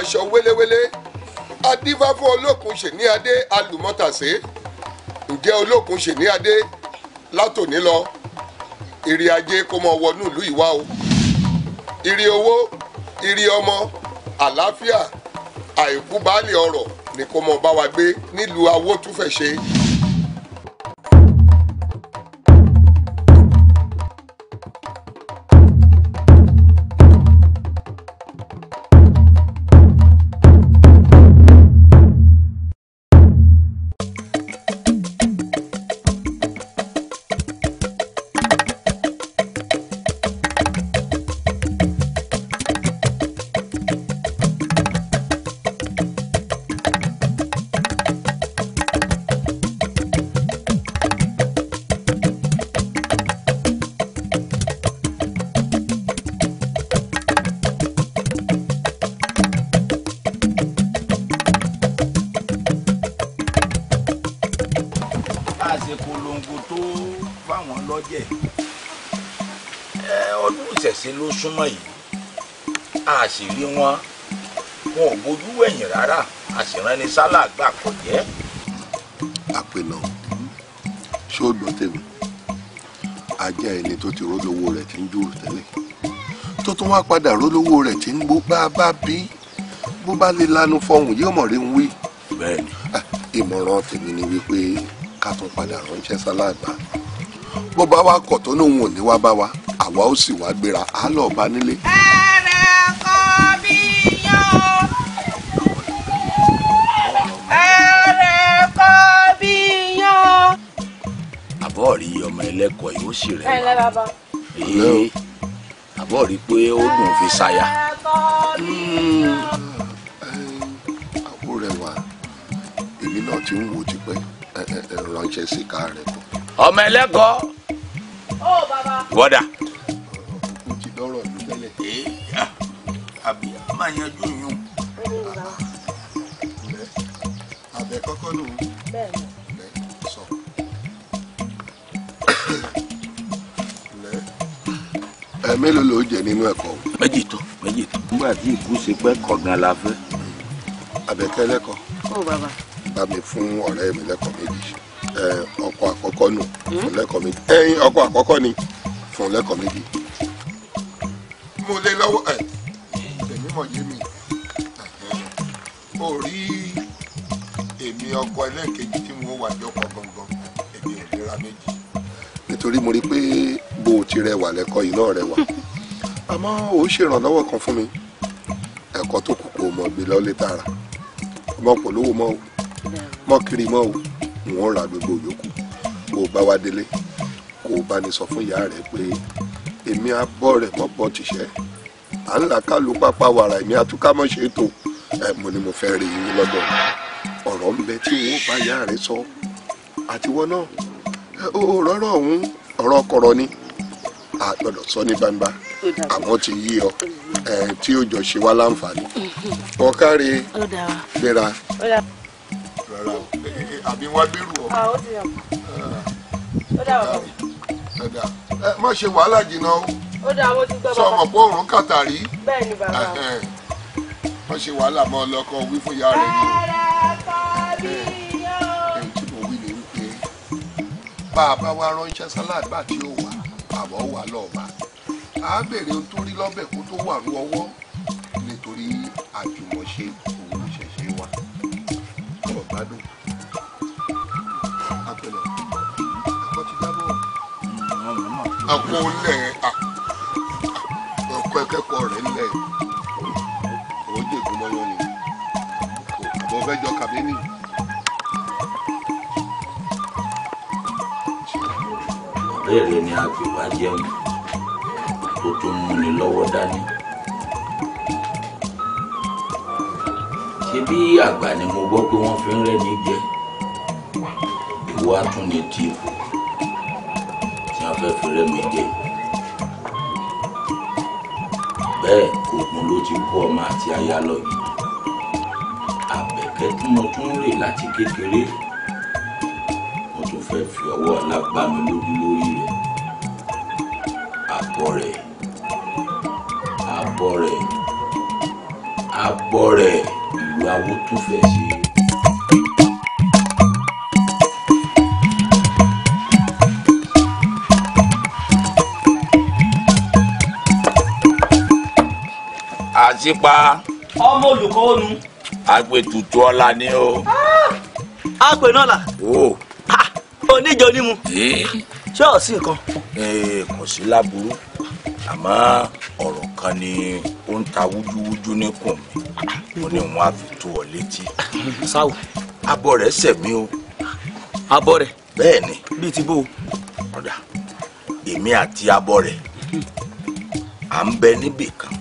aṣọ wéléwélé adífáfó olókun ṣèní adé alùmọ́tàṣé ǹjẹ́ olókun ṣèní adé látòní lọ èrè ajé kó mọ wọnú ìlú ìwá o ire owó ire ọmọ àlàáfíà àìkú baálé ọrọ̀ ni kó mọ bá wa gbé nílùú awótúfẹ̀ṣe. sálà gbà kò jẹ́. àpènà ṣé ó gbọ́ tèmi ajá ẹni tó ti rólówó rẹ̀ ti ń dúró tẹ́lẹ̀ tó tún wá padà rólówó rẹ̀ ti ń gbó bá a bá bí bó bá lè lanu fọhùn yóò mọ̀ rí ń wí. bẹ́ẹ̀ni. Ah, ìmọ̀ràn tèmi ni wípé ká tún padà ránṣẹ́ sálàgbà bó bá wa kọ̀ tó ní òun ò ní wá bá wa àwa ó sì wá gbéra á lọ bá nílé. sí rẹ ma ee àbọ̀ rí i pé ó dùn fi ṣaya. Hmm. àwo rẹ wà èmi náà ti ń wo tipẹ́ ránṣẹ́ síkà rẹ. ọmọ ẹlẹ́kọ̀ọ́ wọ́dà. àti ìbúṣepẹ́ kọ̀ọ̀gan la fẹ́. àbẹ̀kẹ́ lẹ́kọ̀ọ́. ó bàbá. bá mi fún ọ̀rẹ́ mi lẹ́kọ̀ọ́ méjì ọkọ̀ àkọ́kọ́ nù hm? fún lẹ́kọ̀ọ́ méjì ẹyin ọkọ̀ àkọ́kọ́ ni fún lẹ́kọ̀ọ́ méjì. mo lé lọ́wọ́ ẹ̀ èmi mọ̀ yé mi ò rí èmi ọkọ̀ ẹlẹ́ẹ̀kejì tí mo wà jọkọ̀ gangan èmi ò lè ra méjì. nítorí mo rí i pé bó o ti rẹwà lẹ́kọ̀ọ́ yìí náà rẹwà àmọ́ ò ṣèrànlọ́wọ́ kan fún mi gbé lọ́lé tààrà mọ pọ̀ lówó mọ́ o mọ́ kiri mọ́ o wọ́n ra gbogbo yòókù bó o bá wá délé kó o bá ní sọ fún ìyá rẹ pé èmi abọ́ rẹ̀ mọ́ bọ́ tìṣẹ́ à ń là kálu pápá wàrà èmi àtúkámọ́ tó ẹ̀ mo ni mo fẹ́ rí yín lọ́dọ̀ ọ̀rọ̀ ń bẹ tí wọ́n bá ìyá rẹ sọ àtiwọ́ náà ó rọ́rọ́ ọ̀hún ọ̀rọ̀ kọ̀rọ̀ ni a gbọ́dọ̀ sọ ní gbangba àwọn tí yí ọ tí ó jọ ṣe wá láǹfààní ọ̀kárí gbéra rárá àbí wọn gbèrú ọ. má ṣe wàhálà jìnnà o sọ ọmọ pé òórùn kàtàrí má ṣe wàhálà mọ́ ọlọ́kọ wí fún ìyá rẹ̀ ni o. tí mo wí ni wípé bá a bá wa ránṣẹ́ sálàdì bá a ti ò wà àbọ̀ wà lọ́ọ̀bà á bèrè ohun tó rí lọ́bẹ̀ kó tó wà ní ọwọ́ ṣe òun ṣẹ̀ṣẹ̀ wà ọ̀rọ̀ gbádùn agbẹ̀lẹ̀ akọ́tijábọ̀ akọ́lẹ̀ ọkọ̀ ẹ̀kẹ́kọ̀ọ́ rẹ̀ ńlẹ̀ òun jẹ̀gùn mọ́yán ni àbọ̀ fẹ́ jọ kàbínì. ìbéèrè ni a fi wá jẹun tó tún múni lọ́wọ́ dání. ṣebí àgbà ni mo gbọ́ pé wọ́n fi ń rẹ́ni jẹ ìwọ atún ni tí tí wọ́n fẹ́ fi rẹ́mi jẹ bẹ́ẹ̀ oògùn ló ti kó ọmọ àti aya lọ yìí àbẹ̀kẹ́ tí mo tún rè láti kékeré mo tún fẹ́ fi ọwọ́ alágbámi lójú lórí rẹ̀ àbọ̀ rẹ̀ àbọ̀ rẹ̀ àbọ̀ rẹ̀ ìlú awótúfẹ̀ ṣe. àṣìpa. ọmọ olùkọ́ onu. agbètùtù ọlá ni o. Ah, àgbè náà là. wo. oníjọ ni mu. ṣé ọ̀sìn kan. kò sí láburú àmọ́ ọ̀rọ̀ kan ni ń ta wújúwújú ní kùn ó ní wọn á fi tó ọ létí. sáwù. abọ́ rẹ̀ sẹ̀mí o. abọ́ rẹ̀. bẹ́ẹ̀ bíi ti bó o. ọ̀dà èmi àti abọ́ rẹ̀ à ń bẹ níbì kan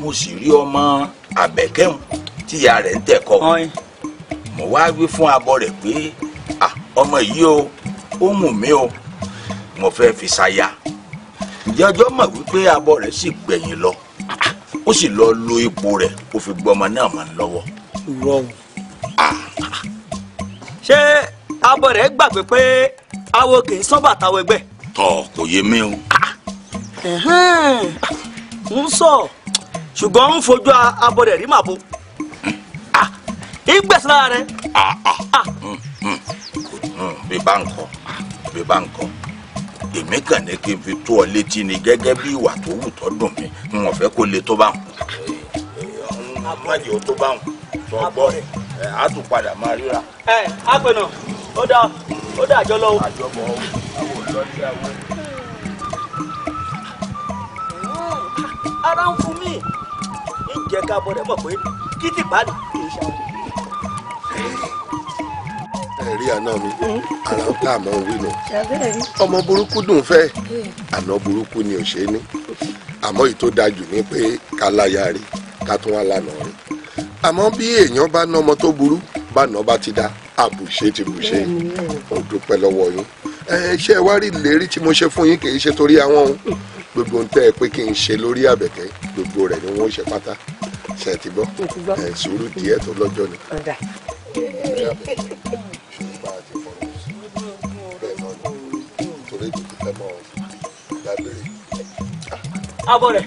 mo sì rí ọmọ àbẹ̀kẹ́hùn tí ìyá rẹ̀ ń tẹ̀kọ́ mo wá wí fún abọ́ rẹ̀ pé ọmọ yìí o ó mú mi o mo fẹ́ fi ṣaya ǹjẹ́ ọjọ́ mọ̀ wípé abọ́ rẹ̀ sì gbẹ̀yìn lọ ó sì lọ lo ipò rẹ̀ kó fi gbọ́ ọmọ náà mọ́ lọ́wọ́. rọrùn. ṣé abọ rẹ gbàgbé pé awo kì í sán bàtà wẹgbẹ. tọ kò yé mi o. ń sọ ṣùgbọ́n ń fojú abọ rẹ̀ rí màbo ìgbésẹ̀ lára rẹ. Mm, mm, mm. bí bá ń kọ bí bá ń kọ èmi kàn ní kí n fi tó ọ létí ni gẹ́gẹ́ bí ìwà tó wù tó dùn mí n ò fẹ́ kó le tó bá wọn. májèó tó bá wọn sọ gbọ́ ẹ á tún padà máa ríra. ẹ àpẹnà ó dá ó dá àjọ lọ́wọ́. àjọbọ̀ àwọn olórí àwọn. ara ń fún mi ìjẹ́ka bọ́dẹ̀ mọ̀ pé kí ni kì í ṣe àwọn ẹ̀rí àná mi ara ń tà mọ́ wí nù ọmọ burúkú dùn fẹ́ àná burúkú ni ò ṣe ní àmọ́ èyí dájú ni pé ká láya rí ká tún wá lànà rí àmọ́ bí èèyàn bá ná ọmọ tó burú bá ná bá ti da àbùṣe ti bùṣe ó dúpẹ́ lọ́wọ́ yín ṣé ẹ wá rí ìlérí tí mo ṣe fún yín kì ṣe torí àwọn ohun gbogbo ń tẹ́ ẹ pé kí n ṣe lórí àbẹ̀kẹ́ gbogbo rẹ̀ ni wọ́n ṣe pátá ṣe ti gbọ́ ẹ̀ sùúrù díẹ̀ tó lọ́jọ́ ni. lẹ́mọ̀ lábẹ́rẹ́. abọ́ rẹ̀.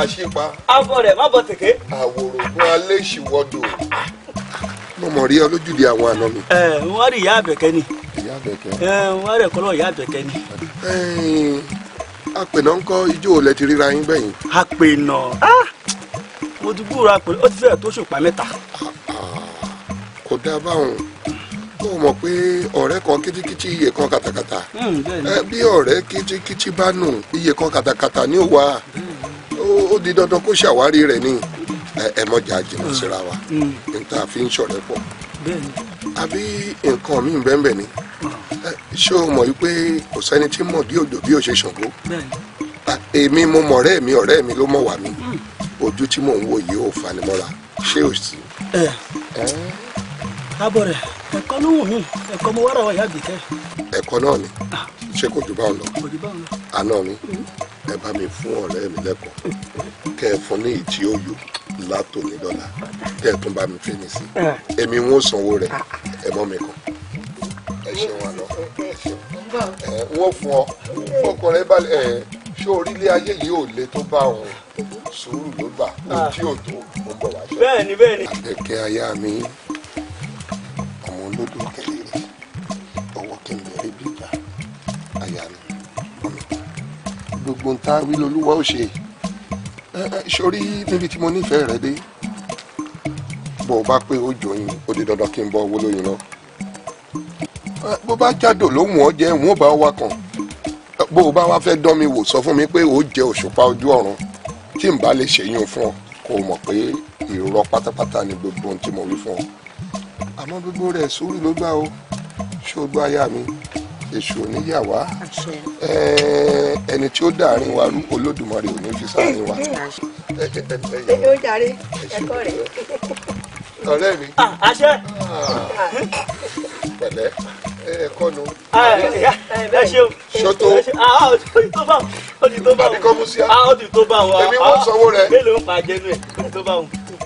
àṣepa. abọ́ rẹ̀ má bọ̀ tèké. àwòrán alẹ́ ìṣìwọ́dọ̀ mo mọ̀ rí ọ lójúde àwọn àna mi. ẹ wọ́n rí ìyá àbẹ̀kẹ́ ni. ìyá àbẹ̀kẹ́. ẹ wọ́n rẹ̀ kọ́lọ́ ìyá àbẹ̀kẹ́ ni. apènà ń kọ́ ijó olè ti ríra yín gbẹ̀yìn. apènà mo ti gbúra pẹ̀lú ó ti fẹ́rẹ̀ tó ṣùpá mẹ́ta. kò dáa báwọn kó o mọ̀ pé ọ̀rẹ́ kan kíchíkíchí iye kan kàtàkàtà hmm, bí ọ̀rẹ́ kíchíkíchí bá nù iye kan kàtàkàtà ní òwà ó di dandan kó ṣàwárí rẹ̀ ni ẹ mọ̀jà jìnnà hmm. síra wa hmm. níta fi ń ṣọ̀rẹ́ pọ̀ àbí nǹkan mi ń bẹ́ẹ̀ ni ṣé o mọ̀ wípé kò sẹ́ni tí mọ̀ dí òjò bí o ṣe ṣàngó èmi mo mọ̀ ọ̀rẹ́ mi ọ̀rẹ́ mi ló mọ̀ wà mí ojú tí mò ń wò yìí ò fanimọ́ra ṣé o sì abọ̀rẹ̀ ẹ̀kọ́ ló wù mí ẹ̀kọ́ mo wára wa ìyá àgbẹ̀kẹ́. ẹ̀kọ́ náà ni ah. ṣé kò jù báwọn lọ àná mi ẹ bá mi fún ọ̀rẹ́ mi lẹ́kọ̀ọ́ kẹ́ ẹ fún ní ìtí òyò látòní dọ́là kẹ́ ẹ tún bá mi fẹ́ mi sí èmi ń sanwó rẹ̀ ah. ẹ mọ́ mi kàn ẹ ṣe wọn lọ ẹ eh, eh, eh, wọ́n fún ọ fọkànlẹ́ balẹ̀ ẹ ṣé orílẹ̀ ayé yìí ò le tó bá òun sùúrù ló gbà ojú ah. ò tó mo wá ṣe. bẹ́ẹ̀ni bẹ́ẹ̀ni. àbẹ̀kẹ́ aya mi olódò kẹlẹ́rẹ́ ọwọ́ kẹlẹ́rẹ́ bíbá àyà mi ọlọ́pàá gbogbo nta wí lolúwa ó ṣe sórí níbi tí mo nífẹ̀ẹ́ rẹ dé bó o bá pé ó jòyìn ó di dandan kí n bọ́ owó lóyún lọ bó bá jádò lóhùn ọ jẹ bá wa kàn bó o bá wá fẹ́ dán mi wò sọ fún mi pé ó jẹ òṣùpá ojú ọ̀run tí n bá lè ṣèyún fún ọ kó o mọ̀ pé irọ́ pátápátá ni gbogbo ohun tí mo wí fún ọ àmọ́ gbogbo rẹ̀ sórí ló gbà o ṣògbó aya mi èṣù oníyàwá ẹni tí ó dàárín wa rú olódùmarè ò ní fi sáàrin wa. ó jàre ẹkọ rẹ. ọ̀rẹ́ mi. àṣẹ. pẹ̀lẹ́ ẹ̀kọ́ nu. ẹ ṣeun. ṣọ́tò. tó bá wọn. àbíkọ́ musia. a ti tó bá wọn. èmi wọ́n sanwó rẹ̀. mélòó ń pa jẹ́nu ẹ̀ ó ti tó bá wọn.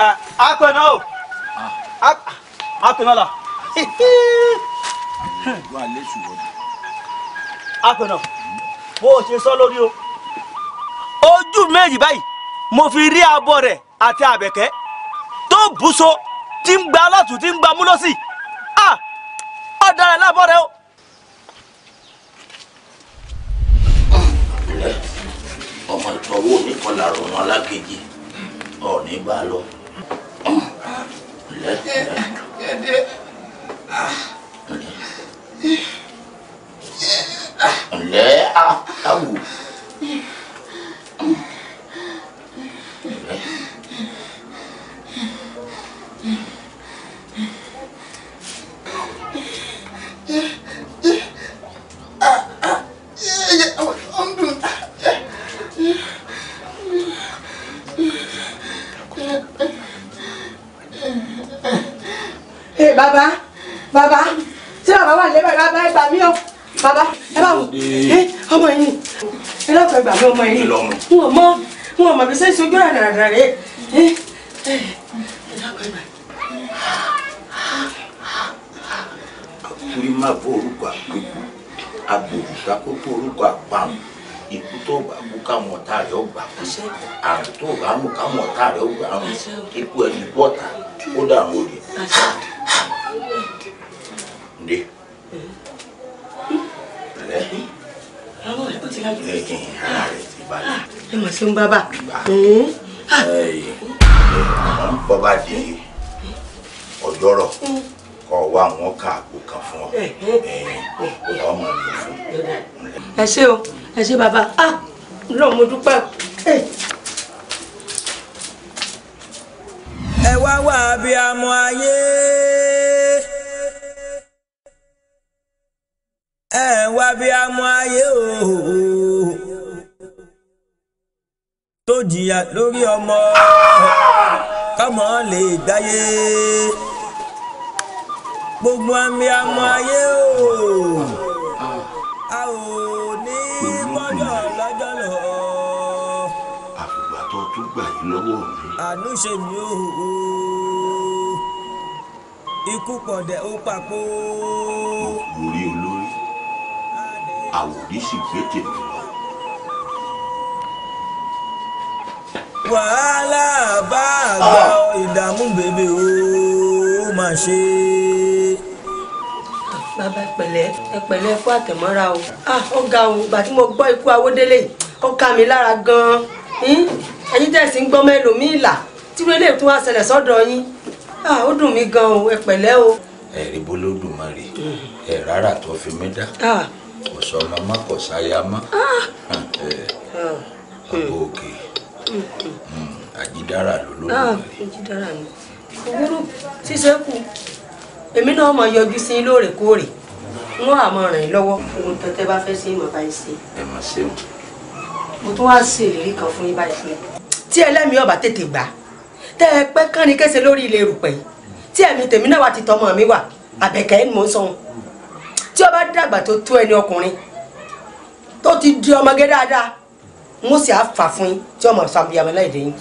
Eh, akpɛnɔ o ah. akpɛnɔ la akpɛnɔ bó o ṣe sọ lórí o ojú méjì báyìí mo fi rí abọ́ rẹ̀ àti àbẹ̀kẹ́ tó bùsọ tí ń ah aláàtú tí ń gba múlọ́sì ọ̀daràn ah! lábọ́ rẹ̀ o. ọmọ ìtọ́wò nìkan làrùn alákejì ọ̀ọ́nì bá lọ ǹlẹ́ àwò ah, bàbá bàbá ṣé bàbá wà lébẹ̀ bàbá ẹ gbà mí o bàbá ẹ bá wò ẹ ọmọ yìí ẹ lọ́kọ̀ ẹgbà mí ọmọ yìí n ò mọ n ò mọ bí sẹ́yìn sojú rẹ̀ dàrà rẹ̀ ẹ ẹ lọ́kọ̀ ẹgbà. àkúrí má bọ orúkọ àpéjú àbòrùsà kó bọ orúkọ àpamọ́ ikú tó bá kú káwọn ọ̀tá rẹ̀ ó gbà kú àrùn tó bá mú káwọn ọ̀tá rẹ̀ ó gbà àrùn ikú ẹni bọ́ta ó dààmú rẹ̀. ǹdẹ́ ǹdẹ́ àwọn ọ̀rẹ́ tó ti lájú. ẹ kì í ara rẹ̀ ti balẹ̀. ẹ mọ̀ sí ń bábà. bọ́bá di ọjọ́rọ̀ kọ́ wa àwọn káàkó kan fún ọ ọmọ mi fún. ẹ ṣé o ẹ ṣe bàbá a ah, lọ́ọ̀ mo dúpẹ́ eh. ẹ wá wá bí amọ ayé ẹ wá bí amọ ayé ooo tó jìyà lórí ọmọ kọmọ lè gbáyé gbogbo àmì amọ ayé ooo. àánú ṣe mí o ikú pọ̀dẹ̀ ó papò. mo rí olórí àwòrí sì gbé tèmi lọ. wàhálà bá àgbà ah! ìdààmú bèbè ó mà ṣe. bàbá ẹ̀pẹ̀lẹ́ ẹ̀pẹ̀lẹ́ ẹ̀kú àtẹ̀mọ́ra o ó ah, ga o ìgbà tí mo gbọ́ ikú awódélé ó ká mi lára gan-an. Hmm? ẹ̀yin tẹ̀sí ń gbọ́mọ ẹlòmíì là tí wọ́n lè tún wá ṣẹlẹ̀ sọ́dọ̀ yín ó dùn mí gan o ẹ pẹ̀lẹ́ o. ẹ̀rí bólódùmarè ẹ̀ rárá tó fi mí dá kò sọ ọmọ má kò sáyà má àbò òkè hmm, àjídára ló ló lò rẹ̀. òwúrò ṣíṣe kù èmi náà mọ yọjú sí lóòrèkóòrè wọn àmọ ràn yín lọ́wọ́ ohun tẹtẹ bá fẹ́ sí ìmọ̀ báyìí sí. ẹ mà ṣeun. mo tún wá sí ìrírí kan fún yín báyìí fún yín tí ẹlẹ́mìí ọ̀bà tètè gbà tẹ́ ẹ pẹ́ kán ni kése lórí ilé rùpẹ̀ tí ẹ̀mí tèmi náà wà ti tọmọ mi wà àbẹ̀kẹ́ ni mò ń sọ̀hún tí ọba dàgbà tó tó ẹni ọkùnrin tó ti di ọmọge dáadáa mo sì á fà fún yín tí ọmọ sàmúyàmọ láìdé yín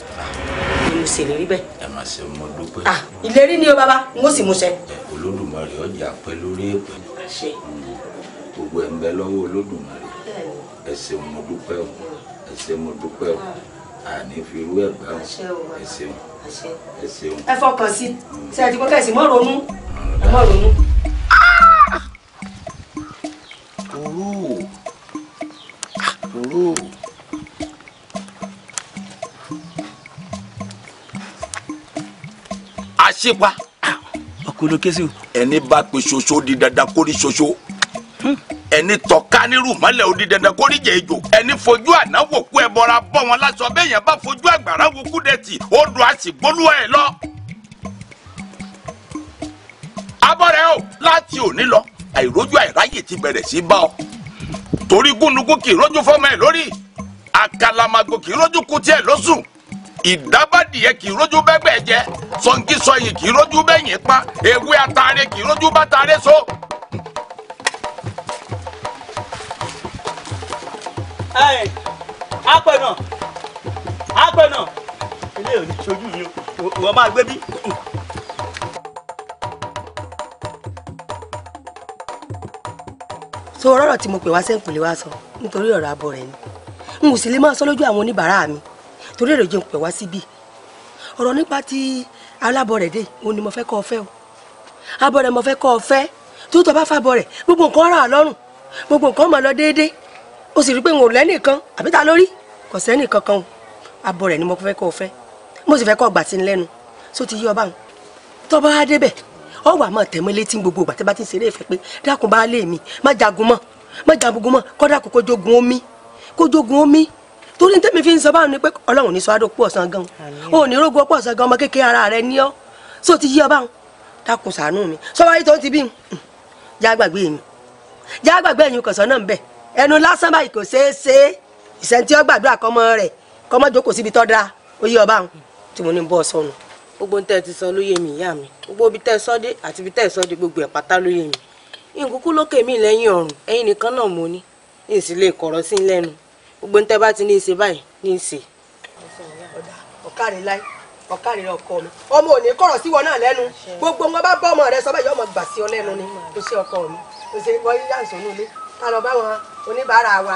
ni mo ṣèlérí bẹ́ẹ̀. ẹ má ṣe mo dúpẹ́. ìlérí ni o bàbá mo sì mú ṣẹ. olódùmarè ọjà pẹ́ lórí èpè gbogbo ẹ̀ ń bẹ lọ́wọ́ olódùmarè ẹ ṣé mo dúpẹ́ o ẹ ṣé mo dúpẹ́ o àní fi irú ẹ̀ gbà ó ẹ ṣeun ẹ ṣeun. ẹ fọkàn sí ṣe àti kọ́kẹ́ sí mọ́ ronú mọ́ ronú. òru òru. àṣepa. ọkùnrin kẹsì. ẹni bá pe ṣoṣo di dada kó ní ṣoṣo ẹni tọ̀ka nírú mọ́lẹ̀ onídẹ̀ẹ́dẹ́ kórìjẹ́ ejò ẹni fojú àná wò kú ẹ bọra bọ́ wọn lásọ bẹ́yẹn bá fojú àgbàrá wo kú dẹ̀ tì ó lu àsìgbólú ẹ̀ lọ. abọ́rẹ́ o láti òní lọ àìrójú àìráyè ti bẹ̀rẹ̀ sí bá ọ torí gúnugún kì í rójú fọmọ ẹ lórí àkàlàmàgò kì í rójú kú tiẹ̀ lọ́sùn ìdábàdìyẹ kì í rójú bẹ́gbẹ́ jẹ sọ̀ǹkì sọ̀yìn kì í rójú bẹ́yìn pa ewé atare kì í rójú bá so apẹ̀nà apẹ̀nà ilé ò ní ṣojú mi so ọ̀rọ̀ tí mo pè wá sẹ́ǹkùlé wá sọ nítorí ọ̀rọ̀ abọ rẹ̀ ni n ò sì lè máa sọ lójú àwọn oníbàárà mi torí èrò jẹun pè wá síbí ọ̀rọ̀ nípa ti alábọ̀rẹ̀dé òun ni mo fẹ́ kọ́ ọ fẹ́ o abọ̀rẹ̀ mo fẹ́ kọ́ ọ fẹ́ tó tọ́ bá fàbọ̀rẹ̀ gbogbo nǹkan rà lọ́rùn gbogbo nǹkan mọ̀ lọ déédéé o sì rí i pé wọn ò lẹ́nìkan àbí ta lórí kò sẹ́nì kankan o abọ rẹ̀ ni mo fẹ́ kó o fẹ́ mo sì fẹ́ kó o gbà sí i lẹ́nu tó ti yí ọba hàn tọ́ba á débẹ̀ ọ wà máa tẹ̀mọ́ létí gbogbo ìgbà tí bá ti ń ṣeré ìfẹ́ pé dákun bá lé mi má jagun mọ́ má jagun mọ́ kọ́dà kó jogun omi kó jogun omi torí tẹ́mi fi ń sọ báwọn ni pé ọlọ́run ní sọ àdó pọ̀ sàn gan o ò ní rógun ọpọ̀ sàn gan ọmọ kékeré ara rẹ ní ọ́ só ti yí ọba hàn dákun ṣàánú mi sọ́wáyé tó ti bí hm, jágbàgbé mi jágbàgbé ẹ̀yin kọ̀sán náà ń bẹ̀ ẹnu lásán báyìí kò ṣeé ṣe ìṣẹ́ntì ọgbàdúrà kọ́mọ rẹ̀ kọ́mọ jókòó síbi tọ́da oyè ọba àwọn tí mo ní bọ́ sọnù. gbogbo ń tẹ́ ti sọ lóye mi ìyá mi gbogbo ibi tẹ́ sọ́dé àti ibi tẹ́ sọ́dé gbogbo ẹ̀ pátá lóye mi nkúkú lókè mi lẹ́yìn ọ̀run ẹ̀yin nìkan náà mo ní ní ìsì lè kọ̀rọ̀ sí lẹ́nu gbogbo ń tẹ́ bá ti ní ìṣe báyìí ní ìṣe. ọ̀kàrẹ̀ láì ọ̀kàrẹ̀ ọkọ mi ọmọ ò ní kọ̀rọ̀ sí wọn náà lẹ́nu gbogbo wọn bá bọ́ ọmọ rẹ sọ báyìí ni ó ṣe ọkọ mi ó ṣe ká lọ báwọn oníbàárà wa.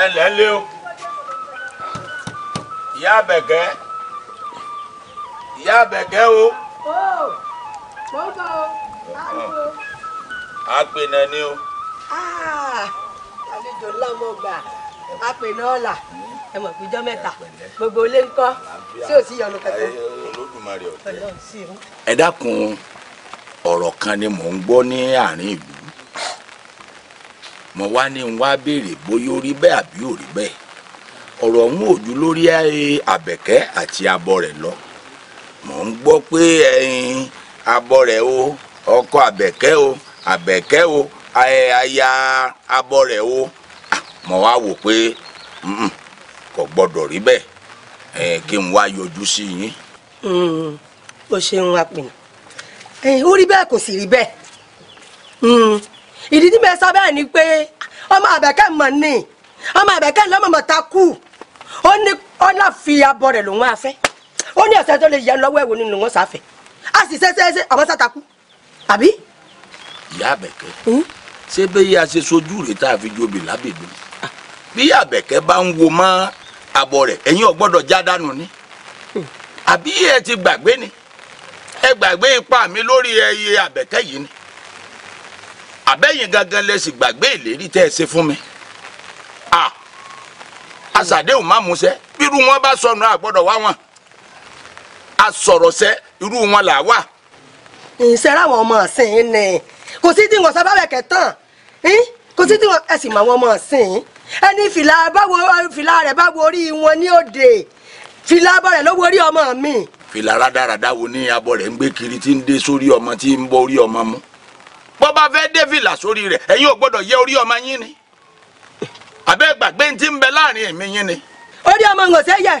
ẹ lẹ́ lé o ìyá àbẹ̀gẹ́ ìyá àbẹ̀gẹ́ o. mo ń bọ̀ ni o. àlejò ńlá mo gbà àpènà ọ̀la ẹ mọ̀ pé ijọ́ mẹ́ta gbogbo ilé ńkọ́ tí ò sí yọnu kankan olódùmarè ọ̀tẹ̀. ẹ dákun ọ̀rọ̀ kan ni mò ń gbọ́ ní àárín ìlú mo wá ní n wá béèrè bóyá ó rí bẹ́ẹ̀ àbí ò rí bẹ́ẹ̀ ọ̀rọ̀ ń òjú lórí àbẹ̀kẹ́ àti abọ́ rẹ̀ lọ mò ń gbọ́ pé ẹyin abọ́ rẹ̀ o ọkọ àbẹ̀kẹ́ o àbẹ̀kẹ́ o aya abọ́ rẹ̀ o mo wá wò pé kò gbọ́dọ̀ rí bẹ́ẹ̀ kí n wá yọjú sí yín o ṣeun apìnà ó rí bẹ́ẹ̀ kò sì rí bẹ́ẹ̀ mm. ìdí tí mo sọ bẹ́ẹ̀ ni pé ọmọ àbẹ̀kẹ́ mọ̀ ní ọmọ àbẹ̀kẹ́ lọ́mọ̀mọ̀ ta kú ó ní ọ̀nà fi abọ́ rẹ̀ lòun afẹ́ ó ní ọ̀sẹ̀ tó lè yẹ lọ́wọ́ ẹ̀wò nínú wọn sáfẹ́ a sì ṣe ṣe àwọn sáta kú àbí. ìyá àbẹ̀kẹ́ hmm? ṣé bẹ́ẹ̀ a ṣe sojú rẹ̀ tá a fi jobi lábìlú bí àbẹ̀kẹ́ bá ń wo mọ́ abọ́ rẹ̀ ẹ̀yin ò já dànù ni. Hmm àbí ẹ ti gbàgbé ni ẹ gbàgbé ipa mi lórí ẹyẹ àbẹ̀kẹ́ yìí ni àbẹ́yìn gangan lẹ sì gbàgbé ìlérí tẹ́ ẹ ṣe fún mi à àṣàdéhùn má musẹ́ bírú wọn bá sọnù àgbọ́dọ̀ wá wọn àsọ̀rọ̀sẹ́ irú wọn là wà. ìṣẹ́ra àwọn ọmọ ọ̀sìn ni kò sí tí wọn sọ bábẹ̀ kẹ́ tán kò sí tí wọn ẹ sì mọ àwọn ẹni fìlà báwo fìlà rẹ̀ orí wọn ní òde. fìlà rẹ̀ ló worí ọmọ mi. filara rádaràda wo ní abọ́ ń gbé kiri tí ń dé sórí ọmọ tí ń bọ orí ọmọ mu. bọ́ bá fẹ́ dé fìlà sórí rẹ̀ ẹ̀yin ò gbọ́dọ̀ yẹ orí ọmọ yín ni. àbẹ́ gbàgbé ti ń bẹ láàrin ọmọ ń gòsè yẹ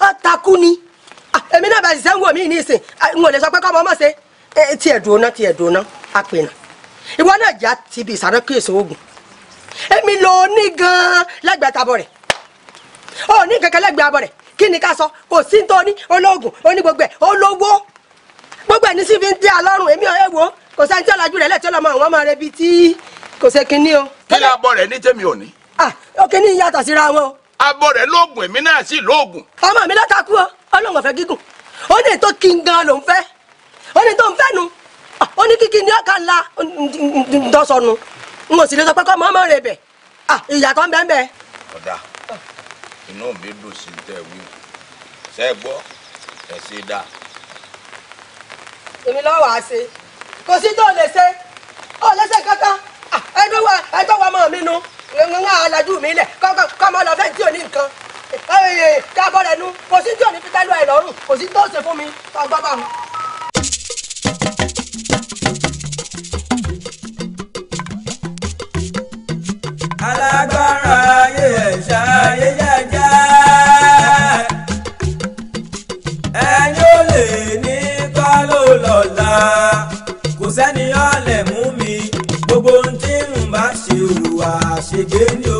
ọtakú ni ah, èmi náà bá ṣiṣẹ́ ń wò mí nísìn ah, lè sọ pé kọ́ ọmọ ọmọ ṣe eh, eh, tiẹ̀ ìwọ náà ti oògùn èmi lò ó ní gan-an kí ni ká sọ kò sí nítorí ológun onígbogbo ẹ̀ olówó gbogbo ẹ̀ ní sí fi ń dé alọ́run èmi ọ̀rẹ́ wo kò sẹ́ni tí ọ̀làjú rẹ̀ lẹ̀ tí àwọn ọmọ rẹ̀ bíi tí kò ṣe kinní o. kí ni abọ́ rẹ̀ ní tèmi ò ah òkè ní ìyàtọ̀ síra wọn o. abọ́ rẹ̀ lóògùn èmi náà sì lóògùn. ọmọ mi lọ́ta kú o ọlọ́run ọ̀fẹ́ gígùn ó ní tó kí n gan ló ń fẹ́ ó ní tó ń fẹ́ nu ó ní kíkí ní ọ̀ka ńlá dọ́sọ̀nù n ò sì lè sọ pé kọ́ mọ́ ọmọ rẹ̀ bẹ̀ ah ìyàtọ̀ ń bẹ́ẹ̀ bẹ́ẹ̀. ọ̀dà inú mi dùn sí tẹ̀ wí ṣe é gbọ́ ẹ ṣe dáa. èmi lọ́wọ́ á ṣe kò sí tó lè ṣe ó lẹ́sẹ̀ kankan ah, ẹjọ́ wa ẹjọ́ wa mọ̀ mí nu ń wá alájú mi lẹ̀ kọ́ ọmọ lọ fẹ́ tí ò ní nǹkan ká bọ́ rẹ̀ nu kò sí tí ò ní fi tẹ́lú ẹ̀ lọ́rùn kò sí tó ṣe fún mi ọgbọ́n bá mi. alágbára ayé ẹ̀ ṣayé jẹ́jẹ́. ẹni ó lè ní kọ́ ló lọ́la kò sẹ́ni ọ̀lẹ̀ mú mi gbogbo ohun tí n bá ṣe òwà ṣègbè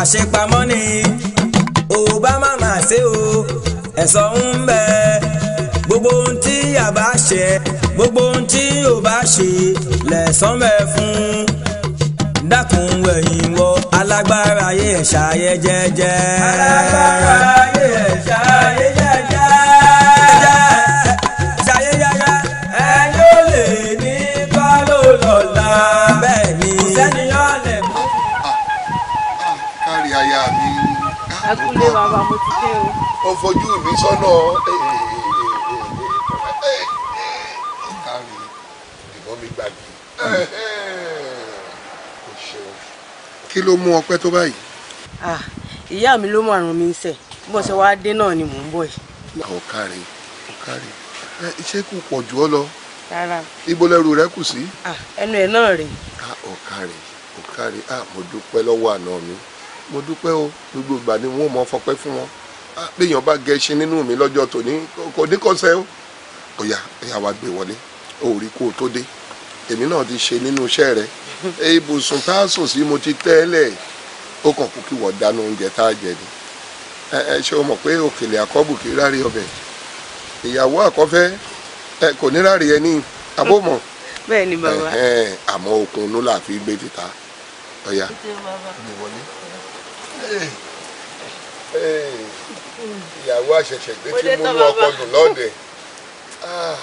àṣepamọ́ ni òbá má máa ṣe o ẹ̀sán ń bẹ̀ gbogbo ohun tí àbá ṣe gbogbo ohun tí ò bá ṣe lẹ̀sán bẹ fún dákun ẹ̀yìn wọ alágbára ayé ẹ̀ṣà ayé jẹ́jẹ́. alágbára ayé ẹ̀ṣà ayé jẹ́jẹ́. ṣayé yáyá ẹni ó mi. ẹ kúlé bàbá mo ti dé o. ó fojú mi sọ́nà. kí ló mú ọpẹ́ tó báyìí. Ah, ìyá mi ló mọ àrùn mi ń sẹ̀ bó ṣe wáá dé náà ni mò ń bọ̀ yìí. ọ̀kàrẹ̀ ọ̀kàrẹ̀ iṣẹ́ kù pọ̀ jù ọ́ lọ. rárá ibo lẹ́rù rẹ kù sí. Ah, ẹnu ẹ̀ náà rè. ọ̀kàrẹ̀ ah, ọ̀kàrẹ̀ mo dúpẹ́ lọ́wọ́ àná mi mo dúpẹ́ o gbogbo ìgbà ni wọ́n mọ fọpẹ́ fún wọn béèyàn bá gẹ ṣe nínú mi lọ́jọ́ tòní kò ní kọ́sẹ́ o. ọ̀yà ẹ̀yà wa gbé wọlé òòrí kó o tó dé èmi náà ti ṣe nínú iṣẹ́ rẹ ibùsùn tá sí mo ti tẹ́lẹ̀ ó kàn kú kí wọ́n dáná oúnjẹ tá a jẹ ni ẹ ṣe o mọ̀ pé òkèlè àkọ́bù kì í rárí ọbẹ̀ ìyàwó àkọ́fẹ́ ẹ kò ní rárí ẹ ní abómọ̀ bẹ́ẹ̀ ni bàbá àmọ́ okun inú là fi gbé títa ọ̀ya ìyàwó àṣẹ̀ṣẹ̀ gbé tí mo lọ ọkọ̀ dùn lọ́dẹ̀. Ah.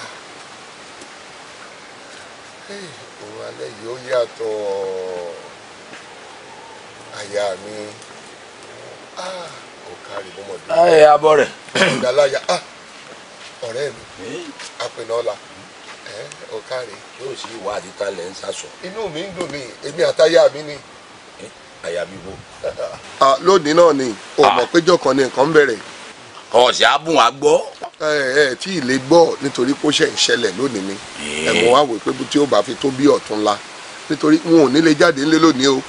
òun alẹ́ yìí ó yàtọ̀ àyà mi kò ah, kárí bọ́mọdé. ayé abọ́ rẹ̀. galaya ah, ọ̀rẹ́ mi apẹ̀lọ́la ò kárí. yóò sì wá àdìta lẹ̀ ń sàṣọ. inú mi ń dùn mí èmi àtàyà mi ni. àyà mi wo. Ah, lónìí náà ni o péjọ kan ni nǹkan ń bẹ̀rẹ̀. ọ̀sẹ̀ á ẹ ẹ tí ì lè gbọ́ nítorí kó ṣe ń ṣẹlẹ̀ lónìí ni ẹ mọ̀ wá wò pé tí ó bá fi tó bí ọ̀túnla nítorí wọn ò ní lè jáde ńlé lónìí o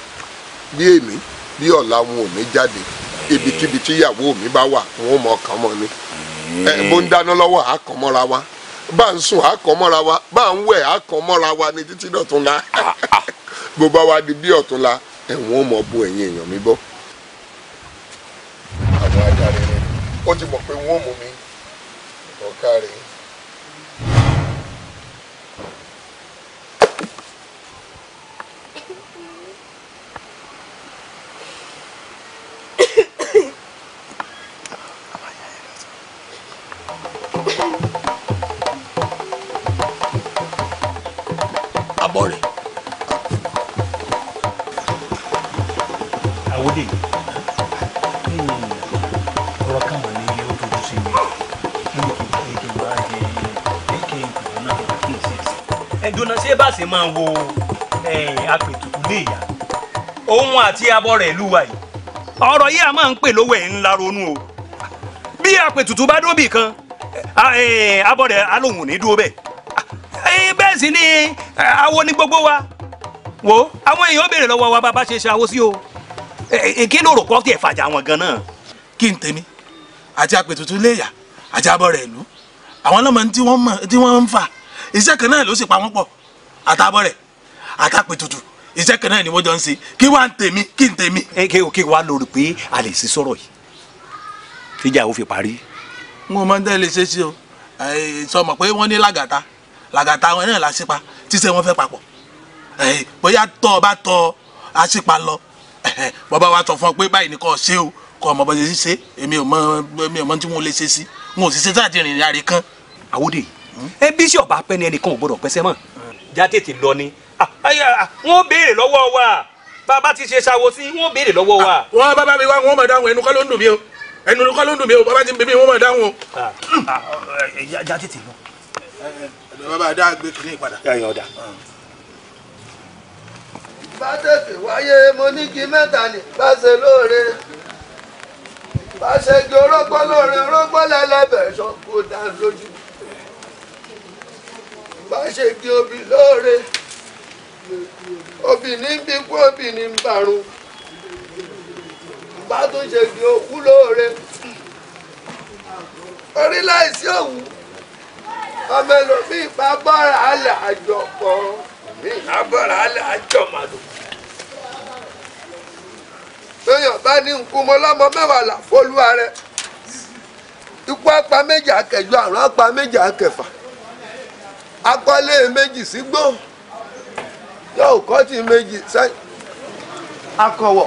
bí èmi bí ọ̀la wọn ò ní jáde ibikíbi tí ìyàwó mi bá wà wọn ò mọ ọkàn mọ ni ẹ bó ń dáná lọ́wọ́ àákan mọ́ra wa bá ń sùn àákan mọ́ra wa bá ń wẹ̀ àákan mọ́ra wa ni títí dọ̀túnla bó bá wa di bí ọ̀túnla ẹ̀wọ̀n mọ̀ bu ẹ̀yìn èèyàn mi bọ́. àwọn adarí rẹ̀ ó ti mọ̀ pé wọ́n mú mi cutting máa wo apètùkúlé ìyá òun àti abọ́ rẹ̀ lúwa yìí ọ̀rọ̀ yìí a máa ń pè lówó ẹ̀ ńlá ronú o bí apètùtù bá dóbì kan abọ́ rẹ̀ alóhùn ní dúró bẹ́ẹ̀ bẹ́ẹ̀ sì ni awo ní gbogbo wa wo àwọn èèyàn béèrè lọ́wọ́ wa bá bá ṣe ṣe awo sí o kí ló rò kọ́ tiẹ̀ fàjà wọn gan náà. kí n tèmi àti apètùtù léyà àti abọ́ rẹ̀ ìlú àwọn ọlọ́mọ tí wọ́n ń fà iṣẹ́ kan náà ló sì pa wọ́n pọ̀ àtàbọ̀rẹ̀ àtàpè tutù iṣẹ́ kan náà ni wọ́n jọ ń ṣe kí wàá ń tèmi kí ń tèmi. ẹ kí o kí wàá lórí pé a lè ṣe sọ̀rọ̀ yìí tíjà ò fi parí. wọn máa ń tẹ́ lè ṣe sí o sọmọ pé wọ́n ní làgàtà làgàtà wọn náà la ṣe pa tíṣe wọn fẹ́ papọ̀ bóyá tọ́ ọ bá tọ́ aṣípa lọ bàbá wa sọ fún ọ pé báyìí ni kò ṣe o kò mọ̀ bọ́sẹ̀ ṣíṣe èmi ò mọ̀ èmi ò mọ̀ tí wọ́n lè ṣe sí wọn ò sì ṣe sáà ti rìnrìn àrè kan. àwòdì ẹ bí sọ̀bà pẹ́ni ẹnìkan ò gbọ́dọ̀ pẹ́sẹ́ mọ́ já tètè lọ ni ah, ah, wọ́n béèrè lọ́wọ́ wa bàbá ti ṣe ṣàwo sí wọ́n béèrè lọ́wọ́ wa. Ah, wọn bàbá mi wá wọn máa dáhùn ẹnu kọ́ ń dùn mí o ẹnu kọ́ ń dùn mí o bàbá ti ń bèbí wọn máa dáhùn o. já eh, tètè lọ. bàbá dá gbé kìnìún padà. yàyàn ọ̀dà bá tètè wáyé mo ní kí mẹ́ta ní bá ṣe lóore bá ṣe gbé orógbó lóore orógbó lẹ́lẹ́bẹ̀ẹ́ sọ kó dá lójú má ṣe bí obì lóore obìnrin bí kú obìnrin ń bàrún bá tún ṣe bí òkú lóore orí láìsí òwú ọmọ ẹlòmíì bá bọ́ra alẹ́ àjọpọ̀ mi bá bọ́ra alẹ́ àjọmọ̀lò tóyàn bá ní nkúmọ lọ́mọ mẹ́wàá là fọ́lúwa ikú apá méjì akẹjọ àrùn apá méjì akẹfà akọ́lé méjì sígbó yóò kọ́ ti méjì sẹ́yìn akọ̀wọ̀.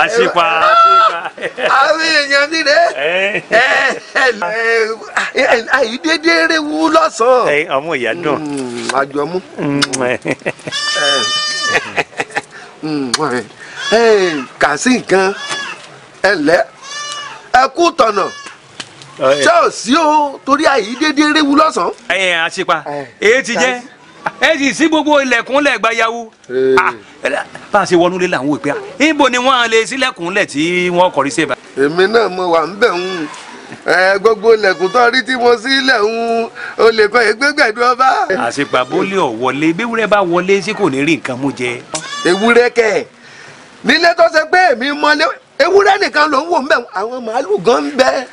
àṣìpa àṣìpa. àwọn èèyàn nílé àìdédé rewu lọ́sàn-án. ọmọ ìyá dùn. Hmm, àjọmú. Hmm, hmm, kà sí nǹkan ẹ lẹ́ ẹ kú tọ̀nà ṣé ò sí o torí àyídédé réwu lọ́sàn-án. ẹ ẹ àṣepa èyí ti jẹ ẹ sì sí gbogbo ilẹ̀kùnlẹ̀ gbayawu ah, bá a ṣe wọnú lé làwọn òpè à ah, níbo ni wọ́n lè sílẹ̀kùnlẹ̀ tí wọ́n kọrí sí ibà. èmi náà mo wà ń bẹ̀ ń ẹ gbogbo ilẹ̀kùn tó rí tí mo sílẹ̀ ń o lè kọ́ ègbégbèdú ọba. àṣepa bólé ọ̀ wọlé bẹ́wúrẹ́ bá wọlé sí kò ní rí nǹkan mú jẹ. ewúrẹ́ kẹ̀ nílé tó ṣe pé èmi mọ́lé ewúrẹ́ nìkan ló ń wò ń bẹ̀ àwọn màálù gan ń bẹ́ẹ̀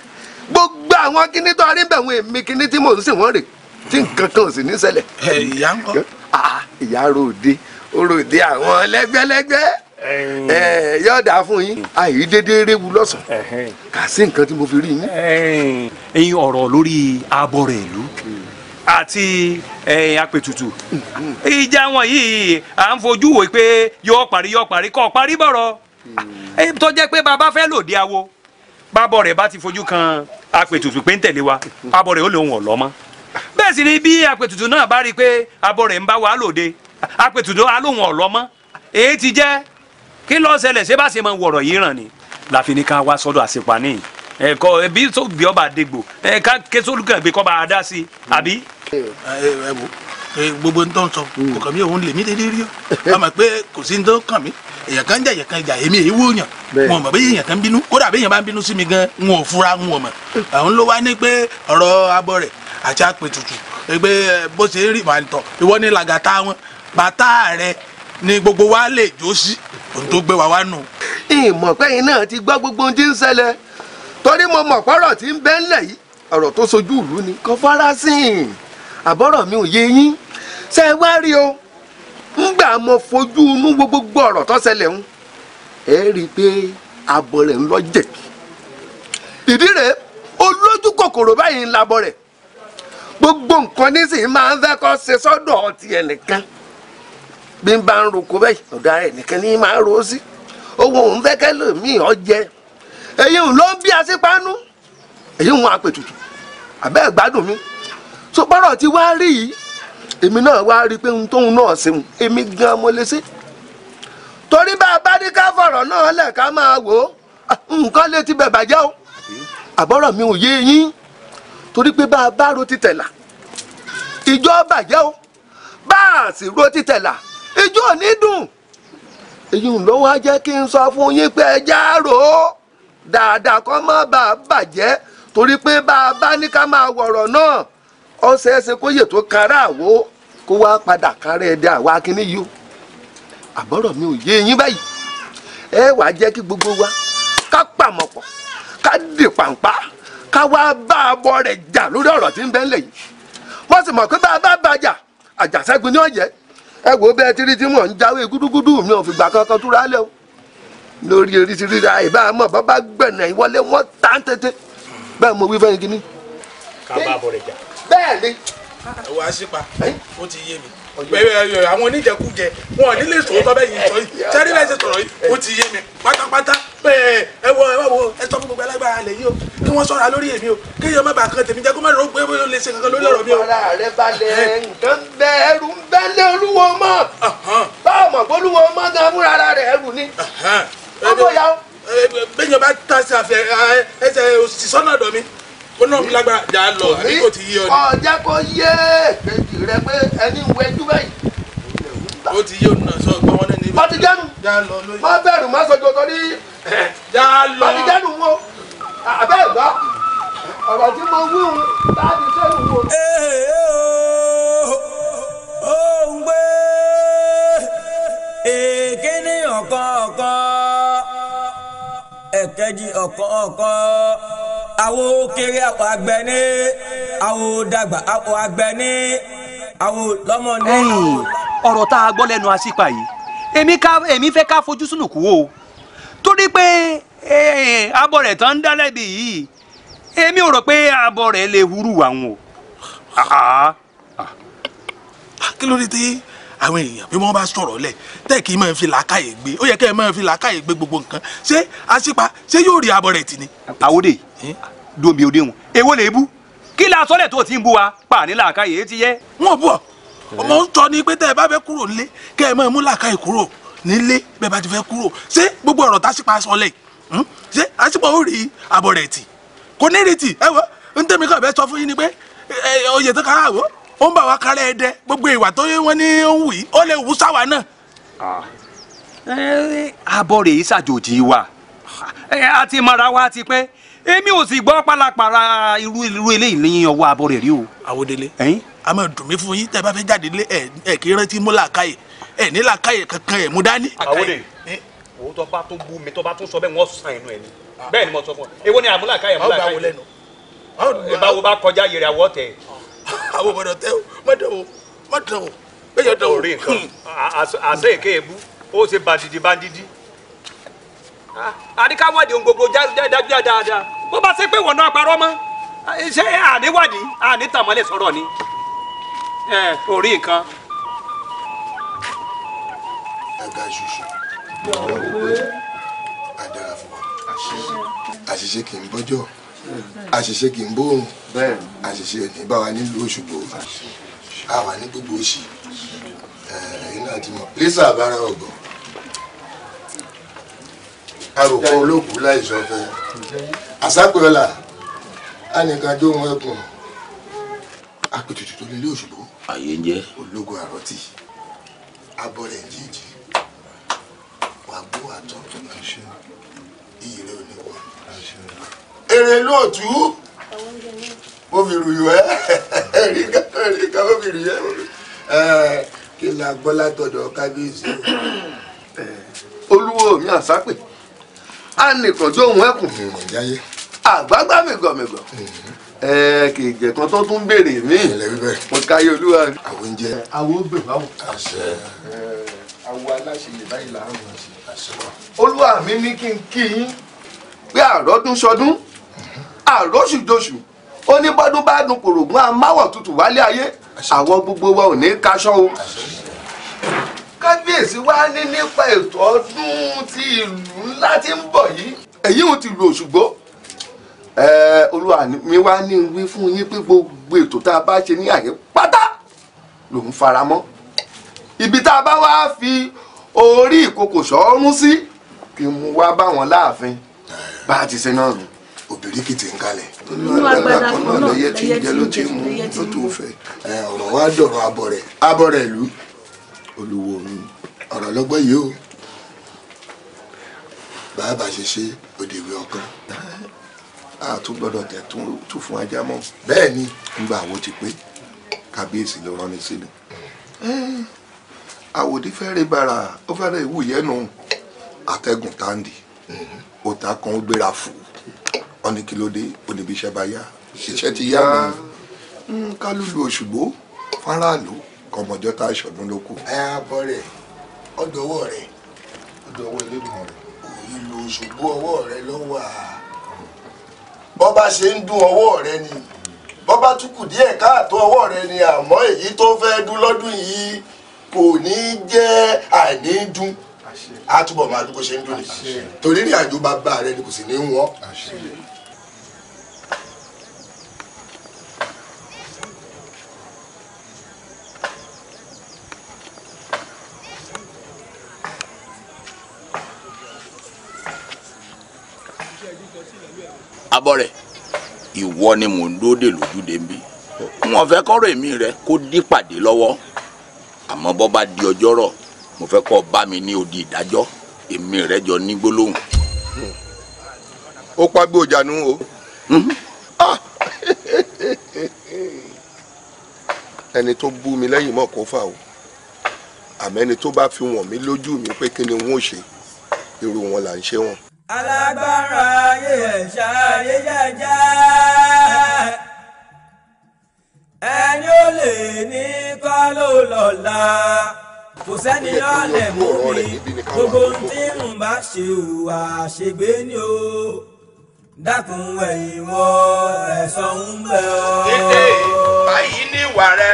gbogbo àwọn kinní tó arí bẹ̀wọ̀n èmi kinní tí mò ń sìn wọ́n rè tí nǹkan kan ò sì ní ṣẹlẹ̀. ìyá ń kọ́. Ah, ah, ìyá ròde ròde àwọn lẹ́gbẹ́lẹ́gbẹ́ yọ̀ọ̀dà fún yín àyè dédé réwu lọ́sàn-án kà sí nǹkan tí mo fi rí yín. ẹ̀yin ọ̀rọ̀ lórí abọ́rẹ̀ ìlú àti apètùtù ìjà wọn yìí à ń fojú wò pé yóò parí yóò parí kọ́ parí bọ̀rọ̀ hmm. tó jẹ́ pé bàbá fẹ́ lòdì awo bábọ̀ rẹ̀ bá ti fojú kan apètùtù pé ń tẹ̀lé wa abọ̀ rẹ̀ ó lòun mọ́ bẹ́ẹ̀ sì ni bí apètùtù náà bá rí i pé abọ̀ rẹ̀ ń bá wa lòde apètùtù á lòun mọ́ ti jẹ́ kí ni láfi ní ká wá sọ́dọ̀ àṣepa ní ẹ̀kọ́ tó bí ọba Eh, gbogbo ntọ́ sọ kò kàn mí òun lè mí dédé rí o àmọ́ pé kò sí ntọ́ kàn mí èèyàn kan jà èèyàn kan jà èmi èyí wò yàn wọn ò mọ̀ bẹ́ẹ̀ èèyàn kan bínú kódà bẹ́ẹ̀ èèyàn bá ń bínú sí mi gan wọn ò fura wọn ò mọ̀ àwọn ló wá ní pé ọ̀rọ̀ abọ́ rẹ̀ àti àpè tutù pé eh, bó ṣe rí màá tọ̀ ìwọ ní làgàtà wọn bàtà rẹ ni gbogbo wa lè jó sí ohun tó gbé wa wá nù. ìmọ̀ pẹ́yìn náà ti gbọ́ gbogbo ohun tí ń ṣẹlẹ̀ torí mo mọ̀ pọ́rọ̀ tí ń bẹ́ńlẹ̀ yìí ọ̀rọ̀ tó sojú ìlú ni kò fara sí i àbọ̀rọ̀ mi ò yé yín ṣe é wá rí o ńgbà mo fojú inú wo gbogbo ọ̀rọ̀ tó ṣẹlẹ̀ ń ẹ rí i pé abọ́ rẹ̀ ń lọ jẹ̀ ìdí rẹ̀ olójú kòkòrò báyìí ń labọ̀ rẹ̀ gbogbo nǹkan nísìnyí máa ń fẹ́ kọ́ ṣe sọ́dọ̀ ọtí ẹnìkan bí n bá ń roko bẹ́ẹ̀ ọ̀dọ̀ ara ẹnìkan ní máa ń ro sí owó òun fẹ́ kẹ́ lòmíì ọjẹ èyí ń lọ bí asípánú èyí ń wọn apètùtù àbẹ́ẹ̀ gbádùn mi so bọ́rọ̀ ti wá rí yìí èmi náà wá rí i pé ohun tóun náà ṣeun èmi gan mo lè ṣe torí bá a bá ní ká fọ̀rọ̀ náà lẹ̀ ká máa wò ó nǹkan lè ti bẹ̀ bàjẹ́ o àbọ̀rọ̀ mi ò yé yín torí pé bá a bá ro ti tẹ̀là ìjọ bàjẹ́ o bá a sì ro ti tẹ̀là ìjọ ò ní dùn èyí ló wá jẹ́ kí n sọ fún yín pé ẹ já rò ó dáadáa kó má bàa bàjẹ́ torí pé bá a bá ní ká máa wọ̀rọ̀ náà ọsẹ ẹsẹ kó tó kára kó wá padà kára ẹdẹ àwa akíní yìí o àbọ̀rọ̀ mi ò yé yín báyìí ẹ wàá jẹ́ kí gbogbo wa ká pàmọ̀pọ̀ ká dì pàǹpá ká wá bá rẹ̀ jà lórí ọ̀rọ̀ tí ń yìí wọ́n sì mọ̀ pé bá a bá ẹ wò ó bẹ́ẹ̀ tí o lórí gbẹ̀nà ìwọlé wọn tètè bẹ́ẹ̀ mo wí ká bá bẹ́ẹ̀ ni. ẹ̀wọ̀ àṣìpa ó ti yé mi àwọn oníjẹkújẹ wọn ò nílé sọ̀rọ̀ tọ́ bẹ́yìn sọ yìí sẹ́rí bẹ́ẹ̀ ṣe sọ̀rọ̀ yìí ó ti yé mi pátápátá bẹ́ẹ̀ ẹ wọ ẹ wọ ẹ sọ fún gbogbo alágbára lẹ̀ yìí o kí wọ́n sọ̀rọ̀ lórí èmi o kí èèyàn má bàa kan tèmi jẹ́ kó má lọ gbé bó lè ṣe kankan lórí ọ̀rọ̀ mi o. ọ̀la rẹ balẹ̀ nǹkan bẹ ẹrù ń bẹ lé olúwo mọ́ báwo mọ̀ pé olúwo mọ́ gan fúnra rẹ̀ ẹrù ni ọmọ yà ó. bẹ́ẹ̀ ó náà fi lágbára jà á lọ àbí kò ti yé ọ ni. ọjà kò yé èkejì rẹ pé ẹni ìwé ẹjú báyìí. ó ti yé òun náà sọ pé wọn ní. ọtí jẹnu má bẹ̀rù má sọ jọjọ ní. já a lọ ọtí jẹnu wọn àbẹ́ ìgbà ọ̀rọ̀ tí mo wí òun bá ti sẹ́nu wọn. ó ń gbé èké ní ọ̀kọ̀ọ̀kọ̀ ẹ̀kẹ́jì ọ̀kọ̀ọ̀kọ̀ àwo kéré àwo àgbẹ̀ ní àwo dàgbà àwo àgbẹ̀ ní àwo lọ́mọ ní. ẹ̀yin ọ̀rọ̀ tá a gbọ́ lẹ́nu àṣìpà yìí èmi ká èmi fẹ́ ká fojú sùnùkú o torí pé abọ́ rẹ̀ tán ń dá lẹ́bi yìí èmi ò rò pé abọ́ rẹ̀ lè hurú àwọn o. Ah, ah. Ah, kí ló dé tí àwọn èèyàn bí wọ́n bá sọ̀rọ̀ lẹ̀ tẹ́ kì í máa fi làákàyè gbé ó yẹ kẹ́ ẹ máa fi làákàyè gbé gbogbo nǹkan ṣé àṣìpa ṣé yóò rí abọ́ rẹ̀ tì ni. àwòdè domi òde wọn èwo lè bú kí la sọ́lẹ̀ tó ti ń bu wa pa ní làákàyè ti yẹ. wọn bú ọ ọmọ ń tọ́ ni pé tẹ́ ẹ bá fẹ́ kúrò nílé kẹ́ ẹ máa mú làákàyè kúrò nílé bẹ́ẹ̀ bá ti fẹ́ kúrò ṣé gbogbo ọ̀rọ̀ tásìpa sọlẹ̀ hmm? ṣé àṣìpa ó rí abọ́ rẹ̀ tì kò ní retí ẹ wọ ń tẹ́mi kọ́ ẹ bẹ́ sọ fún yín ni pé oyè tó kára wọ́ ó ń bà wá kárẹ́ ẹ̀dẹ́ gbogbo ìwà tó yẹ wọ́n ní ó ń wù yìí ó lè wù sáwa náà. àbọ̀ rẹ̀ yìí ṣàjòjì wa a ti mara wa ti pẹ́ èmi ò sì gbọ́ pálapàla irú irú eléyìí ní ọwọ́ àbọ̀ rẹ̀ rí o. àwòdélé a máa dùn mí fún yín tẹ́ bá fẹ́ jáde lé ẹ̀ kí rántí mú làákàyè ẹ̀ ní làákàyè kankan ẹ̀ mú dání. àwòdè òun tó bá tún bú mi tó bá tún sọ bẹ́ẹ̀ wọ́n sàn inú ẹ̀ ni bẹ́ẹ̀ ni mo sọ fún ọ èwo ni àmúlàkàyè àmúlàkàyè báwo bá kọjá yèrè àwọ̀ tẹ̀ àwọn ọmọdé tẹ o má dán o má dán o bẹ́ẹ̀ yọ dán o. orí nǹkan àṣẹ èké ó ṣe bandidi bandidi. àríkáwádìí ohun gbogbo dáadáa dáadáa bó bá ṣe pé wọ́n náà parọ́ mọ́ ṣé àníwádìí ànítàmọ́lẹ̀ sọ̀rọ̀ ni orí nǹkan. ẹ̀ka ṣoṣo ọ̀rọ̀ òwe àdára àṣìṣe kì í bọ́jọ́ àṣìṣe kì í bóòrùn àṣìṣe ẹni bá wa nílùú a àwa ní gbogbo òṣì ẹ̀yìn náà ti mọ̀ lẹ́sà àbára ọ̀gọ̀ aròkọ olóògùn láìsọ fún àsápẹ́ọ́là ánìkan jó wọn ẹkùn apètùtù tó nílé Òṣogbo àyè ń jẹ́ ológun àrọ́tì abọ́rẹ̀ jíjì wàá gbó àtọ́ iyì rẹ̀ ò ní wọ́n èrè lóòtú mo fi rùyù ẹ ẹrí ká ẹrí ká mo fi rùyù ẹ kí n máa gbọ́ látọ̀dọ̀ kábíyèsí olúwo mi àsápè á nìkan tó òun ẹkùn àgbágbá mi gọ̀mìgọ̀ ẹ kì í jẹ kan tó tún béèrè mí mo káyé olúwa. àwọn oúnjẹ. àwọn oúnjẹ báwo. àṣẹ. àwọn aláṣẹ lè báyìí làárọ̀ àṣẹ. olúwa mi ní kí n kí yín pé àròdún sọdún àròṣùjọṣù oníbọ́dún bá dun kòrògùn amáwọ̀ tutù wálé ayé àwọn gbogbo wa ò ní kaṣọ́ o kábíyèsí wá ní nípa ètò ọdún ti ìlú ńlá tí ń bọ̀ yìí èyí ò ti lu Òṣùgbó olúwa mi wá ní wí fún yín pé gbogbo ètò tá a bá ṣe ní àyè pátá lòún fara mọ́ ibi tá a bá wá fi orí ìkòkò sọ́ọ́rún sí kí n wá bá wọn láàfin bá a ti ṣe náà nù òbíríkìtì ń kalẹ̀. inú agbada kan náà lẹ́yẹ tí ń jẹ ló ti mú ló tó fẹ́. ọ̀rọ̀ wa dọ̀rọ̀ abọ̀ rẹ̀ abọ̀ rẹ̀ lù olùwò mi ọ̀rọ̀ lọ́gbọ́n yìí o bàbá ṣe ṣe òdìwé ọkàn a tún gbọ́dọ̀ tẹ̀ tún fún ajá mọ́ bẹ́ẹ̀ ni nígbà àwọn ti pé kábíyèsí ló rán ni sílẹ̀ àwòdì fẹ́rẹ̀ bàrà ó fẹ́rẹ̀ ìwúyẹ́ nù atẹ́gùn táǹdì òtá mm-hmm. kan ó gbéra fò ó wọn ní kí ló dé oníbi iṣẹ́ bá yá iṣẹ́ ti yá mi hmm, kálùlù òṣùgbó faraàlú kọmọjọ́ tá a ṣọdún ló kù. ẹ abọ rẹ ọdọwọ rẹ ọdọwọ ẹlẹdùnmọ rẹ ìlú òṣùgbó ọwọ́ rẹ ló wà bọba ṣe ń dún ọwọ́ rẹ ni bọba tún kù díẹ̀ káàtó ọwọ́ rẹ ni àmọ́ èyí tó fẹ́ dún lọ́dún yìí kò ní jẹ́ àìní dún a túbọ̀ máa dún bó ṣe ń dún ni torí ní àjò bàbá rẹ ni kò sì ní wọ́n. ìwọ ni mò ń dúró dè lójúde ń bí wọn fẹ́ kọ́rọ̀ èmi rẹ kó dípàdé lọ́wọ́ àmọ́ bọ́ bá di ọjọ́ rọ̀ mo fẹ́ kọ́ bá mi ní odi ìdájọ́ èmi rẹ jọ ní gbólóhùn. ó pa gbòjà nù o. Mhm. Ah! ẹni tó bú mi lẹ́yìn mọ́ kó fà o àmọ́ ẹni tó bá fi wọ̀n mí lójú mi pé kí ni wọ́n ṣe irú wọn là ń ṣe wọn alágbára ayé ẹ̀ṣá ayé jẹ́jẹ́ ẹni ó lè ní kọ́ ló lọ́la kò sẹ́ni ọ̀lẹ̀ mú mi gbogbo ohun tí n bá ṣe òwà ṣègbè ni o dákun ẹ̀yìn wọn ẹ̀sán ń bẹ̀ ọ́. dédé báyìí ní ìwà rẹ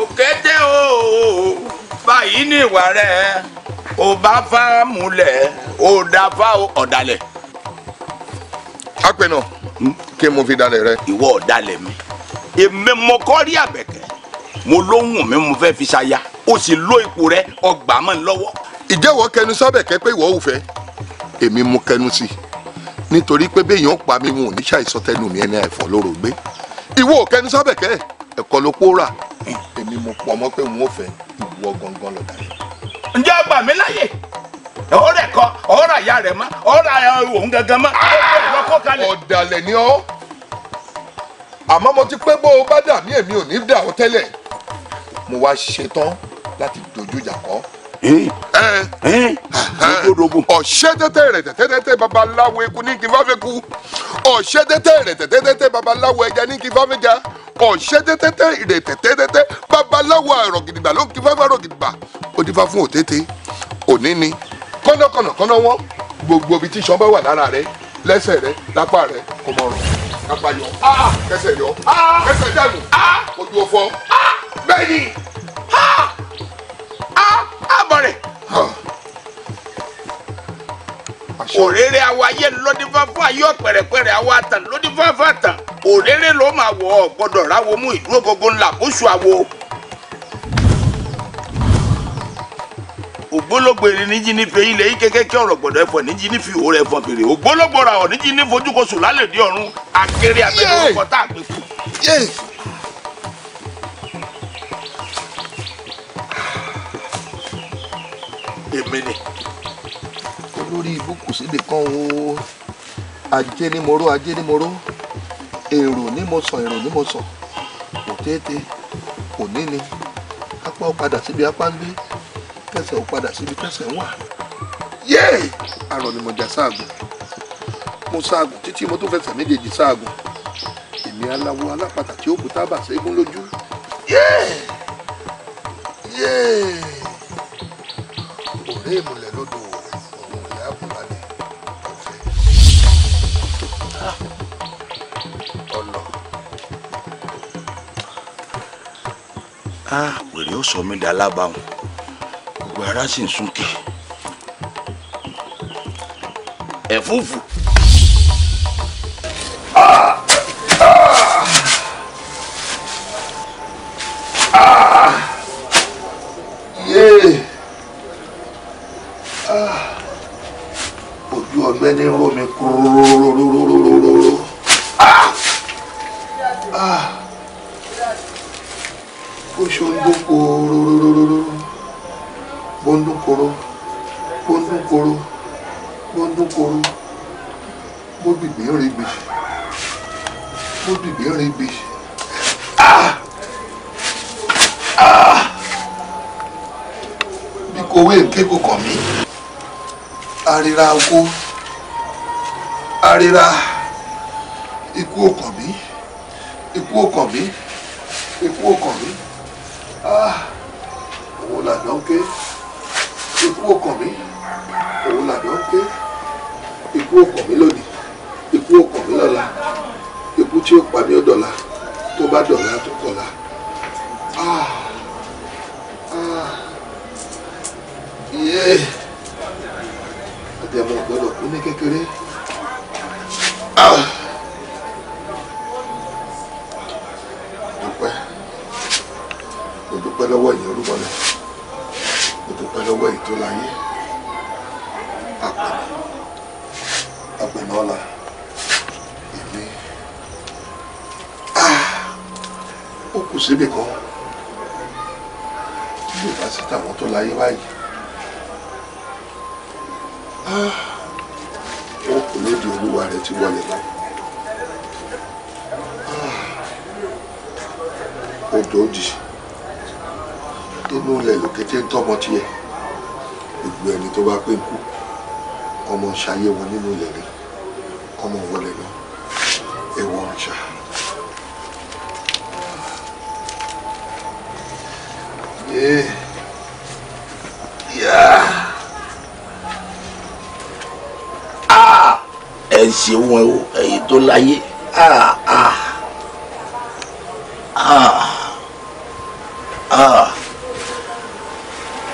òkété o báyìí ní ìwà rẹ ò bá fá múlẹ̀ ò dá fá ọ̀dàlẹ̀. apẹ̀nà hmm? kí mo fi dalẹ̀ rẹ. ìwọ ọ̀dàlẹ̀ mi èmi mo kọ́ rí àbẹ̀kẹ́ mo ló ń wù mí mo fẹ́ fi ṣaya ó sì lo ipò rẹ ọgbà mọ́ ń lọ́wọ́. ìjẹ́wọ́ kẹnu sábẹ̀kẹ́ pé ìwọ ò fẹ́ èmi mú kẹnu sí i nítorí pé béèyàn pa mi wọn ò ní ṣàìsọ tẹnu mi ẹni àìfọ lóró gbé ìwọ ò kẹnu sábẹ̀kẹ́ ẹ̀kọ́ ló pòórà hmm. èmi mo pọ̀ mọ́ pé wọn ò fẹ́ ìwọ gangan lọ́dà yẹn ǹjẹ́ ọgbà mi láyè ọ̀rọ̀ ẹ̀kọ́ ọ̀rọ̀ àyà rẹ̀ mọ́ ọ̀rọ̀ òun gangan mọ́ ọkọ̀ kalẹ̀. ọ̀dàlẹ̀ ni ọ́ àmọ́ mo ti pé bó o bá dà mí èmi ò ní dà ọ́ tẹ́lẹ̀ mo wá ṣetán láti dojú ìjà kọ́. Eh? Eh? Eh? ọ̀ṣẹ́dẹ́tẹ́ rẹ̀ tẹ́tẹ́tẹ́ babaláwo eku ní kí n fáfẹ́ ku ọ̀ṣẹ́dẹ́tẹ́ rẹ̀ tẹ́tẹ́tẹ́ babaláwo ẹja ní kí n fáfẹ́ ja ọ̀ṣẹ́dẹ́tẹ́tẹ́ rẹ̀ tẹ́tẹ́tẹ́ babaláwo àrọ̀ gidigba ló kí n fáfẹ́ àrọ̀ gidigba ó fún òtẹ́tẹ́ òní ni kọ́nàkọ́nà kọ́nà wọn gbogbo ibi tí sọ́n bá wà lára rẹ lẹ́sẹ̀ rẹ lápá rẹ kò mọ̀rọ̀ kápá àbọ̀rẹ̀ òrèrè awọ ayé lọ́dífáfá ayọ̀ pẹ̀rẹ̀pẹ̀rẹ̀ awọ àtàn lọ́dífáfá tàn òrèrè ló máa wọ̀ ọ́ gbọ́dọ̀ ráwo mú ìdúró gbogbo ńlá oṣù àwo. ògbólógbò èrè níjí nífe ilẹ̀ yìí kékeré ọ̀rọ̀ gbọ́dọ̀ ẹ̀fọ́ níjí nífi òwò rẹ̀ fọ́ bèrè ògbólógbò ra ọ̀ níjí nífojú kò sùn lálẹ́ dí ọ̀run akéré abẹ́rẹ́ ọkọ̀ tá a gbé fún. èmi ni olórí ìlú kù síbi kan o ajé ni mo ró ajé ni mo ró èrò ni mo sọ èrò ni mo sọ òtété òní ni apá ò padà síbi apá ń gbé kẹsẹ̀ ò padà síbi kẹsẹ̀ ń wà yéè arọ ni mo jà sáàgùn mo sáàgùn títí mo tó fẹsẹ̀ méjèèjì sáàgùn èmi aláwo alápatà tí ó kú tábà ségun lójú yéè yéè ọ̀rẹ́ ìmùlẹ̀ lọ́dọ̀ ọ̀rọ̀ ìyá àbúrálẹ̀ ọ̀fẹ́ ah, ọ̀nà. a ah, wèrè ó sọ mí dá lábàáwọn gbogbo ara sì ń súnkì ẹ̀fúùfù. Ah! o meu kúrú. ó kù síbì kan tí yóò bá sí tàwọn tó láyé báyìí wọn ah, kò lóde olúwa rẹ ti wọlé lọ ah, odò òdì inú ilẹ̀ lòkété ń tọ́mọ tiẹ̀ gbogbo ẹni tó bá pé ń kú ọmọ ṣayé wọn nínú ilẹ̀ rẹ ọmọ wọn sí ohun èyí tó láyé ah ah ah ah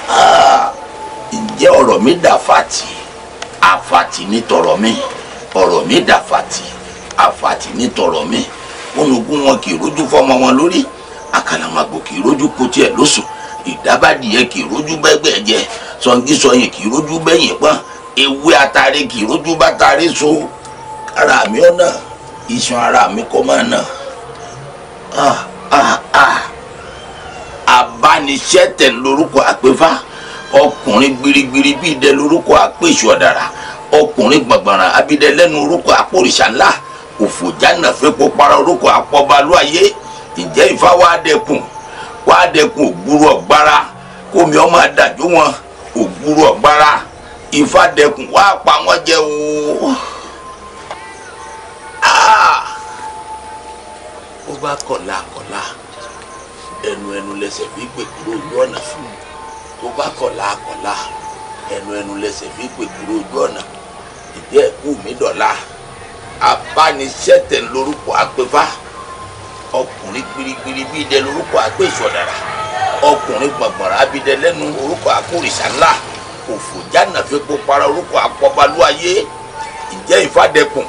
ah ǹjẹ́ ọ̀rọ̀ mi dà fati àfàtì ní tọ̀rọ̀ mi ọ̀rọ̀ mi dà fati àfàtì ní tọ̀rọ̀ mi ònùgún wọn kì í rójú fọmọ wọn lórí àkàlàmàgbò kì í rójú kó tiẹ̀ lóṣù ìdábàdìyẹ kì í rójú bẹ́gbẹ́ jẹ sọ̀ngísọ̀yìn kì í rójú bẹ́yìn pọ́n ewé atare kì í rójú bá tare so ara mi ọ̀nà iṣan ara mi kò máa nà ah, ah, ah. abániṣẹ́tẹ̀ lórúkọ àpéfà ọkùnrin gbirigbiri bíi dẹ lórúkọ àpéṣù ọ̀dàrà ọkùnrin gbọ̀ngbọ̀nràn abidẹ lẹ́nu orúkọ àpòrìṣà ńlá òfò jánà fẹ́pọ̀ para orúkọ àpọ̀balúayé ǹjẹ́ ìfá wa dẹkùn wa dẹkùn ògbúrú ọ̀gbára kómi ọmọ àdàjọ wọn ògbúrú ọ̀gbára ìfá dẹkùn wa pa wọn jẹ ooo. bá kọ̀la kọ̀la ẹnu ẹnu lẹsẹ̀ fi pè kúrò ojú ọ̀nà tó bá kọ̀la kọ̀la ẹnu ẹnu lẹsẹ̀ fi pè kúrò ojú ọ̀nà ìdí ẹ̀kú mi dọ̀la abániṣẹ́tẹ̀ lórúkọ àpẹ́fà ọkùnrin gbirigbiri bíi dẹ lórúkọ àpẹ́ ìṣọ̀dàrà ọkùnrin gbọ̀ngbọ̀nrà bíi dẹ lẹ́nu orúkọ àkórìṣà ńlá òfò jáná fi kó para orúkọ àpọ̀balúayé ìjẹ́ ìfàdẹ́kùn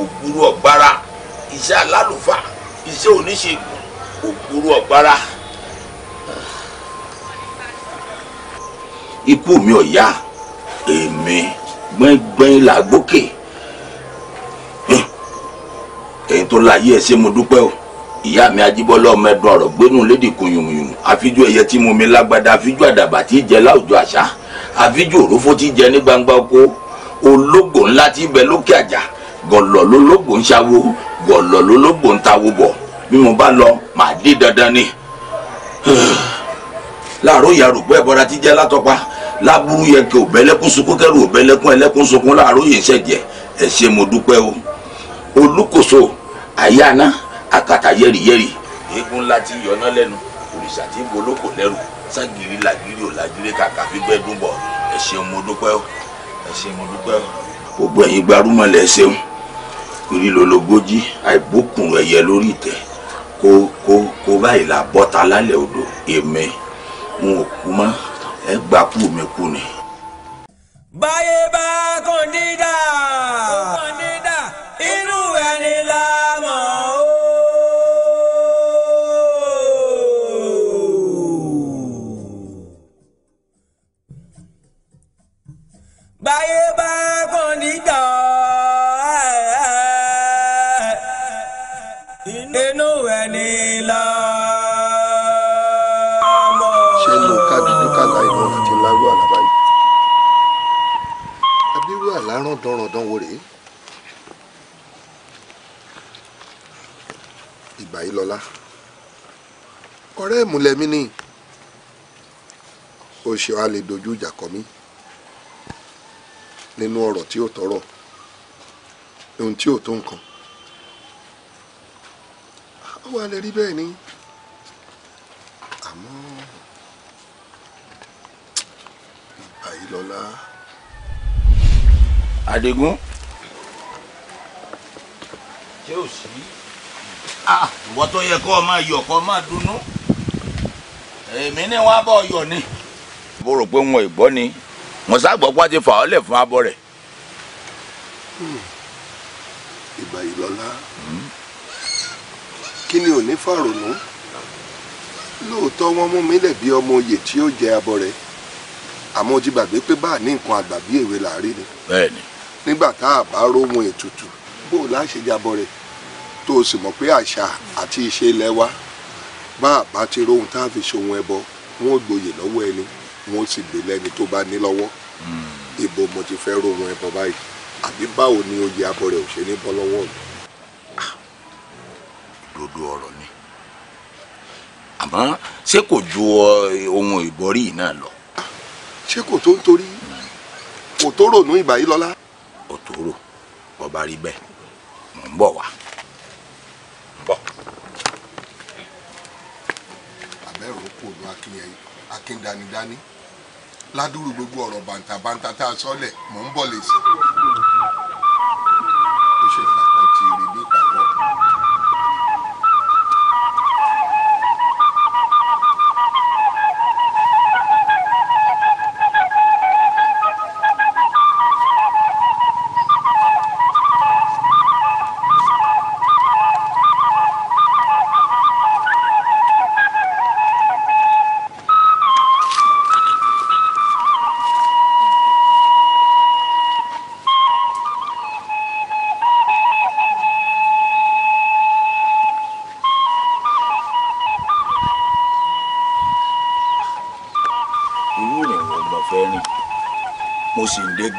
ògbúrú ọ̀gbára iṣẹ́ alálùfáà iṣẹ́ oníṣègùn ògbúrú ọ̀gbára. ikú mi ò yá èmi gbẹ́ngbẹ́ng là gbókè èyí tó láyé ẹ̀ ṣe mo dúpẹ́ o ìyá mi ajíbọ́lá ọmọ ẹ̀dùn ọ̀rọ̀ gbénú lédè kùnyùmùnyùmù àfijú ẹyẹ tí mo mi lágbádá àfijú àdàbà tí ì jẹ láwùjọ àṣà àfijú òrófó tí jẹ ní gbangba oko ológo ńlá tí ì lókè àjà gọ̀lọ̀ lólógo ń wọ̀lọ̀ lólógbò ń ta wobọ̀ bí mo bá lọ màá dé dandan ni. láàárọ̀ ìyá rògbò ẹ̀bọra ti jẹ́ látọ́pa láburú yẹ kí òbẹ́lẹ́kún sunkún kẹ́rù òbẹ́lẹ́kún ẹlẹ́kún sunkún láàárọ̀ yẹn ṣẹ̀jẹ̀ ẹ ṣé mo dúpẹ́ o. olùkòso àyànná àkàtà yẹ́rìyẹ́rì eégún ńlá ti yọná lẹ́nu òrìṣà tí bolóko lẹ́rù ságìrì làgìrì òlàgìrì kàkà fígbẹ́ dúnbọ̀ ẹ ṣé mo dúpẹ́ o ẹ ṣé mo dúpẹ́ o. gbogbo ẹ̀yin gbarumọ̀ lẹ́ ṣeun ìrìlò lógójì àìbókùn ẹyẹ lórí ìtẹ́ kó kó kó báyìí là bọ́ta lálẹ́ odò èmi n ò kú ẹ gbà kú mi kú ni. báyé bá kọ́ńdídà kọ́ńdídà inú ẹni la mọ̀ ó. báyé bá kọ́ńdídà. rándanrandan wo rèé ìgbà yìí lọ́la ọ̀rẹ́ ìmùlẹ̀ mi ni ó ṣe wá lè dojú ìjà kọ mí nínú ọ̀rọ̀ tí ò tọrọ ohun tí ò tó nǹkan ó wà lè rí bẹ́ẹ̀ ni àmọ́ ìgbà yìí lọ́la. Adigun. ṣé ò sí. ìwọ tó yẹ kó o máa yọ̀ kó o máa dunnú. èmi ni wọ́n á bọ̀ yọ̀ ni. mo rò pé wọn ò gbọ́ ni mo ságbọ́ pé a ti fà ọ́ lẹ̀ fún abọ́ rẹ̀. Hmm. ìgbà ìlọ́lá hmm. kí ni ò ní fàrònú lóòótọ́ wọ́n mú mi lẹ̀ bí ọmọ oyè tí ó jẹ abọ́ rẹ̀ àmọ́ ó ti gbàgbé pé báà ní nǹkan àgbà bí èwe làárí ni. bẹ́ẹ̀ni nígbà tá a bá róhun ètùtù bó o láṣẹ jábọ̀ rẹ̀ tó o sì mọ̀ pé àṣà àti ìṣe ilẹ̀ wa bá a bá ti róhun tá a fi ṣohun ẹbọ wọn ò gbòyè lọ́wọ́ ẹni wọn ò sì gbé lẹ́ni tó bá ní lọ́wọ́ hmm. ibo mo ti fẹ́ róhun ẹbọ báyìí àbí báwo ni oyè abọ rẹ̀ ò ṣe ní bọ́ lọ́wọ́ mi. Ah, dodo ọ̀rọ̀ ni àmọ́ ṣé kò ju ohun ìbọrí náà lọ. ṣé kò tó ń torí hmm. kò tó rònú ìbàyí lọ́lá ó tó rò bó bá rí bẹ́ẹ̀ mò ń bọ̀ wá. bọ̀. àbẹ̀rù kò lu akíndanidání ládùúrú gbogbo ọ̀rọ̀ bàǹtàbàǹtà tá a sọ́lẹ̀ mò ń bọ̀ lè sí. ó ṣe fà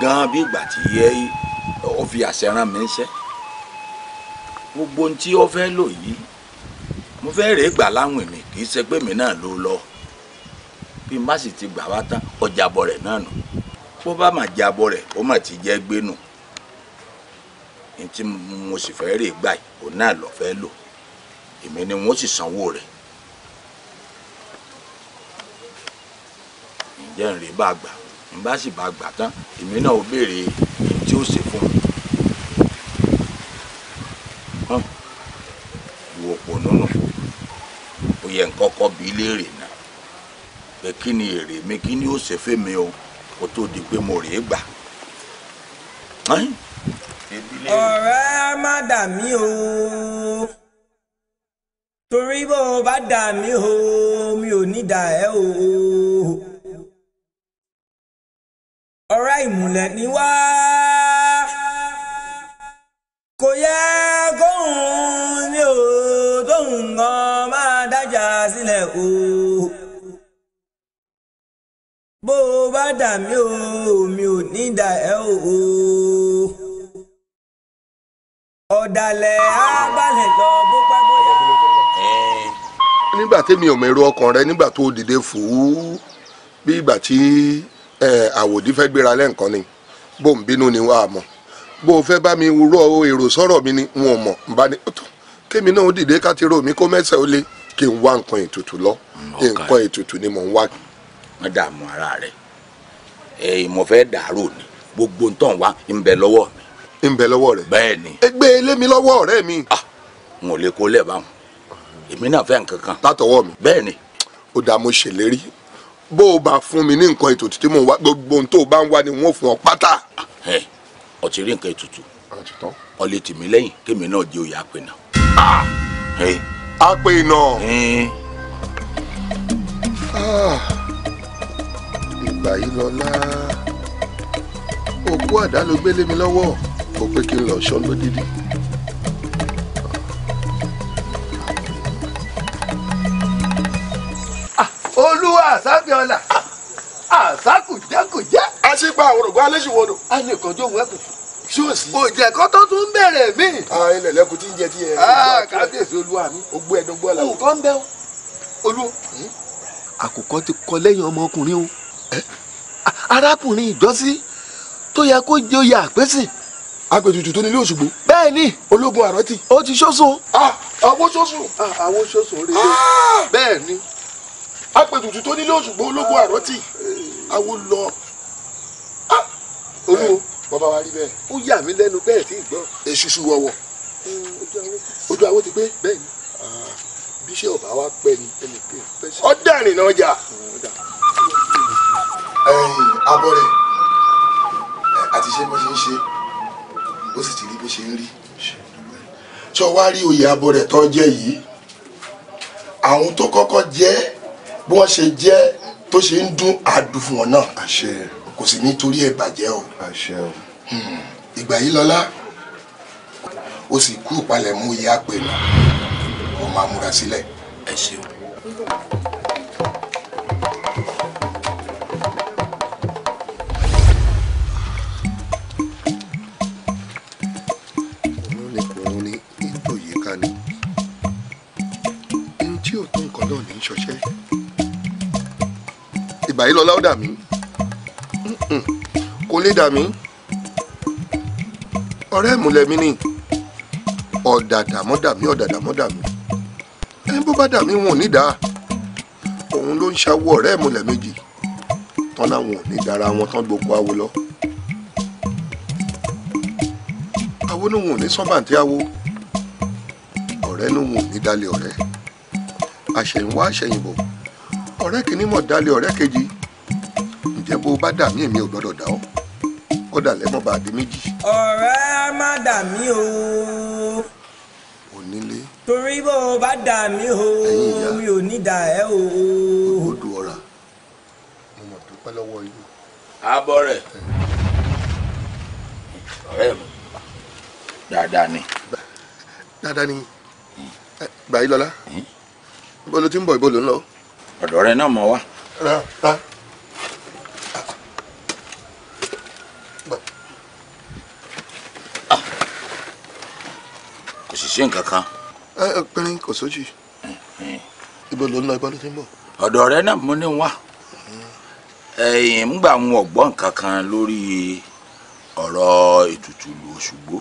gan bí ìgbà tí ó fi àṣẹ rán mi ṣẹ́ gbogbo ohun tí ó fẹ́ lò yìí mo fẹ́ rèé gbà láwìn mi kì í ṣe pé mi náà ló lọ bí n bá sì ti gbà wá tán ọjàbọ̀ rẹ̀ náà nù bó bá mà jàbọ̀ rẹ̀ ó mà ti jẹ́ gbé nù ní tí mo sì fẹ́ rèé gbà yìí òun náà lọ fẹ́ lò èmi ni wọ́n sì sanwó rẹ̀ ǹjẹ́ ń rèé bá gbà bá sì bá gbà tán èmi náà ó béèrè èyí tí ó ṣe fún mi. ìwò pò nínú ó yẹ nǹkan kọ́ bí léèrè náà pé kí ni èrè mi kí ni ó ṣe fún mi o kó tó di pé mo rèé gbà. ọ̀rẹ́ má dà mí o torí bó o bá dà mí o mi ò ní dà ẹ́ o. mi ò mọ èrò ọkàn rẹ nígbà tó dìde fòó bí ìgbà tí àwòdì fẹ́ gbéra lẹ́ǹkan ni bó ń bínú ni wàá mọ̀ bó o fẹ́ bá mi rọ èrò sọ̀rọ̀ mi ni n ò mọ̀ n bá ní tó kémi náà ó dìde ká ti rò mí kó mẹ́sẹ̀ ó lé kí n wá nǹkan ètùtù lọ mm, nǹkan ètùtù ni mò ń wá. má dààmú ara rẹ ìmọ̀ fẹ́ dàrú ni gbogbo ń tàn wá ń bẹ lọ́wọ́ mi. ń bẹ lọ́wọ́ rẹ. bẹ́ẹ̀ ni. ẹ gbé e lé mi lọ́wọ́ ọ̀rẹ́ mi. ah n ò lè kó lẹ̀ èmi náà fẹ́ nǹkan kan. mi. bẹ́ẹ̀ ó dáa mo ṣèlérí bó o bá fún mi ní nǹkan ètùtù tí mo wá gbogbo ohun tó o bá ń wá ni wọn ò fún ọ pátá. ẹ ọ ti rí nǹkan ètùtù ọ lè tì mí lẹ́yìn kémi náà jẹ́ òye àpè náà. Ah! àpè náà. Ah! ìgbà yìí lọ́la òkú àdá ló gbélé mi lọ́wọ́ kò pé kí n lọ ṣọ́ lódìdí. àsáfíọ́là àsákùjẹ́kùjẹ́. a ṣe gba àwòrán gba alẹ́ ṣùwọ́dọ̀. a lè kọjú òun ẹ̀kùn ṣóòsì. òjẹ̀ kan tó tún bẹ̀rẹ̀ mí. ilẹ̀ lẹ́kùn tí ń jẹ ti ẹ̀. kábíyèsí olúwa mi. o gbé ẹdun gbọ́ la. nǹkan bẹ́ o olú. àkùkọ ti kọ lẹ́yìn ọmọkùnrin o arákùnrin ìjọ́sí tó yẹ kó jẹ oyè àpẹ́sìn agbètùtù tó nílé òṣùgbó. bẹ́ẹ̀ni. ológun àrọ́tì. ó ti ah, ṣóṣùn. Ah, àwọn ṣóṣùn. àwọn ṣóṣùn ah! rèé. bẹ́ẹ̀ni apètùtù tó nílé òṣùgbọ́n ológun àròtì àwo lọ. Ah! olúwo bàbá wa rí bẹ́ẹ̀. ó yà mí lẹ́nu bẹ́ẹ̀ tí ì gbọ́. èṣùṣù wọ̀wọ̀ ojú àwọn ti pé bẹ́ẹ̀ ni ah! bí ṣé ọba wa pẹ́ ni ọ̀dà rìn náà jà. ẹ̀yin abọ́rẹ̀ àti ṣé bó ṣe ń ṣe ó sì ti rí bó ṣe ń rí sọ wá rí oyè abọ́rẹ̀ tó jẹ́ yìí àwọn tó kọ́kọ́ jẹ́ bí wọ́n ṣe jẹ́ tó ṣe ń dún àdùn fún wọn náà àṣẹ kò sì nítorí ẹ̀ bàjẹ́ o àṣẹ o hmm. ìgbà yìí lọ́lá o sì kú ìpalẹ̀mú ìyá pè náà o máa múra sílẹ̀ ẹ ṣeun. báyìí lọ́lá ó dà mí kò lè dà mí ọ̀rẹ́ ìmùlẹ̀ mi ni ọ̀dàdà mọ́dà mí ọ̀dàdà mọ́dà mí ẹ bó bá dà mí wọn ò ní dáa òun ló ń ṣàwọ ọ̀rẹ́ ìmùlẹ̀ méjì tán láwọn ò ní dára wọn tán gbogbo awo lọ awo ni wọn ò ní sọ́bàǹtì awo ọ̀rẹ́ ni wọn ò ní dalẹ̀ ọ̀rẹ́ àṣẹ̀yìnwá àṣẹ̀yìnbọ̀ ọ̀rẹ́ kìíní mọ̀ dálẹ̀ ọ̀rẹ́ kejì ǹjẹ́ bó bá dà mí èmi ò gbọ́dọ̀ dà ọ́ kódà lẹ́mọ̀ bá di méjì. ọ̀rẹ́ á má dà mí o. onílé. torí bó o bá dà mí o mi ò ní dà ẹ́ o. odò ọ̀rà mo mọ̀ dúpẹ́ lọ́wọ́ yìí. abọ́ rẹ̀ ọ̀rẹ́ mi dáadáa ni. dáadáa ni gbàyí lọ́la bó ló ń bọ̀ ìbò ń lọ ọ̀dọ̀ rẹ náà mọ̀ wá. Ah. kò sì sí nǹkan kan. ẹ pínrín kò sójì mm-hmm. ibo ló ń lọ ibo ló ti ń bọ̀. ọ̀dọ̀ rẹ náà mo ní wá ẹ̀yìn ń gbà wọn ọ̀gbọ́n nǹkan kan lórí ọ̀rọ̀ ètùtù ìlú Òṣùgbó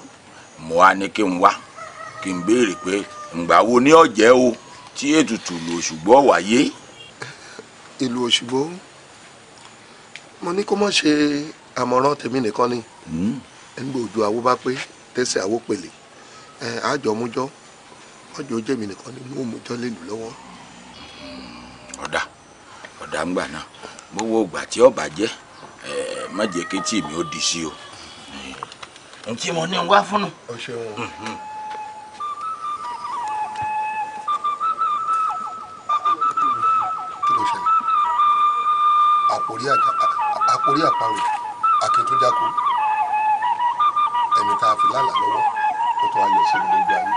mo wá ní kí n wá kí n béèrè pé ǹgbà wo ni ọ̀jẹ́ o tí ètùtù ìlú Òṣùgbó wáyé ìlú Òṣùgbó mo ní kó mọ̀ ṣe àmọ̀ràn tèmi nìkan ni hmm. nígbà òjò àwo bá pé tẹ̀sẹ̀ àwo pèlè àjọmújọ́ ọjọ́ jẹ́mi nìkan ni mo mújọ́ lèlù lọ́wọ́. ọ̀dà ọ̀dà ń gbà náà mo wo ògbà tí ọba jẹ́ má jẹ́ kí tí mi ó di sí o. ǹtí mo ní wá fún un. o ṣeun. Hmm, hmm. àkórí àparò akíntúnjákó ẹni tá a fi lálàá lọ́wọ́ ó tún ayọ̀ sí mi lójú ayé.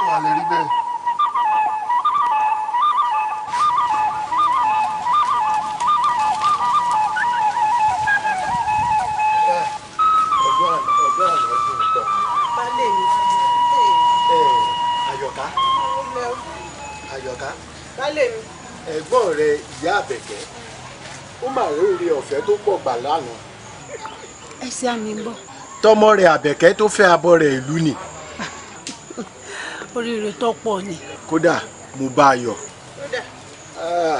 ó wà lè rí bẹ́ẹ̀. gbà lánàá. ẹ ṣe àmì ń bọ̀. tọmọ rẹ àbẹ̀kẹ́ tó fẹ́ abọ́ rẹ ìlú ni. oríire tó pọ̀ ni. kódà mo bá a yọ̀. kódà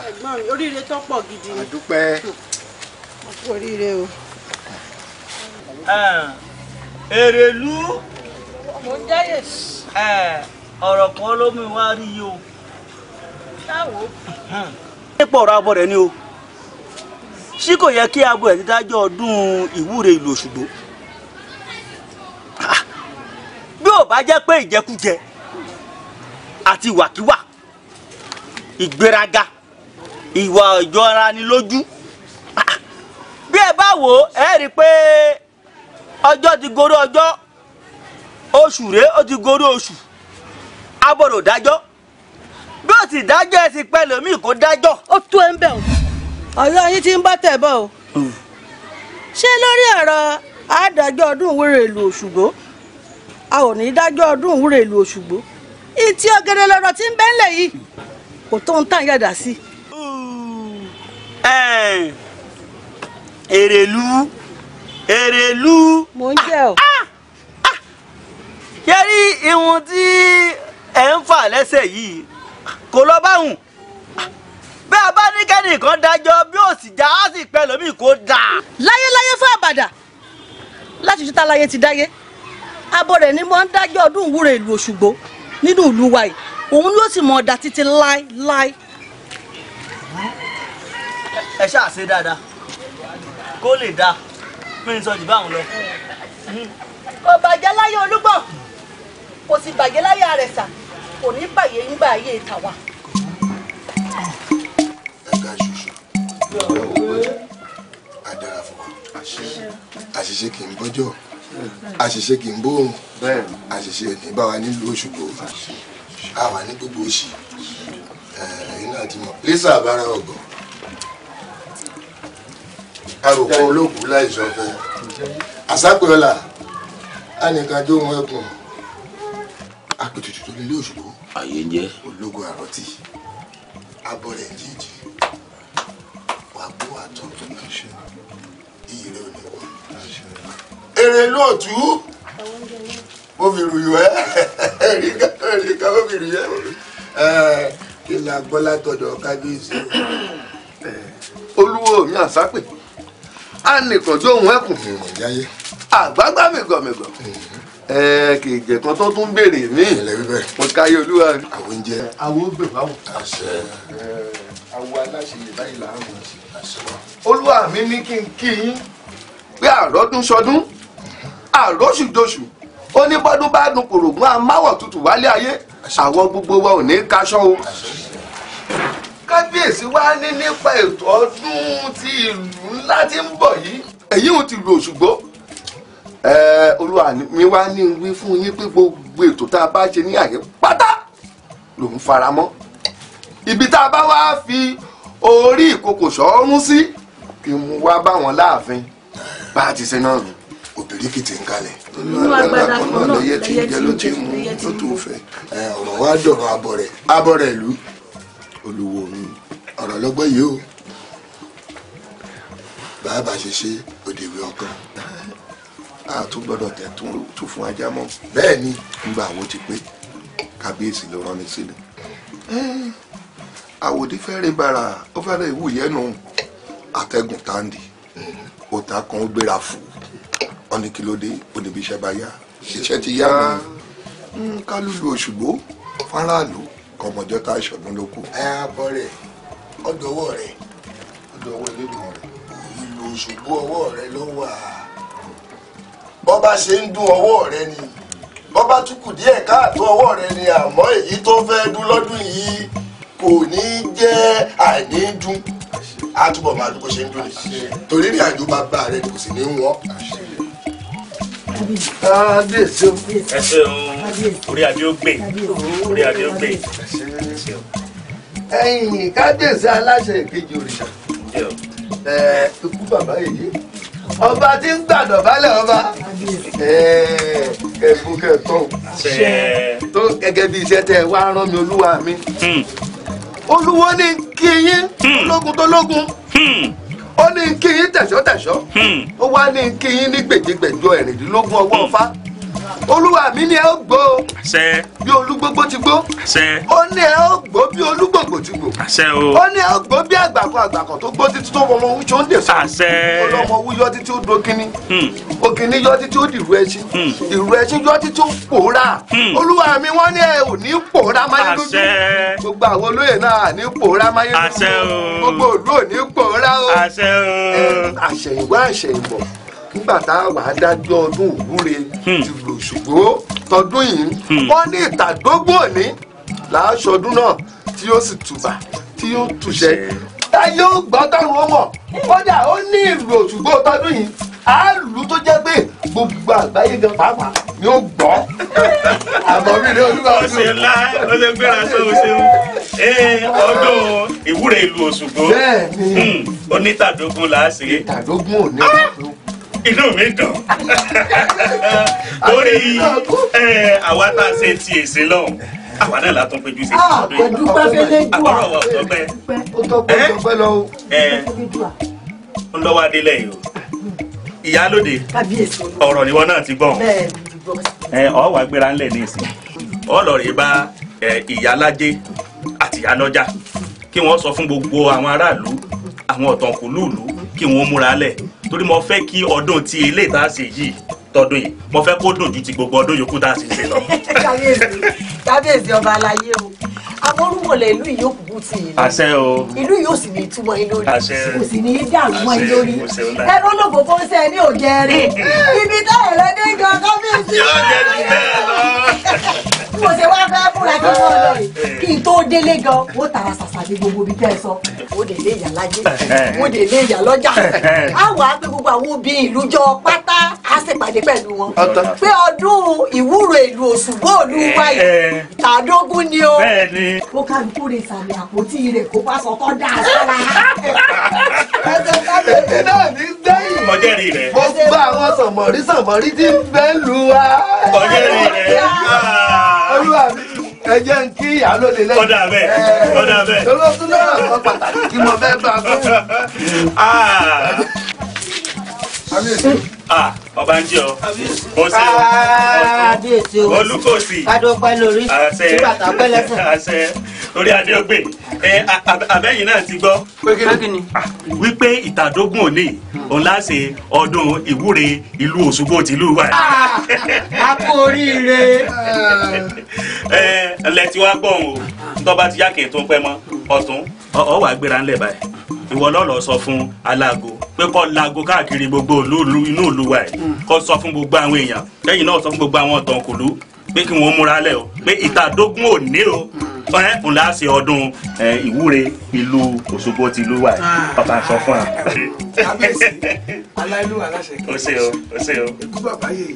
ẹ̀gbọ́n mi oríire tó pọ̀ gidi ni. àdúpẹ́. oríire o. èrèlú. mo ń jáyè. ọ̀rọ̀ kan ló mú wa rí i o. táwo. ṣé pọ̀ ọ̀rọ̀ abọ́ rẹ ni o. ṣé kò yẹ kí abo ẹ̀ dídájọ́ ọdún ìwúre ìlú Òṣùgbó bí ò bá jẹ́ pé ìjẹkújẹ àti ìwàkíwà ìgbéraga ìwà ìjọra ni lójú bí ẹ bá wò ẹ rí i pé ọjọ́ ti gorí ọjọ́ oṣù rèé ó ti gorí oṣù abọ̀rọ̀ dájọ́ bí ó ti dájọ́ ẹ sì pẹ́ lómi kó dájọ́. ó tó ẹ ń bẹ̀ o. ọ̀yọ́ yín ti ń bọ́ tẹ̀ bọ́ o hmm. ṣé lórí ọ̀rọ̀ àádájọ́ ọdún ìwúre ìlú Òṣùgbó a ò ní dájọ́ ọdún ìwúre ìlú Òṣùgbó ìtì ọ̀gẹ̀dẹ̀ lọ́rọ̀ tí ń bẹ́ńlẹ̀ yìí kò tó ń tàn yàdà sí. Hmm. Eh. èrèlú èrèlú. mò ń jẹ o. yẹ́rí ah, ah, ah. ìwọ̀n tí ẹ̀ ń fà lẹ́sẹ̀ yìí kò lọ báwùn bẹ́ẹ̀ bá ní kẹ́nìkan dájọ́ bí ó sì já á sì pẹ́ lómi kó dà. láyéláyé fún àbàdà láti ṣe tálayé ti dáyé abo rẹ̀ ni mo ń dájọ́ ọdún ìwúre ìlú Òṣùgbó nínú ìlú wa yìí òun ló sì mọ̀ ọ̀dà títí láéláé. ẹ ṣáà ṣe dáadáa kó lè dáa pé n sọ jù báwọn lọ. kò bàjẹ́ láyé olúgbọ̀n kò sì bàjẹ́ láyé àrẹ̀sà kò ní bàyẹ̀ ń gbà ayé tàwa ga ṣoṣo ìgbà òwe àdára fún wa àṣìṣe kì í bọ́jọ́ àṣìṣe kì í bóòrùn àṣìṣe ní báwa nílùú Òṣogbo àwa ní gbogbo òṣì iná àti mọ lisa abara ọgọ arúgbó olóògùn láìsọ fẹ àsápẹ́ọ́là anìkanjó wọn ẹkùn apètùtù tó nílé Òṣogbo ayé ń jẹ jíjì àbú àtọ̀tọ̀ iyì rẹ̀ ò ní wọ́n. èrè lóòtú ó fi rù yù ẹ́ èrìkà èrìkà ó fi rù yù ẹ́ kí la gbọ́ látọ̀dọ̀ kábíyèsí olúwo mi àsápè a nìkan tó ń wẹ́kùn àgbàgbà mìgọ̀mìgọ̀ ẹ kì í jẹ kan tó tún béèrè mí mo káyé olúwa. àwọn oúnjẹ àwọn oúnjẹ báwo àwọ aláṣeyè báyìí là á mọ̀ sí. olúwa mi ní kí n kí yín pé àròdún sọdún àròṣùdọṣù ó ní bọ́dún bá dun kòrògùn amáwọ̀ tutù wálé ayé àwọn gbogbo wa ò ní kaṣọ o. kábíyèsí wa ní nípa ètò ọdún ti ìlú ńlá tí ń bọ̀ yìí èyí ò ti lu Òṣùgbó olúwa mi wá ní wí fún yín pé gbogbo ètò tá a bá ṣe ní àyè pátá lòún fara mọ́ ibi tá a bá wá fi orí ìkòkò sọ́ọ́rún sí kí n wá bá wọn láàfin bá a ti ṣe náà nù. obìnrin kì í ti ń kalẹ̀ lágbàdà kan náà lẹ́yẹ tí ń jẹ ló ti ń mú ló tó fẹ́ ọ̀rọ̀ wa dọ̀rọ̀ abọ̀rẹ̀ abọ̀rẹ̀ ìlú olùwò mi ọ̀rọ̀ lọ́gbọ́n yìí o bàbá ṣe ṣe òdèwé ọkàn a tún gbọ́dọ̀ tẹ̀ tún fún ajá mọ́ bẹ́ẹ̀ ni nígbà wo ti pé kábíyèsí ló rán mi sílẹ̀ àwòdì fẹ́rẹ̀ bàrà ó fẹ́rẹ̀ ìwú yẹnu àtẹ̀gùn tàǹdì mm-hmm. òtá kan ó gbéra fò ó ní kí ló dé oníbi iṣẹ́ bá yá iṣẹ́ ti yá mi hmm, kálùlù òṣùgbó faraàlú kọmọjọ tá ìṣọdún ló kù. ẹ abọ rẹ ọdọ ọwọ́ rẹ ọdọ ọwọ́ ẹlẹdùn rẹ ìlú òṣùgbó ọwọ́ rẹ ló wà bọ́bá ṣe ń dún ọwọ́ rẹ ni bọ́bá tún kù díẹ̀ káàtó ọwọ́ rẹ ni àmọ́ èyí tó fẹ́ dún lọ́dún yìí kò ní jẹ́ àìnídùn á túbọ̀ máa dúkọ́ ṣe ń dùn ní torí ní àjò bàbá rẹ kò sì ní wọ́n. kábíyèsí o. ẹ ṣe o orí adé ó gbè orí adé ó gbè. ẹ̀yin kábíyèsí aláṣẹ ìkejì òrìṣà ikú bàbá èyí ọba tí ń gbàdọ̀ balẹ̀ ọba kẹ̀kú kẹ̀tọ́ tó gẹ́gẹ́ bí iṣẹ́ tẹ wá rán mi olúwa mi. Hmm olúwo ní kí yín hmm. lógun tó lógun hmm. ó ní kí yín tẹ̀sọ́ tẹ̀sọ́ hmm. ó wá ní kí yín ní gbèjégbèjọ ẹ̀rìndínlógún ọwọ́ ọfá olúwa mi ni ẹ ó gbó o. àṣẹ. bí olúgbógbó ti gbó. àṣẹ. ó ní ẹ ó gbó bí olúgbòǹgbò ti gbó. àṣẹ o. ó ní ẹ ó gbó bí àgbàkọ àgbàkọ tó gbó títí tó wọmọ oṣù ó ń dè sọ. àṣẹ. ọlọmọ owó yọ títí ó do kínní. Hmm. òkínní yọ títí ó dìrú ẹṣin. Hmm. ìrú ẹṣin yọ títí ó pòórá. Hmm. olúwa mi wọ́n ní ẹ ò ní pòórá máyédúdú. àṣẹ. gbogbo àwọn olóyè náà ní pòórá máyédúdú. àṣẹ o. gbogbo òlú ò ní o. àṣẹ o. àṣẹyìnwá àṣẹyìnbọ̀ nígbà tá a wà á dájọ́ ọdún òwúre hmm. ti lò ṣògbó tọdún yìí hmm. wọ́n ní ìtàdógún òní làásọdún náà tí yóò sì tùbà tí yóò tùṣẹ́ táyé ó gbọ́ táwọn ọmọ kódà ó ní ìlú òṣùgbó tọdún yìí àlù tó jẹ́ pé gbogbo àgbáyé gan pàápàá ni ó gbọ́ àmọ́ mi ní olúwa ọdún. ọ̀sẹ̀ ńlá ló ṣe gbéra sọ ọ̀sẹ̀ ń ọdún ìwúre ìlú òṣùgbó hmm. onítàdógún là á ò ní ìlú inú mi dùn lórí àwa tá a ṣe ti èsì lọ́hùn àwa náà la tún péjú sí ìṣòro ah, yìí àdúpẹ́ fẹ́lẹ́ jù à àbọ̀rọ̀ wà ọ̀tọ́pẹ́ ọ̀tọ́pẹ́ lọ o ń lọ́wọ́ adélẹ̀ yìí o ìyálòde ọ̀rọ̀ ni wọn náà ti gbọ̀n ọ̀ wá gbéra ńlẹ̀ ní ìsìn ọlọ́rẹ̀ bá ìyálájé àti ìyálọ́jà kí wọ́n sọ fún gbogbo àwọn aráàlú àwọn ọ̀tànkùlùlù kí wọ́n múra lẹ̀ torí mo fẹ́ kí ọdún ti ilé ìta ṣe yìí tọdún yìí mo fẹ́ kó dùn ju ti gbogbo ọdún yòókù tá a sì ṣe lọ. kábíyèsí kábíyèsí ọba aláyé o amórúnmọ̀lẹ̀ ìlú yìí yóò kúkú tì í. àṣẹ o. ìlú yóò sì ní túmọ̀ yín lórí. kò sì ní í dàrú mọ́ yín lórí. ẹnu olóògbé ṣe ní òjẹ́ rẹ̀ ibi táyà rẹ̀ dé gan kábíyèsí. yóò jẹ́ ju bẹ́ẹ̀ lọ. bí mo ṣe wá fẹ́ múra kí wọ́n lọ rè kí n tó délé gan ó tara ṣàṣà ní gbogbo ibi tẹ́ ẹ sọ ó dé lé ìyá lájé ó dé lé ìyá lọ́jà á wà á pé gbogbo àwọn obìnrin ìlú jọ pátá á sì pàdé pẹ̀lú wọn pé ọdún ìwúrò ìlú Òṣùgbó òlu wáyé tàdógún ni o ó ká lùkú rè sàmì àpótí rẹ̀ kó bá sọ kọ́ dáa sára ẹsẹ̀ kábíyèsí náà ní sẹ́yìn mọ̀jẹ́rì rẹ̀ mo gbọ́ àwọn sọ̀mọ̀rí sọ̀mọ̀rí tí ń bẹ́ẹ̀ lù wá mọ̀jẹ́rì rẹ̀ olúwa mi ẹ jẹ́ n kí ìyálò lè lẹ́yìn. ọ̀dà bẹ́ẹ̀ ọ̀dà bẹ́ẹ̀. olóòtú náà sọ pàtàkì kí mo fẹ́ gbà fún. Ah. Ah, ọba ń jẹ ọ mo ṣe o ah, olùkọ́sì adọ́pẹ́ lórí àṣẹ àṣẹ lórí adéogbè ẹ abẹ́yìn náà ti gbọ́ ah, wípé ìtàdógún òní òun láṣẹ ọdún ìwúre ìlú Òṣogbo tìlú wa. Ah, a kú oríire. ẹ ẹ lẹ ti wá gbọ̀n o tọ́ba ti yá kì í tún pẹ́ mọ́ ọ̀tún ọ̀ wàá gbéra ńlẹ̀ báyìí ìwọ lọ́lọ́ sọ fún alágo pé kó laago káàkiri gbogbo olú inú ìlú wa ẹ̀ hmm. kó sọ fún gbogbo àwọn èèyàn lẹ́yìn náà sọ fún gbogbo àwọn tọ̀nkùlú pé kí wọ́n múra lẹ̀ o pé ìtàdógún ò ní o hmm. ẹ ń la ṣe ọdún ìwúre ìlú Òṣogbo ti lú wa ah. bàbá sọ fún wa. kábíyèsí aláìlú aláṣẹ kí n ṣe o ṣe o ṣe o bàbá yèyí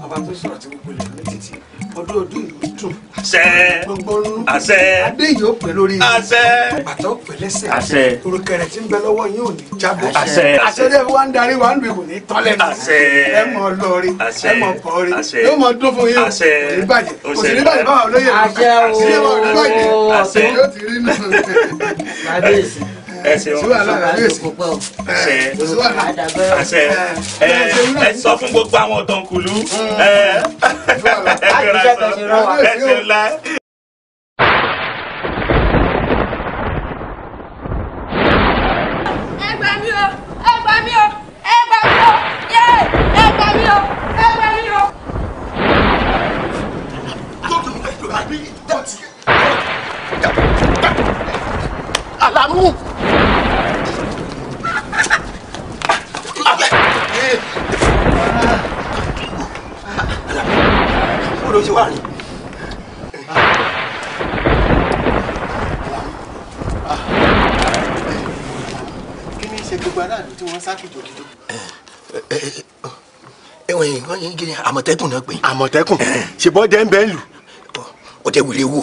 bàbá tó sọ̀rọ̀ tí gbogbo ilẹ̀ ní títì ọdún ọdún yìí dùn. àṣẹ gbogbo nínú àṣẹ adé yìí ó pẹ́ lórí àṣẹ bàtà ó pẹ́ lẹ́sẹ̀ àṣẹ orúkẹrẹ tí ń bẹ lọ́wọ́ yín ò ní jábọ́ àṣẹ àṣẹ dẹ́ wá ń darí wá ń bì kò ní tọ́lẹ̀ nù àṣẹ ẹ mọ lọrí ẹ mọ kọrí yóò mọ dún fún yín àṣẹ kò ní bàjẹ́ kò sí ní bàjẹ́ báwọn olóyè rẹ àṣẹ ooo àṣẹ yóò ti rí nù ẹsẹ ẹsẹ ẹ sọ fún gbogbo àwọn ọ̀tọ̀nkùlú mm. ẹ ẹsẹ ẹ gbà mí o ẹ gbà mí ẹ gbà ẹ gbà ẹ gbà mí o. Don't do àlámù. ló ṣe yìí wọ́n yìí gírí àmọ̀tẹ́kùn náà pé. àmọ̀tẹ́kùn ṣe bọ́ dẹ́ńbẹ́ńlù. ọ̀tẹ̀ wìrẹ́ wò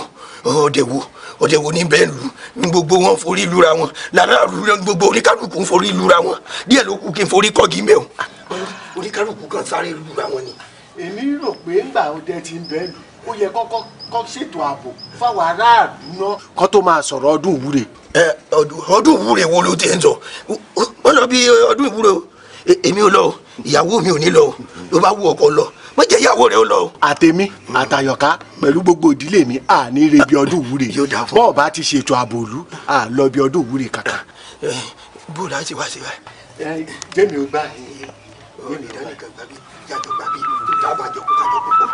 ọ̀dẹ̀wò ọ̀dẹ̀wò ní bẹ́ẹ̀ lù ní gbogbo wọn forí lura wọn lára gbogbo oníkálukú ń forí lura wọn díẹ̀ ló kù kí n forí kọ́gi mẹ́ o oníkálukú kan sáré lura wọn ni. èmi rò pé ńgbà ọdẹ ti ń bẹ́ẹ̀ lù ó yẹ kọ́kọ́ kọ́ ṣètò ààbò fáwọn aráàlú náà kó tó máa sọ̀rọ̀ ọdún ìwúre. ọdún ìwúre wo ló ti ń sọ wọn lọ bí ọdún ìwúre o e, èmi ò lọ ìyàwó mi ò ní lọ ló bá wù ọkọ lọ wọ́n jẹ́ ìyàwó rẹ̀ ó lọ. àtẹ̀mí àtàyọ̀ká pẹ̀lú gbogbo ìdílé mi à ní re bí ọdún ìwúre bọ́ọ̀ bá ti ṣètò ààbò òlu à lọ bí ọdún ìwúre kankan. bóòlù àti wá sí wa. jẹ́mi ò gbà yín jẹ́mi ìdánìkan gbàgbé yàtọ̀ gbàgbé lábàjọ́ kó kájọ púpọ̀.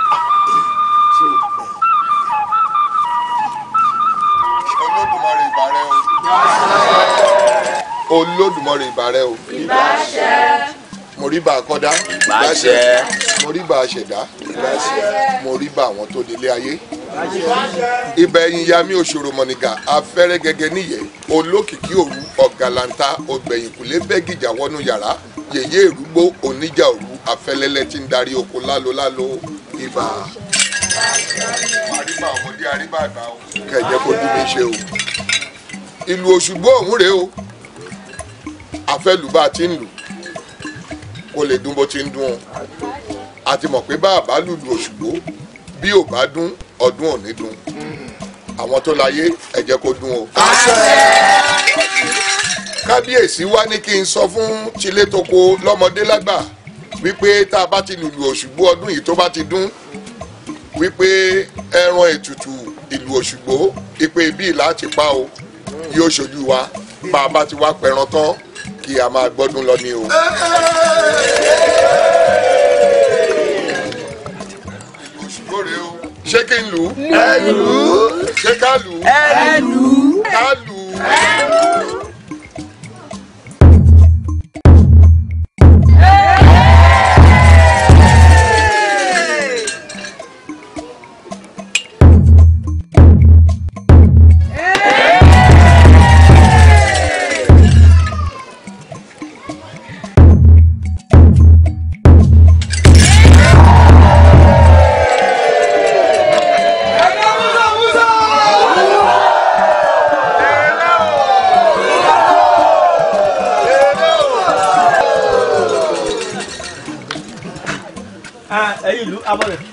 olódùmarè ìbàrẹ̀ o olódùmarè ìbàrẹ̀ o. ìbáṣẹ. mo rí bàkọ́dá mo rí bá a ṣẹ̀dá mo rí bá àwọn tó délé ayé ibà ẹ̀yìn ya mi òṣòro mọ̀nìgà afẹ́rẹ́ gẹ́gẹ́ níyẹ̀ olókìkí òru ọ̀gàlàǹta ọ̀gbẹ̀yìnkùlé bẹ́gìjà wọnú yàrá yèyé ìrúgbó oníjà òru afẹ́lẹ́lẹ́ tí ń darí oko lálolálo ibà. àríbá ọmọdé àríbá àgbà o. kẹ̀jẹ́ kó dún mi ṣe o. ìlú Òṣùgbó ọ̀hún rèé o afẹ́lùbá ti ń lù kó lè dún bó ti ń dún o a ti mọ̀ pé bá a bá lùlù òṣùgbó bí ò bá dún ọdún ò ní dún àwọn tó láyé ẹ jẹ́ kó dún o. kábíyèsí wá ní kí n sọ fún tilétoko lọ́mọdé lágbà wípé tá a bá ti lùlù òṣùgbó ọdún yìí tó bá ti dún wípé ẹran ètùtù ìlú òṣùgbó ìpè bíi láti pa o yóò ṣojú wa bá a bá ti wá pẹran tán kí a máa gbọ́dún lọ ní o. ṣé kí n lù ú. ẹ lù ú. abone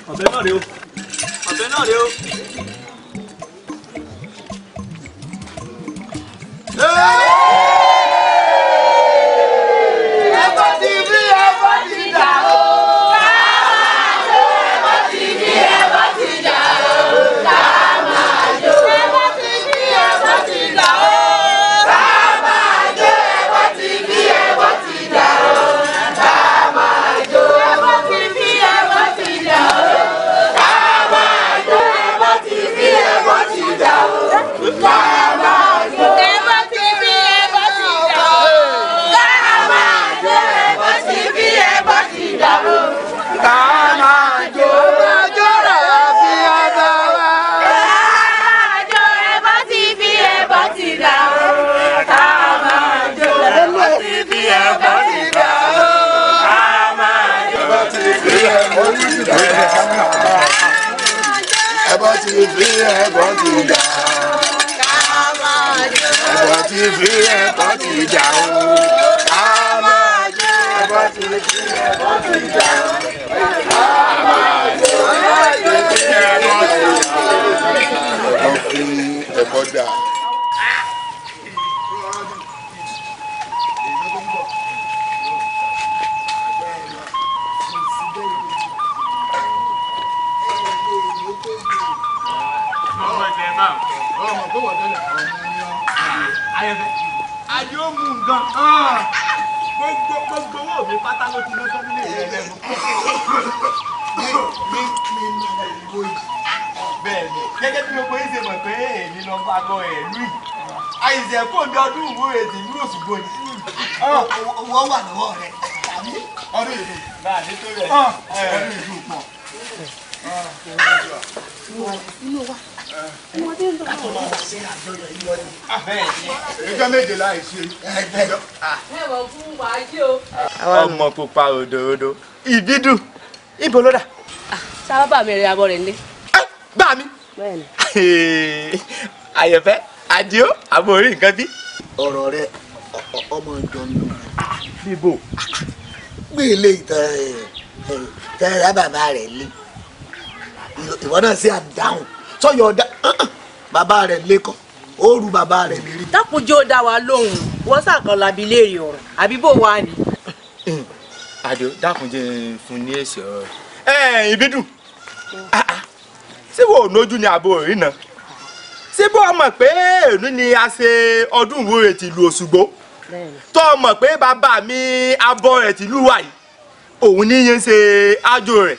pupa òdòdó ìbídùn ibo ló dà. sábà mi rẹ abọ rẹ nílé. bá mi. àyẹ̀fẹ́ ah, adio àbórí nǹkan bí. ọ̀rọ̀ rẹ ọmọ ìjọ ń lò. bíbò. gbé ilé ìtàn tẹ́lá bàbá rẹ̀ lé ìwọ náà sí àdáhùn sọyọ ọdá bàbá rẹ̀ lẹ́kọ̀ọ́ ó ru bàbá rẹ̀ lérí. dákun dá wa lóhùn wọ́n sàkànlá abilé rè ọ̀rọ̀ àbí bò wá ni àjọ dákun jẹ́ fún ní èsì ọ̀rọ̀ ẹ̀ ìbídùn síbò ah, ah. ònójú ni àbò ìrìnà síbò ọmọ pé èlú ni a ṣe ọdún ìwúre tìlú Òṣùgbó tó ọmọ pé bàbá mi abọ rẹ̀ tìlú wà yìí òun ní yín ṣe àjò rẹ̀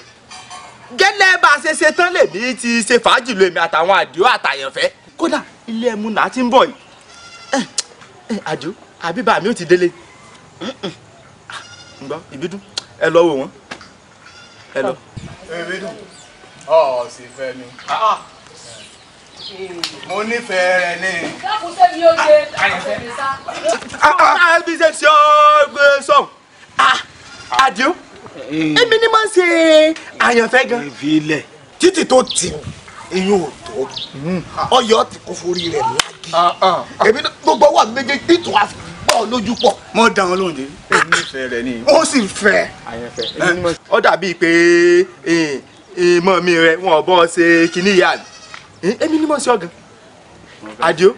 gẹ́lẹ́ bá a ṣe ṣe tán lèmi ti ṣe fàájì lèmi àtàwọn àdìó àtàyànfẹ́ kódà ilé ẹmu náà ti ń bọ̀ yìí àjò àbí bàmí ò ti délé ngbọ́ ìbídùn ẹ lọ wò wọ́n ẹ lọ. ìbídùn ọ̀ sì fẹ́ mi ah, ah. mo nífẹ̀ẹ́ rẹ̀ ni. dákúnṣe mi ò ṣe dákúnṣe mi sá. a bí ṣe ṣe ọ gbé sọm ah, àdìo èmi ni mo ń ṣe àyànfẹ́ gan. ìfilẹ̀ títí tó ti iyún ò tó hmm. ọyọ ti kó forí rẹ̀ lágì èmi gbogbo wà méjèèjì ìtò àfi pọ̀ lójú pọ̀ mọ́ dàn án lóúnjẹ. èmi ìfẹ́ rẹ ni. ó sì fẹ́. ó dàbíi pé ìmọ̀ mi rẹ wọn ò bọ́ ṣe kínní ìyá mi èmi ni mo ṣe ọ̀gàn àdìo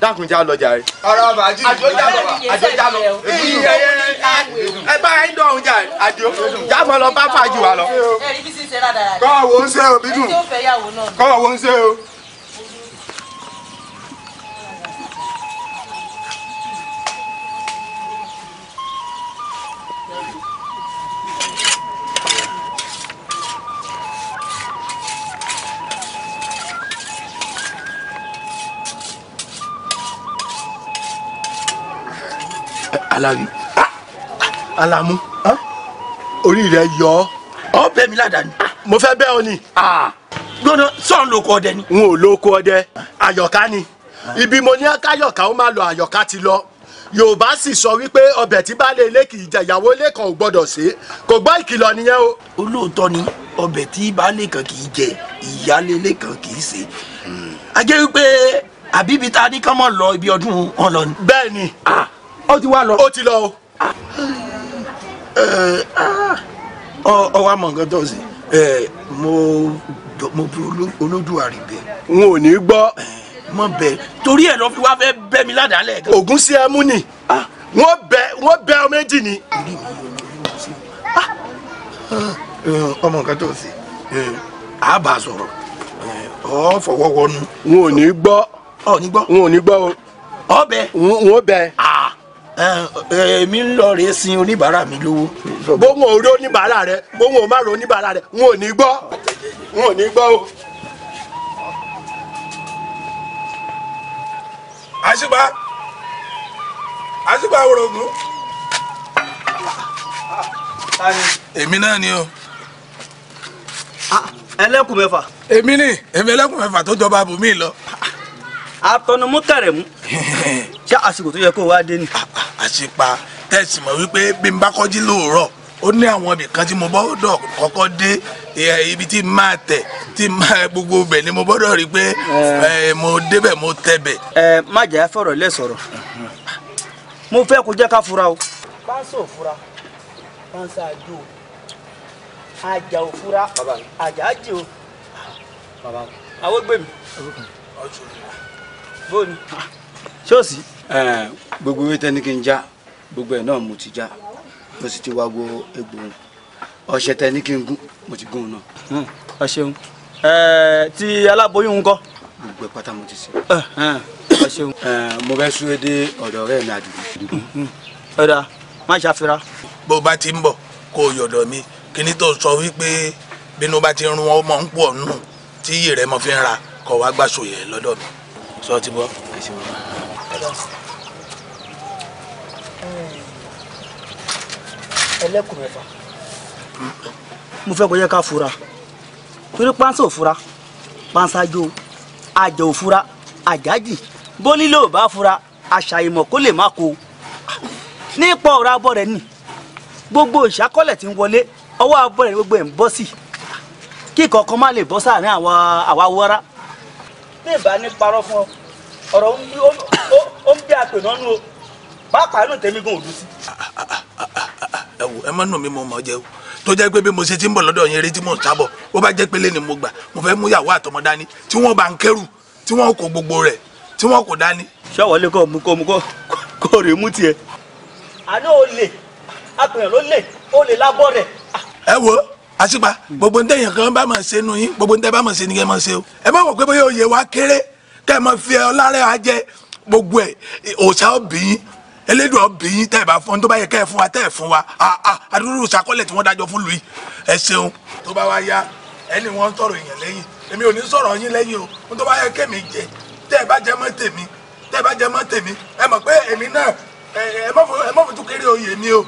dákun já lọ jàre. ọ̀rọ̀ bàjí àjò já lọ àjò já lọ ẹ bá ẹ dọ̀hún jà àjò já mọ́ lọ bá fàájì wa lọ. kọ́ ọ̀wọ́ ń ṣe o bídùn kọ́ ọ̀wọ́ ń ṣe o. aláwi ah, ah, alamu ah, orí rẹ yọ ọ bẹ mi ládàá ni. mo fẹ́ bẹ́ ọ ni. gbọ́dọ̀ sọ̀rọ̀ lóko ọdẹ ni. n ò lóko ọdẹ àyọ̀ká ni ibi mo ní káyọ̀ká ó máa lọ àyọ̀ká ti lọ yorùbá sì sọ wípé ọbẹ̀ tí baálé ilé kì í jẹ ìyàwó ilé kan ò gbọ́dọ̀ ṣe kò gbọ́ ìkìlọ̀ nìyẹn o. olóòótọ́ ni ọbẹ̀ tí baálé kan kì í jẹ ìyálé ilé kan kì í ṣe. a jẹ́ wípé àbíbi ta ni kán mọ̀ lọ ibi ọdún wọn bẹ́ẹ̀ ni ó ti wá lọ. ó ti lọ o. ọ wá mọ nǹkan tó ṣe mo mo bu olódùà rí bẹ. n ò ní gbọ́. mo bẹ torí ẹ lọ fi wá fẹ́ bẹ́ mi ládàá lẹ́ẹ̀kan. ògùn sí ẹmú ni ah. wọ́n bẹ wọ́n bẹ ọ méjì ni. Ah. ọmọ nǹkan tó ṣe àbá sọ̀rọ̀ ọ fọwọ́ wọnú. n ò ní gbọ́. ọ ní gbọ́. n ò ní gbọ́ o. ọbẹ̀. n ò bẹ. ah èmi ń lọ rèé sin oníbàárà mi lówó bóun ò rí oníbàárà rẹ bóun ò má rí oníbàárà rẹ n ò ní gbọ́ n ò ní gbọ́ o. àṣìgbà àṣìgbà wòrògùn. èmi náà ni o. Ah, ẹlẹ́kùn mẹ́fà. èmi ni èmi ẹlẹ́kùn mẹ́fà tó jọba bùnmí lọ àtọnumú kẹrẹmú ṣé àsìkò tó yẹ kó wá dé ni. Ah, ah, àṣepa tẹ̀sí mọ̀ wípé bí n bá kọ́jí lóòrọ̀ ó ní àwọn ibìkan tí mo gbọ́dọ̀ kọ́kọ́ dé ibi tí máa tẹ̀ tí máa gbogbo bẹ̀ ni mo gbọ́dọ̀ rí pé eh. mo débẹ̀ mo tẹ̀bẹ̀. ẹ eh, má jẹ́ a fọ̀rọ̀ lẹ́ sọ̀rọ̀ mo fẹ́ kó jẹ́ ká fura o. pásò fura pánṣá àjò àjà ò fura àjà àjò àwọn gbèmí bóni. ṣọ́ọ̀ṣì. gbogbo ewé tẹ́ni kí n já gbogbo ẹ̀ náà mo ti já mo sì ti wá gbo egbòun ọṣẹ tẹ́ni kí n gún mo ti gún un náà. ọ hmm, ṣeun ti aláboyún ńkọ́. gbogbo ẹ pátá mo ti ṣe. ọ ṣeun. mo fẹ́ súré dé ọ̀dọ̀ ọ̀rẹ́ mi àdúgbò. ọ̀dà hmm, hmm. má ṣàfira. bó o bá ti ń bọ̀ kó o yọ̀dọ̀ mi kí ni tó sọ wípé bínú bá ti rún ọmọ ń pọ̀ nù tí iyì rẹ̀ mọ́ fi ń ra kọ̀ wá gbàsòyè lọ́dọ̀ mi sọ ti bọ́. ẹlẹ́kùn mẹ́fà. mo fẹ́ kó yẹ ká fura torí pánsá ò fura pánsá jó àjọ ò fura àjájì bó nílò ò bá fura àṣàyìmọ̀ kó lè má ko nípa ọ̀rọ̀ abọ́ rẹ̀ nì gbogbo ìṣàkọlẹ̀ tí ń wọlé ọwọ́ abọ́ rẹ̀ gbogbo ẹ̀ ń bọ́ sí kí kankan má lè bọ́ sáàrin àwa àwa wọ́rá bẹ́ẹ̀ bá ní parọ́ fún ọ ọ̀rọ̀ ó ń bí àpè náà nù o pàápàá inú tèmi gan òdu sí. Ah, ah, ah, ẹ wo ẹ má nù mí mo mọ̀ jẹ́ o tó jẹ́ pé bí mo ṣe ti ń bọ̀ lọ́dọ̀ yẹn eré tí mò ń sábọ̀ bó bá jẹ́ pélé ni mo gbà mo fẹ́ mú ìyàwó àtọmọ dání tí wọ́n bá ń kẹ́rù tí wọ́n kó gbogbo rẹ̀ tí wọ́n kò dání. sọ́wọ́lé kò mú kò mú kò rè mú tiẹ̀. àná olè apèyàn ló lè olè lábọ́ rẹ̀. ẹ wo àṣìpà gbogbo ń tẹ̀yìn kan bá máa ṣe nu yín gbogbo ń tẹ̀ bá máa ṣe ni kẹ́ máa ṣe o ẹ má wò pé bóyá òye wa kéré kẹ́ ẹ máa fi ọlárẹ̀ wa jẹ gbogbo ẹ̀ òòṣà òbí yín elédùn ọbẹ̀ yín tẹ́ bá fún tó bá yẹ kẹ́ ẹ fún wa tẹ́ ẹ fún wa àdúró sàkọ́lẹ̀ tí wọ́n dájọ́ fún lùí ẹ ṣeun tó bá wá yá ẹni wọ́n sọ̀rọ̀ èèyàn lẹ́yìn èmi ò ní sọ̀rọ̀ yín lẹ́yìn o ohun tó bá yẹ kẹ́mi jẹ tẹ́ ẹ bá jẹ mọ́ tèmi tẹ́ ẹ bá jẹ mọ́ tèmi ẹ mọ̀ pé èmi náà ẹ mọ̀ fojú kéré oyè mi o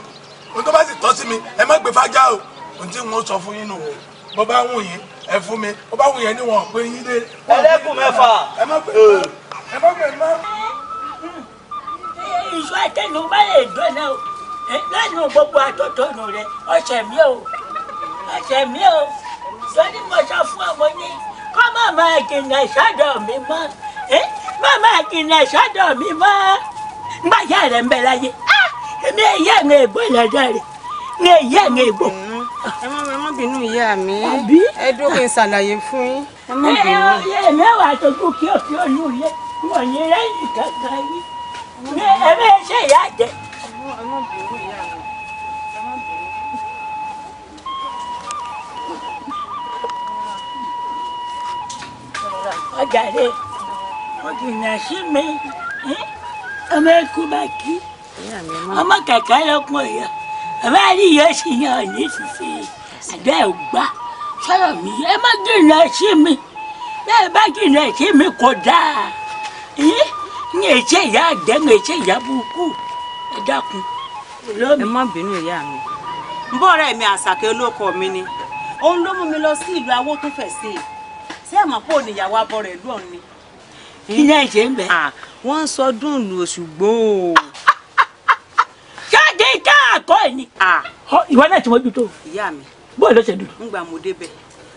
ohun tó bá sì tọ́ sí mi ẹ má gbé fájá o ohun tí sọ fún yín nù bó bá wù yín ẹ fún mi bó bá wù yín ni wọ́n pé yín dé. ẹlẹ́kùn mẹ́fà. ẹ má pè é ẹ má pè é má. ìṣó àtẹnu bá lè dùn náà lẹ́nu gbogbo àtọ́tọ́nù rẹ ọ̀sẹ̀ mi o ọ̀sẹ̀ mi o lórí mo sọ fún ọmọ ní kọ́ má máa jìnnà sọ́dọ̀ mi mọ́ má máa jìnnà sọ́dọ̀ mi mọ́ gbàyà rẹ̀ ń bẹ láyé ah, èmi èyí ẹ̀ ń gbọ́ lọ́dọ̀ rẹ̀ èmi èyí ẹ̀ ń gbọ́ ẹ má ẹ má bínú ìyá mi ẹ dúró kí n ṣàlàyé fún yín ẹ má bínú. ẹ mẹ́wàá tó kú kí òkè ònú ilé wọn ní rẹ́yìn kankan yìí ẹ bẹ́ẹ̀ ṣe ìyá jẹ. ẹ má bínú ìyá mi. ọjàre ọjìnà sí mi ọmọ ẹkú bá kí ọmọ kàkà lọkùn ọyọ. bàbá yìí yóò ṣe si òní fífi àdó ẹ̀ gbá sọ̀rọ̀ mi ẹ má jìnnà sí mi bẹ́ẹ̀ bá jìnnà sí mi kò dáa yìí ní èsì ìyá àgbẹ̀ ìyá burúkú dákun ẹ má bínú ìyá mi. bó ọ̀rẹ́ mi àṣàkẹ́ olóko mi ni òun ló mú mi lọ sí ìlú awó tó fẹ̀ sí i ṣé àmọ́ pò abọ́ rẹ̀ lù ni. kí ni ẹ ń wọ́n ìwọ náà ti mójú tó. ìyá mi. bó ló ṣe dùn. ngbà mo débẹ̀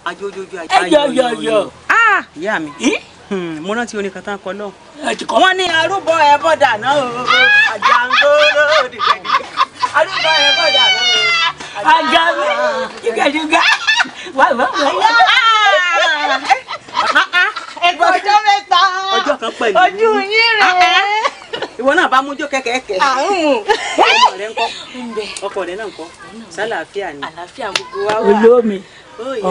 ajójójó ayọ̀ ayọ̀ ayọ̀ ayọ̀. ìyá mi hmm, mo rántí orin kan tán kọ lọ. wọ́n ní arúgbó ẹbọ dáná o ah! àjàngóró dìgbẹdìgbẹ arúgbó ẹbọ dáná o àjàngóró dìgbẹdìgbẹ ah! wà wà wà. ẹgbẹ́ ọjọ́ mẹ́ta ojú yín rẹ̀ ìwọ náà bá mújó kẹ́kẹ́kẹ́. àrùn ah, mm. ọkọ rẹ náà ńkọ́ sálàáfíà ni. àlàáfíà gbogbo wa wà. olómi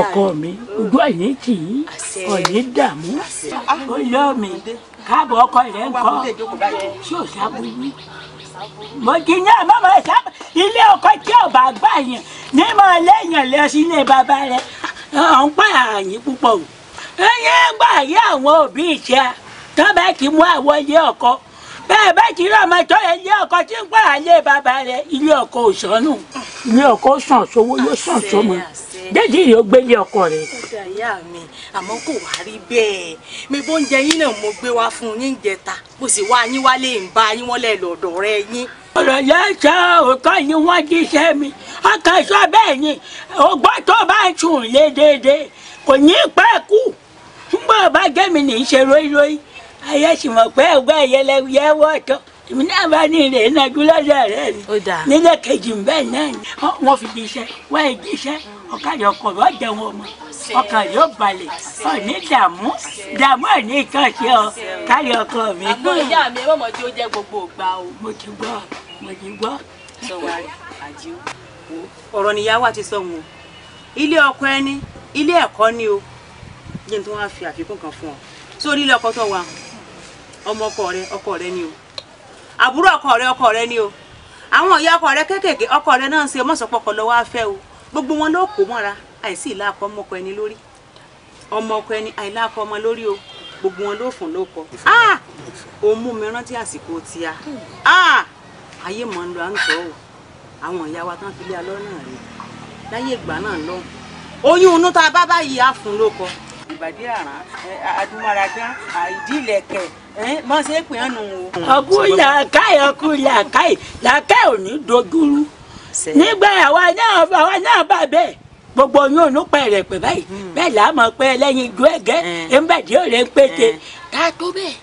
ọkọ mi ojú ẹ̀yìn tì í ọ̀yìn dààmú olómi káàbọ̀ ọkọ rẹ ńkọ́ tí ò sábúrú mo kì í ní àmọ́ sábà ilé ọkọ tí ọba gbà yàn ní mo lẹ́yìn lọ sí ilé bàbá rẹ ọ̀ ń pààyàn púpọ̀ o ẹ̀yìn gbà yẹ àwọn òbí ìṣe tọ́ba ti mú àwọn ilé ọkọ bẹ́ẹ̀ bá ti rí ọmọ tó yẹ ilé ọkọ tí ń pẹ́ àlẹ́ bàbá rẹ̀ ilé ọkọ ò ilé ọkọ sàn sówó yóò sàn sọmọ déjì yóò gbé ilé ọkọ rẹ̀. ìyá mi àmọ́ kò wá rí bẹ́ẹ̀ mi bó ń jẹ yín náà mo gbé wá fún yín jẹta mo sì wá yín wálé ń bá yín wọ́n lẹ̀ lọ́dọ̀ rẹ yín. ọ̀rọ̀ yẹn ṣe òótọ́ ni wọ́n jíṣẹ́ mi ọkàn sọ bẹ́ẹ̀ ni ògbọ́ tó bá ń sùn lédeede kò ní pẹ́ kú ń bọ̀ bá gẹ́mi ní í ṣe róíróí ayé sì mọ̀ pé ẹ̀gbọ́n ẹ̀yẹlẹ yẹ wọ́ọ̀tọ́ èmi náà bá ní ilé ìnajú lọ́dọ̀ rẹ̀ ni nílẹ̀ kejì ń bẹ̀ náà ni wọ́n fi jíṣẹ́ wọ́n ẹ̀ jíṣẹ́ ọ̀kadì ọkọ̀ wọ́n jẹun ọmọ ọkàn yóò balẹ̀ ọ̀ní dààmú dààmú ọ̀ní kan ṣe ọ kárí ọkọ mi. àbúrò ìyá mi ẹ̀rọ mọ̀jú ó jẹ́ gbogbo ògbà o. mo ti gbọ́ mo ti gbọ́. sọ wa àjíw ọ̀rọ̀ nìyàwó àti sọ̀hún o ilé ọkọ ẹni ilé ẹ̀kọ́ ni o jẹ́ ní tí wọ́n á fi àfikún kan fún ọ sórí ilé ọkọ tó wà ọmọ ọkọ rẹ ọkọ rẹ ni o àbúrò ọkọ rẹ ọkọ rẹ ni o àwọn ìyá ọkọ rẹ kéékèèké ọkọ rẹ náà ń ṣe mọ̀sọ̀pọ̀kọ lọ́wọ́ afẹ́ o gbogbo wọn ló kó mọ́ra àìsí ìlàkọ ọmọ ọkọ ẹni lórí ọmọ ọkọ ẹni àìlàkọ ọmọ lórí o gbogbo wọn ló fún lóko ah! ó mú mi rántí àsìkò tíya ah! ayé mọ̀ ń lọ à ń tọ́ o àwọn ìyá wa tán fi lé alọ́ náà rè láyé ìgbà náà lọ́hùn oyún inú tá bá báyìí á fún lóko ìbàdí àrán adúmọ̀ràdán ìdí ìlẹ̀kẹ̀ mọ̀ ṣe é pè é nù o. ọkú làákàyè ọkú làákàyè làákàyè ò ní dojúrú nígbà àwa náà àwa náà bá bẹ́ẹ̀ gbogbo yín ò ní pẹ́ rẹ̀ pé báyìí hmm. bẹ́ẹ̀ là á mọ̀ pé ẹlẹ́yin ìjọ ẹ̀gẹ́ ẹ̀ńbàdí eh. ò rẹ̀ ń pété ká eh. tó bẹ́ẹ̀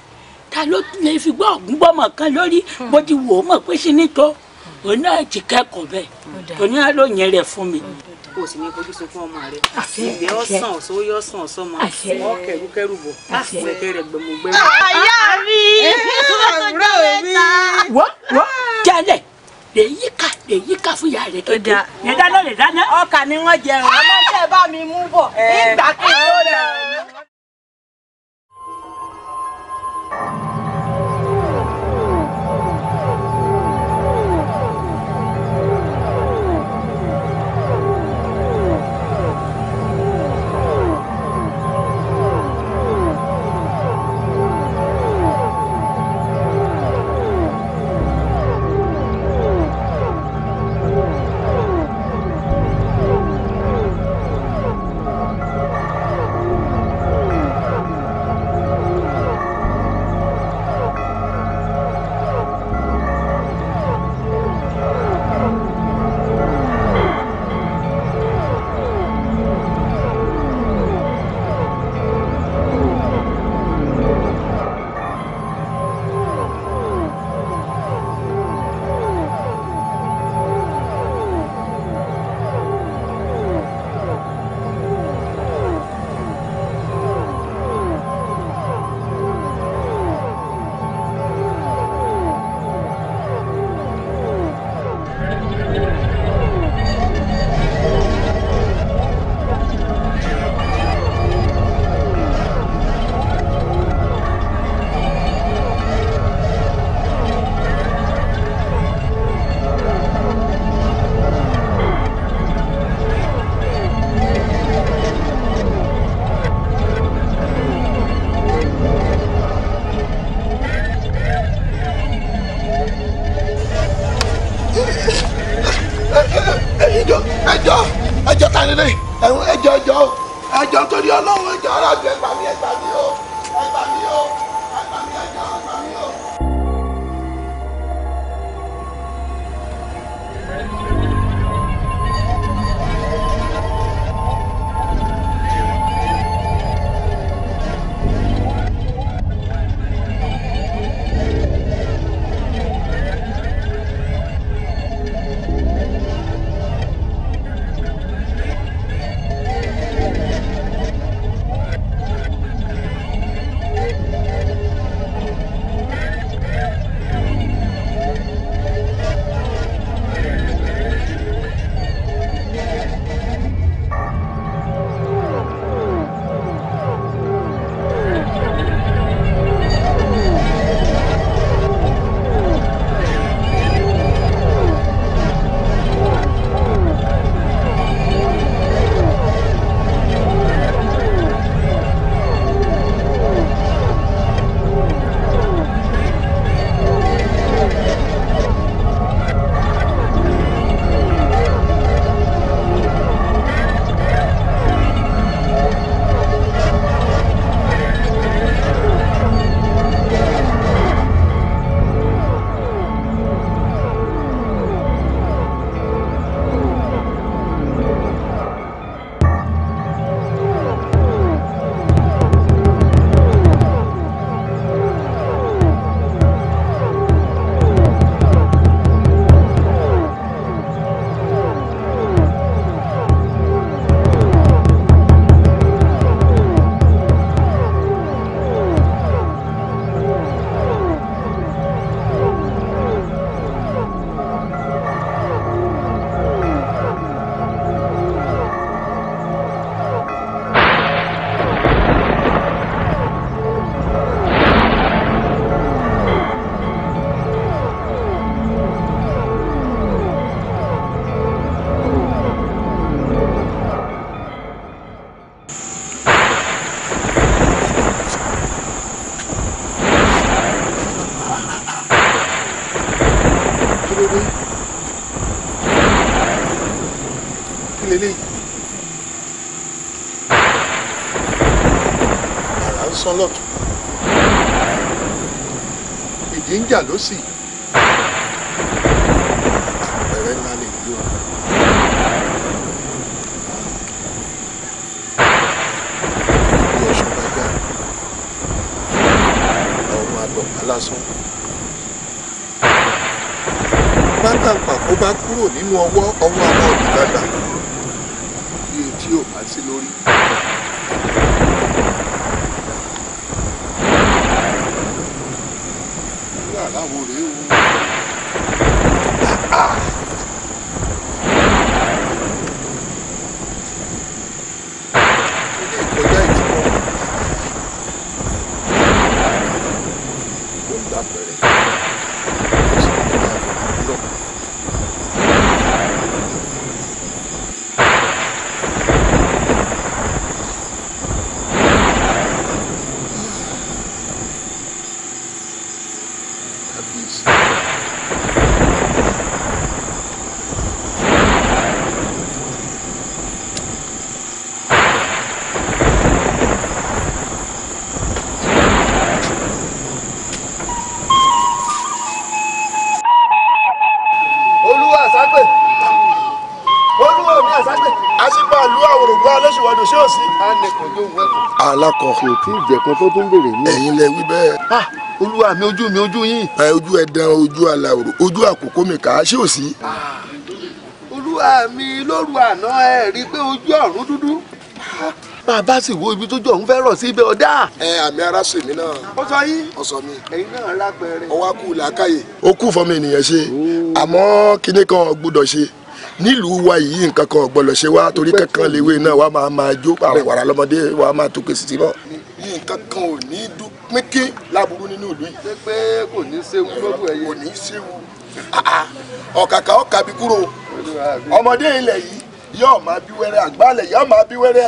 ta ló lè fi gbọ́ ọ̀gùn bọ́mọ̀ kan lórí bó hmm. ti wò ó mọ̀ pé sí ní tó hmm. òun náà ti kẹ́kọ̀ọ́ bẹ́ẹ̀ òun náà ló yẹn rẹ̀ fún mi kó o sì ní fojú sunkún ọmọ rẹ ìgbẹ́ ọ̀sán ọ̀sán oyè ọ̀sán ọ̀sán ọmọ wọn kẹrù kẹrù bọ̀ láti fún ẹkẹ rẹ gbẹmugbẹmu. àyà mi ọ̀rọ̀ mi. wọ́n wọ́n jálẹ̀ lè yí ká lè yí ká fún ìyá rẹ kéde lè dáná lè dáná. ọkà ni wọ́n jẹun ọmọ tẹ bá mi mú bọ̀ nígbà kí n tó rẹ̀. jà lọ́sì ọ̀rẹ́ ńlá lè yí o. bí ọ̀ṣun bá já ọmọ àgbọ̀pá lásán. bá tàǹpà kó bá kúrò nínú ọwọ́ kan tó tún béèrè mí. ẹ̀yin lẹ wí bẹ́ẹ̀. olúwa mi ojú mi ojú yín. ẹ ojú ẹdán ojú aláwòrán ojú àkókò mi kà á ṣe òsì. olúwa mi lóru àná ẹ rí i pé ojú ọ̀run dúdú máa sì wo ibi tójú ọ̀hún fẹ́ rọ̀ sí ibẹ̀ ọ̀dá. ẹ àmì ara sè mí náà. ó sọ yín. ó sọ mi. ẹ̀yin náà lápẹẹrẹ. ọwọ́ kù làákàyè. ó kù fọmọ ènìyàn ṣe àmọ́ kinní kan gbọ́dọ̀ ṣe nílùú wa yìí nǹkan kan gbọ́dọ̀ ṣe wá torí kankan lèwe náà wàá máa máa jó àrẹwàrà lọ́mọdé wàá máa tó kèsì náà pínpín láburú nínú ìlú yìí. ṣé pé kò ní séwu lọ́dún ẹ̀yẹ. kò ní séwu ọ̀kàkà ọ̀kà bí kúrò ọmọdé ilẹ̀ yìí yóò máa bí wẹ́rẹ́ àgbálẹ̀ yóò máa bí wẹ́rẹ́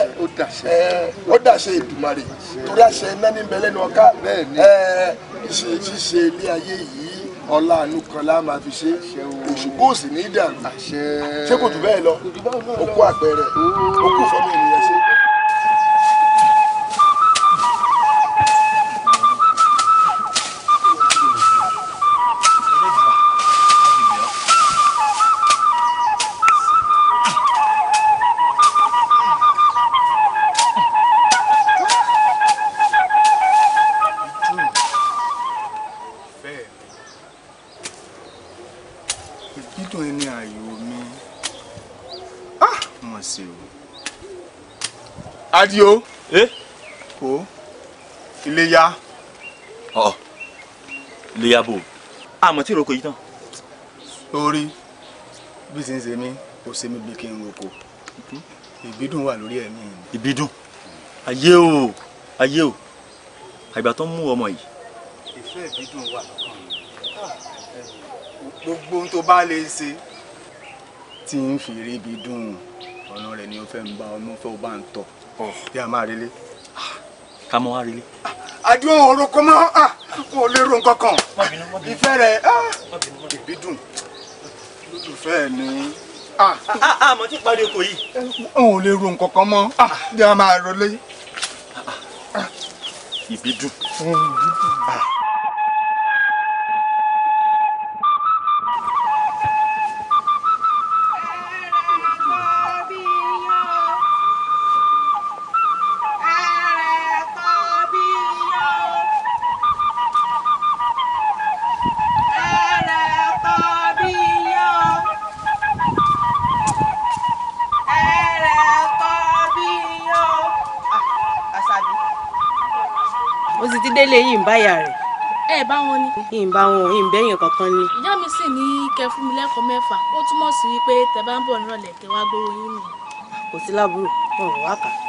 ó dàṣẹ Èdùmàrè torí àṣẹ iná ní bẹ́lẹ́ ní ọ̀ká ṣe ṣíṣe ilé ayé yìí ọlá àánú kan láà máa fi ṣe òṣùpọ̀ òsì ní ìdàrú ṣé kò jù bẹ́ẹ̀ lọ ó àpẹẹrẹ ó fọmọ ènìyàn adio eh? kò o ọ̀ iléyà bò àmọ́ tí ìrókò yìí tán. lórí bí ti ń ṣe mí kò ṣe mí bí kí n roko hmm? ìbídùn wà lórí ẹ̀mí mi. ìbídùn ayé o ayé o àgbà tó ń mú ọmọ yìí. ìfẹ́ ìbídùn wà lọ́kàn mi gbogbo ohun tó bá lè ṣe tí ń fi rí ibi ọ̀nà rẹ̀ ni ó fẹ́ ń bá ọmọ fẹ́ ó bá ń tọ̀ bí a máa relé. ká mọ wá relé. àdúrà ọ̀rọ̀ kọ́ mọ́ kò lè ro nǹkan kan ìfẹ́ rẹ̀ ìbídùn lólùfẹ́ ni. àmọ́ tí parí oko yìí. n ò lè ro nǹkan kan mọ́ bí a máa relé. ìbídùn. ìbídùn. sì ti délé yìí ń bá ìyá rẹ̀. ẹ bá wọn ni. yìí ń bá wọn yìí ń bẹ́yìn kankan ni. ìyá mi sì ní kẹ fún mi lẹ́kọ̀ọ́ mẹ́fà ó túmọ̀ sí wípé tẹ bá ń bọ̀ nírọ̀lẹ́ kẹ wá gbowó yín nù. kò sí láburú wọn ò wá kà á.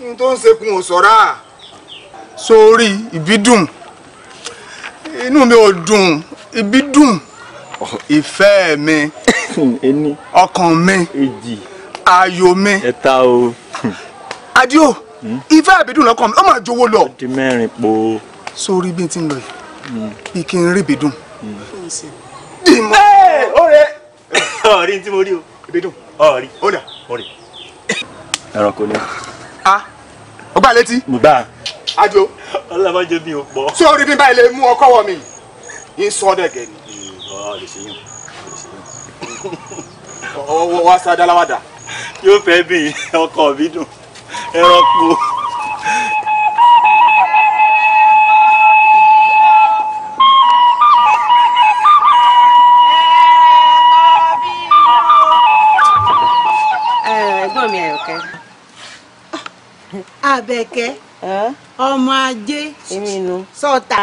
n tó ń sekun ò sọ́ra sórí ìbídùn inú mi ò dùn ìbídùn ìfẹ́ mi ọkàn mi ayọ̀ mi ẹ̀ta o adio hmm? ìfẹ́ àbídùn lọ́kàn mi ó máa jowó lọ di mẹ́rin po sórí bí n ti ń lọ yìí hmm. bí kí n rí ìbídùn hmm. dìmọ́ ọ̀rẹ́ ọ̀rí tí mo rí o ìbídùn ọ̀rí ó dà ẹranko ni ah ó gbà létí. mo gbà. ajo. ọlọ́lá máa ń jẹ mi ò pọ̀. tí orí mi báyìí lè mú ọkọ wọ mi ń sọ ọdẹ gẹ̀ẹ́nì. ọwọ́ wa sá dáláwàdà. yóò fẹ́ bí ọkọ mi dùn ẹranko Àbẹ̀kẹ́ ọmọ ajé sọta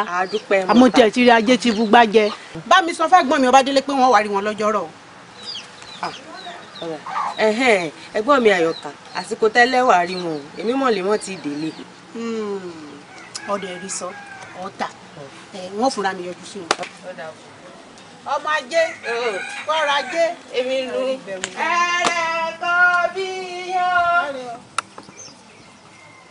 àmọtẹ tí rí ajé ti bugbá jẹ. bá mi sọ fẹ́gbọ́n mi Ọbádélé pé wọ́n wá rí wọn lọ́jọ́rọ̀. ẹ̀gbọ́n mi àyọ̀ká àsìkò tẹ́lẹ̀ wàá rí wọn o èmi mọ̀ lé wọ́n ti délé. Hmm, ọdẹ rí sọ ọta wọn fúnra mi yọjú sí wọn. ọmọ ajé kọ́ra ajé èmi lu ẹ̀rẹ̀ kọ́ bí yóò.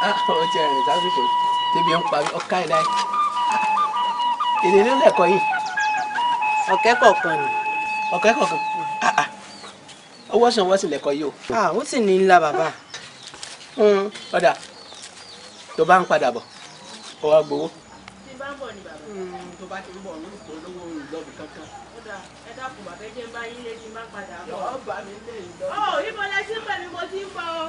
ọjà ah, rìn sásìkò tẹbi ń parí ọkà ìlà èdè ló lẹkọ yìí ọkẹ kọ̀ọ̀kan ni ọkẹ kọ̀ọ̀kan ọwọ́ sàn wọ́n sì lẹkọ yìí o. àwọn ah, sì ní ńlá bàbá. Hmm, ọ̀dà tó bá ń padà bọ̀ ọ wá gbowó. tí bá ń bọ̀ ni bàbá hmm. Hmm, tó bá ti ń bọ̀ ní ìpò olówó ìlọ́ọ̀bù kankan. kódà ẹ dákun bàbá jẹ́ bá yín lé ti má padà bọ̀. ọ̀ ìbọn oh, lẹ pẹ̀lú mo ti ń bọ̀ o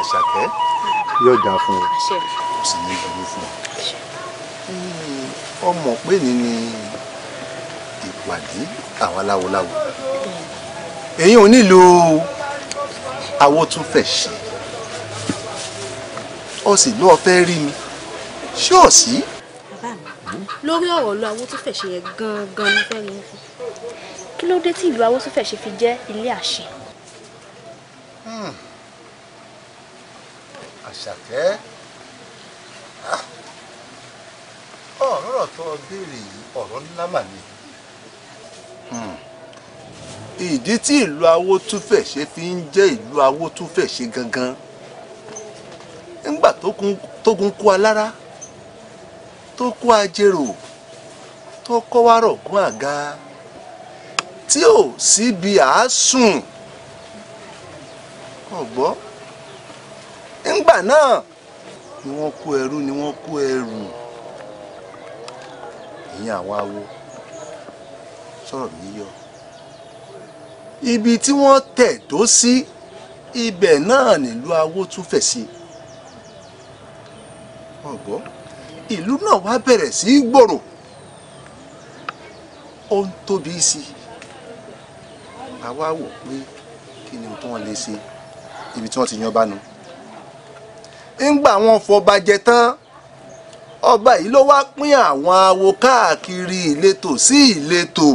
àṣàkẹ́ yóò dáa fún ọ kò sì ní burú fún ọ ọmọ pé ní ni ìpàdé àwọn aláwòláwò èyí ò nílò awó tún fẹ́ ṣe ọ sì fẹ́ rí mi ṣé ò Si? lórí ọ̀rọ̀ lọ Awótófẹ̀ṣe yẹn gangan ní fẹ́ẹ́ rí yín fún. kí ló dé tí ìlú Awótófẹ̀ṣe fi jẹ́ ilé àṣẹ. Hmm. àṣàkẹ́ ah. ọ̀rọ̀ tó o béèrè yìí ọ̀rọ̀ ńlá mà ni. Hmm. ìdí tí ìlú Awótófẹ̀ṣe fi ń jẹ́ ìlú Awótófẹ̀ṣe gangan nígbà tó kún kú alára. Hmm tó kó ajérò tó kọ́ wá rọ̀gún àga tí ò síbi àásùn ọ̀gbọ́ ńgbà náà ni wọ́n kó ẹrú ni wọ́n kó ẹrù ìyẹn àwọn awo sọ̀rọ̀ mi yọ ibi tí wọ́n tẹ̀dó sí ibẹ̀ náà nílùú awo tún fẹ̀ sí ọ̀gbọ́n ìlú náà wá bẹ̀rẹ̀ sí í gbòòrò ó ń tóbi sí i àwa wò pé kí ni tí wọ́n lè ṣe ibi tí wọ́n ti yan bánu ńgbà wọn fọba jẹ tán ọba yìí ló wá pín àwọn awo káàkiri ìletò sí ìletò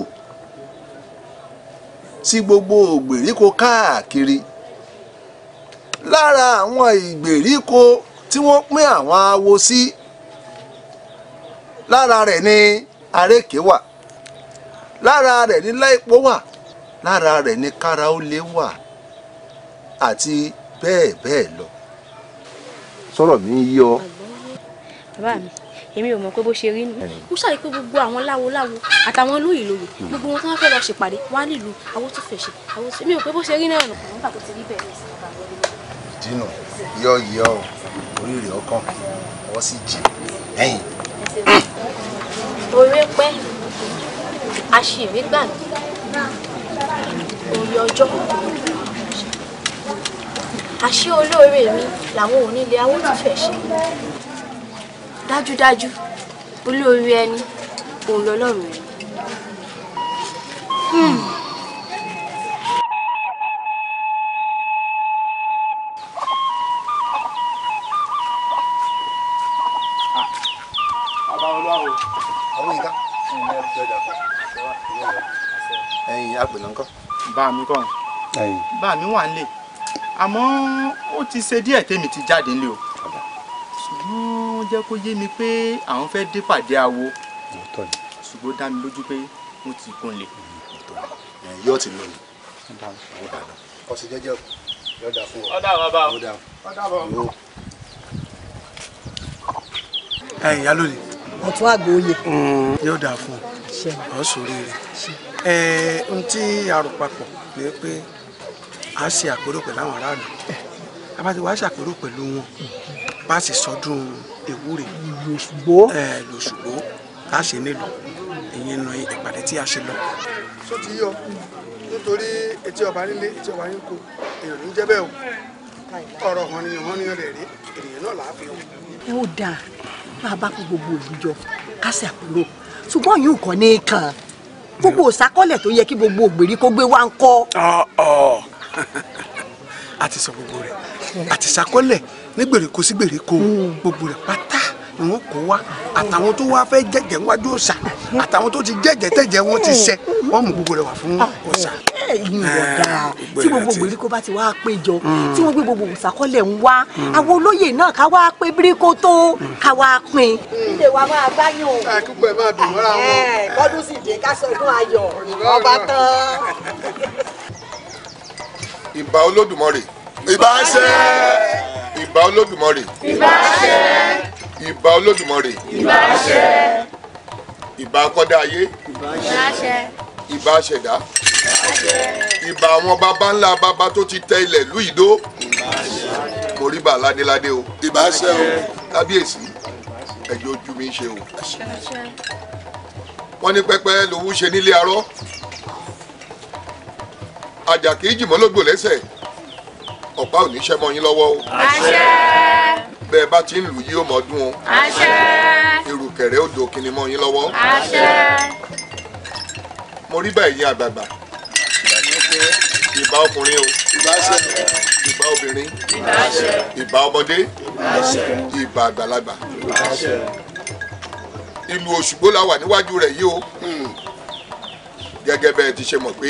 sí gbogbo ìgbèríko káàkiri lára àwọn ìgbèríko tí wọ́n pín àwọn awo sí. Si lára rẹ̀ ní àrékè wà lára rẹ̀ ní láìpó wà lára rẹ̀ ní káraólé wà àti bẹ́ẹ̀ bẹ́ẹ̀ lọ. sọ̀rọ̀ mi ń yọ. bàbá mi èmi ò mọ̀ pé bó ṣe rí nù. ó ṣàlàyé pé gbogbo àwọn láwo-láwo àtàwọn olú ìlú yìí gbogbo wọn tí wọ́n fẹ́ lọ ṣèpàdé wá nílùú àwọn tó fẹ́ ṣe àwọn tó mi ò pé bó ṣe rí náà nù. àwọn bàbá tó rí bẹ́ẹ̀ ní sábà yọ yọ oríire ọkàn ọwọ́ sì jì lẹ́yìn orí pẹ́ aṣèré gbàgbé orí ọjọ́ àṣé olóore mi làwọn onílé awótúfẹ̀ ṣe dájúdájú olóore ẹni òun lọlọ́run ẹni. Hmm. bá mi kọ́ bá mi wà nílé àmọ́ ó ti ṣe díẹ̀ tèmi ti jáde nílé o ṣùgbọ́n jẹ́ kó yé mi pé àwọn fẹ́ dé pàdé awo ṣùgbọ́n dá mi lójú pé mo ti kún lè. yóò ti lọ ni ọ̀sẹ̀ jẹ́jẹ́ yóò dà fún ọ. ọ̀dà bàbá o ọ̀dà bàbá o. ẹ̀yin yálò ni. mo tún àgbò oyè. Mm, yóò dà fún ọ. ọ̀ sórí rẹ̀ ohun tí a rò papọ̀ ni pé a ṣe àpérò pẹ̀lú àwọn aráàlú abájọ wa ṣàpérò pẹ̀lú wọn bá sì sọdún ewúrẹ́ lòṣùgbó lòṣùgbó tá a ṣe nílò ìyẹn nu ìpàdé tí a ṣe lọ. sọ ti yọ nítorí etí ọba nílé etí ọba níko èèyàn ní jẹ́ bẹ́ẹ̀ o ọ̀rọ̀ hànìyàn hànìyàn rẹ̀ rí ènìyàn náà là á fi hàn. ẹ ó dáa bá a bá kó gbogbo òòlù jọ ká ṣàpérò ṣùgbọ́n yìí kò ní í gbogbo òsàkọlẹ̀ tó yẹ kí gbogbo ògbèrí kó gbé wá ń kọ́. a ti sọ gbogbo rẹ̀ a ti sàkọlẹ̀ ní gbèríko sí gbèríko hmm. gbogbo rẹ̀ pátá n ó kó wá àtàwọn tó wá fẹ́ jẹ́jẹ́ wájú òòṣà àtàwọn tó ti jẹ́jẹ́ tẹ̀jẹ́ wọn ti ṣẹ wọ́n mú gbogbo rẹ̀ wá fún ah, òòṣà. Ah, ẹ̀yin ọ̀gá tí gbogbo gbèríko bá ti wá péjọ mm. tí wọ́n gbé gbogbo òòṣàkọ́lẹ̀ ń wá mm. àwọn olóyè náà ká wá pé bíríkó tó mm. ká wá pin. ilé wa máa gbáyàn o. àkúgbẹ́ máa dùn mọ́ra wọn. gbọ́dún sì dé ká sọdún ayọ̀ ọba tán. ìbà Olódùmarè ìbà ṣe ìbà Olódùmarè ìbà ṣe ìbà olódùmarè. ìbà àṣẹ. ìbà akọ́dá ayé. ìbà àṣẹ. ìbà àṣẹ̀dá. ìbà àṣẹ. ìbà àwọn baba ńlá baba tó ti tẹ ilẹ̀ lú ìdó. ìbà àṣẹ. mo rí bà ládéládé o. ìbà àṣẹ o. kábíyèsí ẹjọ́ ojú mi ṣe o. wọ́n ní pẹ́pẹ́ lòun ṣe nílé arọ́ àjà kì lẹ́sẹ̀ ọ̀pá ò ní ṣẹ́ mọ́ yín lọ́wọ́ o. àṣẹ. bẹ́ẹ̀ bá ti ń lù yí ó mọ̀ dún o. àṣẹ. ìrùkẹ̀rẹ̀ ó dòkì ni mọ́ yín lọ́wọ́. àṣẹ. mo rí báyìí yín àgbààgbà. ìbá ọkùnrin o. ìbá ṣe. ìbá obìnrin. ìbá ṣe. ìbá ọmọdé. ìbá ṣe. ìbá àgbàlagbà. ìbá ṣe. ìlú Òṣùgbó la wà níwájú rẹ̀ yìí o. Hmm. gẹ́gẹ́ bẹ́ẹ̀ ti ṣe mọ̀ pé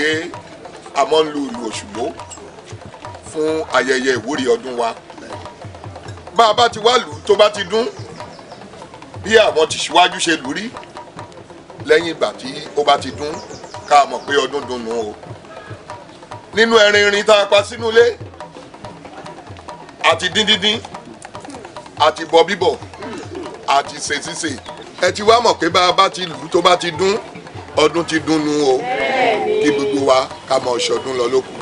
a mọ̀ ń lu ìlú Òṣùgbó fún ayẹyẹ ìwúrí ọdún wa bá a bá ti wá lù ú tó bá ti dún bí àwọn ti ṣíwájú ṣe lù rí lẹ́yìn ìgbà tí ó bá ti dún ká mọ̀ pé ọdún dùnnú o nínú ẹrin irin tá a pa sínú ilé àti díndíndín àti bọ bíbọ àti ṣe ṣíṣe ẹ ti wá mọ̀ pé bá a bá ti lù ú tó bá ti dún ọdún ti dùnnú o kí gbogbo wa ká mọ̀ ṣọdún lọ lókun.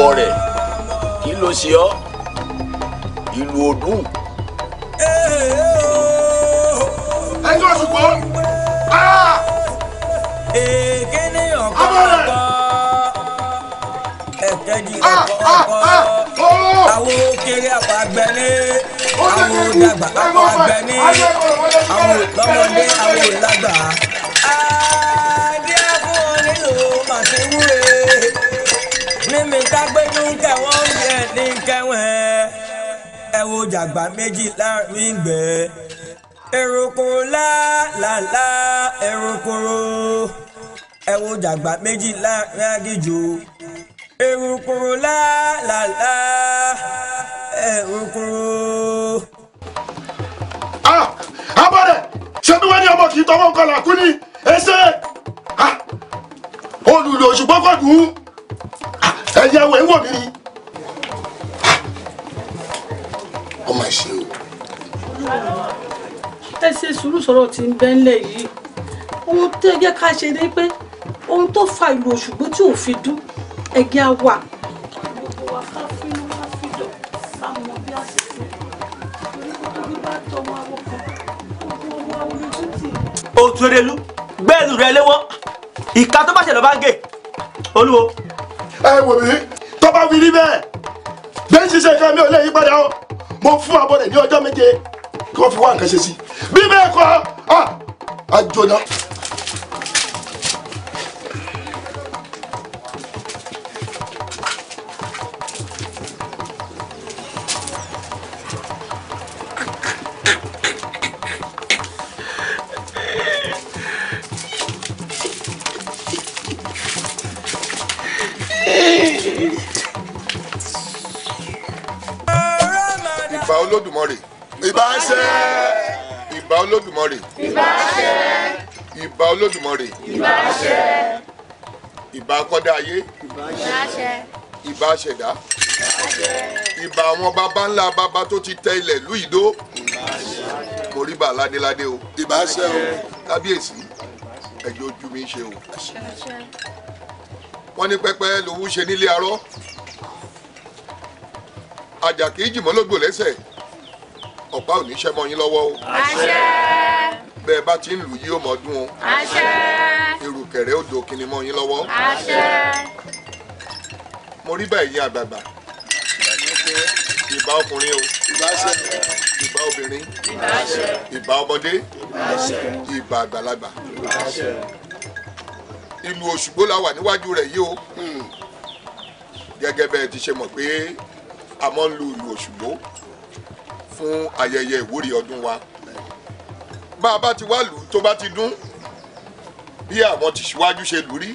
ọbọ rẹ̀ kí ló ṣe ọ́ ìlú ọdún. ẹjọ́ ṣùgbọ́n èké ní ọ̀pọ̀lọpọ̀ ẹ̀kẹ́ di ọ̀pọ̀lọpọ̀ àwọn òkèrè àpàgbẹ́ ní àwọn òdàgbà àpàgbẹ́ ní àwọn òlọ́mọdé àwọn òlágbà. adé àbúrò nílò màṣẹ́wúre dágbé ní kẹwọn ń yẹ ní kẹwọn ẹ wo jàgbá méjì láàrin gbẹ èròkòrò láàlá èròkòrò ẹ wo jàgbá méjì láàrin agíjò èròkòrò láàlá èròkòrò. abọ́dẹ̀ ṣebí wọ́n ní ọmọ kì í tọwọ́ nǹkan làkú ni ẹsẹ̀ olùlò ṣùgbọ́n kò dùn ún yẹ wò éwò mi ni. ọmọ ẹ ṣe o. ẹ ṣe sùúrù sọ̀rọ̀ tí ń bẹ́ńlẹ̀ yìí ohun tó yẹ ká ṣe ni pé ohun tó fa ìlú òṣùgbó tí ò fi dún ẹ̀gẹ́ á wà. gbogbo wa ká a ṣe fún un bá tọmọ àwọn kan gbogbo wa orí títì. òtúrẹ́lú gbẹ́ẹ̀lù rẹ léwọ́ ìka tó bá ṣẹlẹ̀ bá ń gè olúwo ẹ wò mí tó bá wí rí bẹ́ẹ̀ bẹ́ẹ̀ ṣiṣẹ́ ìfẹ́ mi ò lè yí padà o mo fún abọ́ rẹ̀ ní ọjọ́ méje kí wọ́n fi wá nǹkan ṣe sí bí bẹ́ẹ̀ kọ́ ah, àjọyọ̀. olódùmarè. ìbà ṣe. ìbà olódùmarè. ìbà ṣe. ìbà akọ́dá ayé. ìbà ṣe. ìbà ṣẹ̀dá. ìbà àwọn baba ńlá baba tó ti tẹ ilẹ̀ lú ìdó. mo rí bà ládéládé o. ìbà ṣe o. kábíyèsí ẹjọ́ ojú mi ṣe o. wọ́n ní pẹ́pẹ́ lòun ṣe nílé arọ́ àjà kì lẹ́sẹ̀ ọ̀pá ò ní ṣẹ́ mọ́ yín lọ́wọ́ o. àṣẹ. bẹ́ẹ̀ bá ti ń lù yí ó o. àṣẹ. irú kẹ̀rẹ́ òjò kìnnì mọ́ yín lọ́wọ́. àṣẹ. mo rí báyìí yín àgbààgbà. ìbá ọkùnrin o. ìbá ṣe. ìbá obìnrin. ìbá ṣe. ìbá ọmọdé. ìbá ṣe. ìbá àgbàlagbà. ìbá ṣe. ìlú Òṣùgbó la wà níwájú rẹ̀ yìí o. Hmm. gẹ́gẹ́ bẹ́ẹ̀ ti ṣe mọ̀ pé a mọ̀ ń lu ìlú Òṣùgbó fún ayẹyẹ ìwúrí ọdún wa bá a bá ti wá lù tó bá ti dún bí àwọn tìṣíwájú ṣe lù rí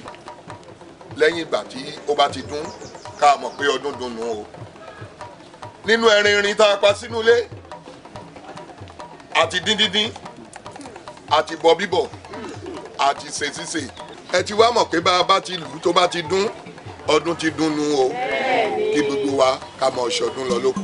lẹ́yìn ìgbà tí ó bá ti dún ká mọ̀ pé ọdún dunnú o nínú ẹrin irin tá a pa sínú ilé àti díndíndín àti bọ bíbọ àti ṣèṣìṣe ẹ ti wá mọ̀ pé bá a bá ti lù tó bá ti dún ọdún ti dunnú o kí gbogbo wa ká mọ̀ ṣọdún lọ lóko.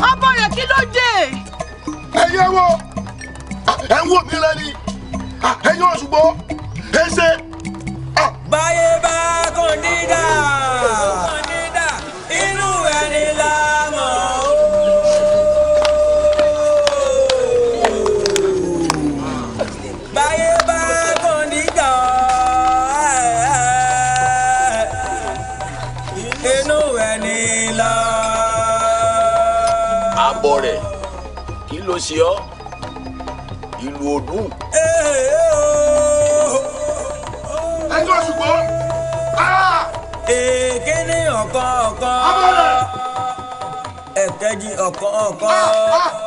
ọmọ rẹ kí ló dé. ẹyẹ wo ẹ ń wò mí lẹ́ni ẹyẹ Òṣùgbó ẹ ṣe. báyé bá kò ní dáa. ń ṣe ọ́ ìlú ọdún. ẹjọ́ ṣùgbọ́n. Ah! èké ní ọ̀kan ọ̀kan ẹ̀kẹ́jì ọ̀kan ọ̀kan ah,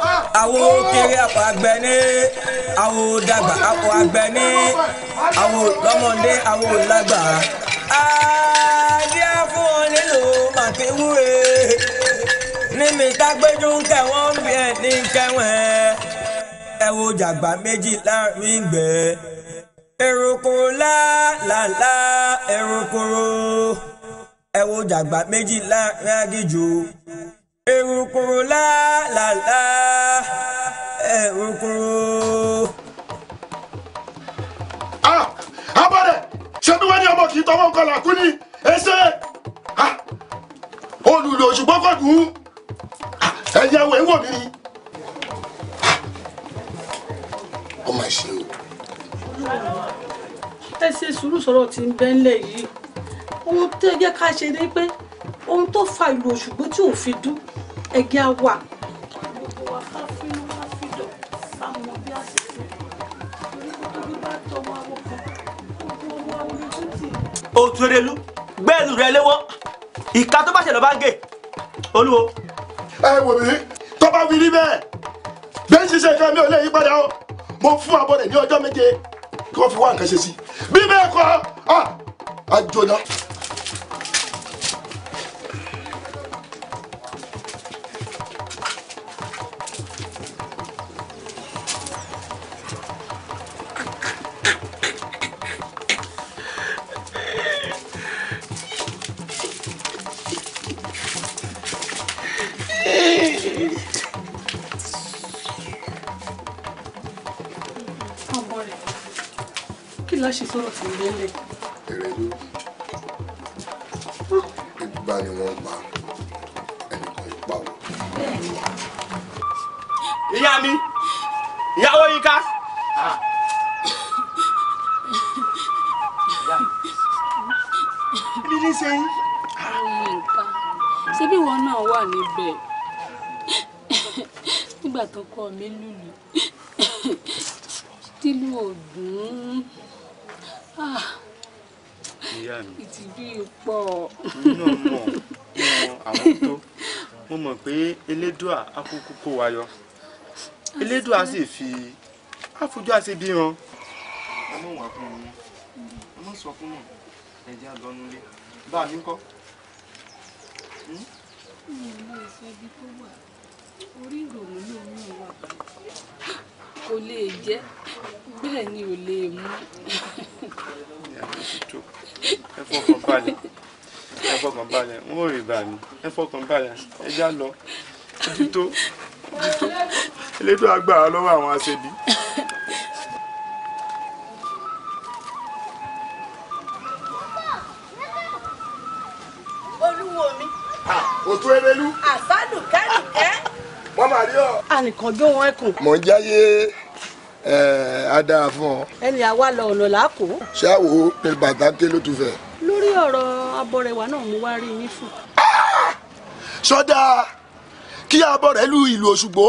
ah, àwọn kéré àpò agbẹ́ni àwọn dàgbà àpò agbẹ́ni àwọn lọ́mọdé àwọn lágbà. a fún ọ nílò màkíwúre ní mi tágbéjú ń kẹwọn ń bí ẹ ní kẹwọn ẹ. ẹ wo jàgbá méjì láàrin gbẹ. èròkò láàlá èròkòrò. ẹ wo jàgbá méjì láàrin agíjò. èròkò láàlá èròkòrò. ah abọ́dẹ̀ ṣé bí wọ́n ní ọmọ kì í tọwọ́ nǹkan làkú ẹ ṣe ah, olùlò ṣùgbọ́n kò ẹ̀yà wẹ̀ ń wọ̀ mí rí ṣe o. ẹ ṣe sùúrù sọ̀rọ̀ tí ń bẹ́ ńlẹ̀ yìí ohun tó yẹ ká ṣe ni pé ohun tó fa ìlú òṣùgbó tí ò fi dún ẹ̀gẹ́ á wà. òtúrẹ́lú gbẹ́ẹ̀lú rẹ léwọ́ ìka tó bá ṣẹlẹ̀ bá ń olúwo ẹ wò mí tó bá wí rí bẹ́ẹ̀ bẹ́ẹ̀ ṣiṣẹ́ ìfẹ́ mi ò lè yí padà o mo fún abọ́rẹ̀ ní ọjọ́ méje kí wọ́n fi wá nǹkan ṣe sí bí bẹ́ẹ̀ kọ́ ah, àjọyọ̀. sọ̀rọ̀ sí lélẹ̀. Èrèdú ìgbà ni wọ́n pa ẹnìkan ìpa o. Ìyá mi, ìyàwó yín ká. Kí ni ṣe yín? Ṣé bí wọn náà wà níbẹ̀? Nígbà tó kọ́ mi lùlù, tílù ò dùn ún. Ah. ìyá mi ìtìjú pọ̀. inú ọmọ ìwọn àwọn tó mo mọ̀ pé elédùà akókó kó wa yọ elédùà sì fi àfojú àti bí wọn. ẹ mọ̀ wá fún mi ẹ mọ̀ sọ fún mi ẹ jẹ́ àlọ́nu bá mi kọ́. Hmm? mi ò mọ ìfẹ́ ibi tó wà orí ìrònú ló ń mú wa kò lè jẹ́ bẹ́ẹ̀ ni ò lè mú ẹ fọkàn balẹ̀ ẹ fọkàn balẹ̀ n ó rí bàmí ẹ fọkàn balẹ̀ ẹ já lọ ojú tó ojú tó elétò agbára lọ́wọ́ àwọn aṣebi. olúwo mi. òtún ẹrẹ́lú. àbálùkẹ́ nìkẹ́. wọ́n máa rí ọ. ànìkànjú wọn ẹkùn. mọ̀ ń jáyé ẹ á dáa fún ọ. ẹni àwa lọ ọ̀nà làákò. ṣé àwo ni bàtà ké ló tún fẹ́. lórí ọ̀rọ̀ abọ́rẹ̀wá náà mo wá rí i nífù. sọdá kí abọ́rẹ̀ lu ìlú Òṣùgbó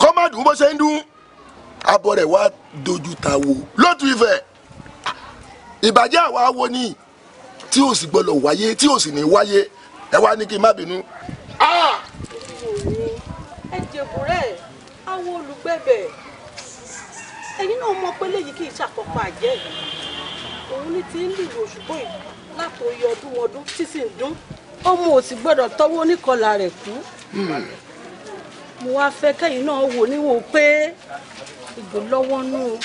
kọ́ má dùn bó ṣe ń dún abọ́rẹ̀wá dojú ta wo lótú Ifẹ̀ ìbàjẹ́ àwa wo ni tí ò sì gbọ́dọ̀ wáyé tí ò sì ní wáyé ẹ wá ní kí n má bínú. Ah! ẹ jẹ̀bù rẹ̀ àwọn olùgbẹ̀bẹ̀ ẹ̀yin náà mọ̀ pé léyìí kì í ṣàkọ́kọ́ àjẹ́ òun ní ti ń lùlù òṣùgbọ́n yìí látòye ọdún ọdún títí ń dún ọmọ ò sì gbọ́dọ̀ tọ́wọ́ oníkọlà rẹ̀ kú mo wá fẹ́ kẹ́yìn náà wò níwò pé ìgbò lọ́wọ́ nú o.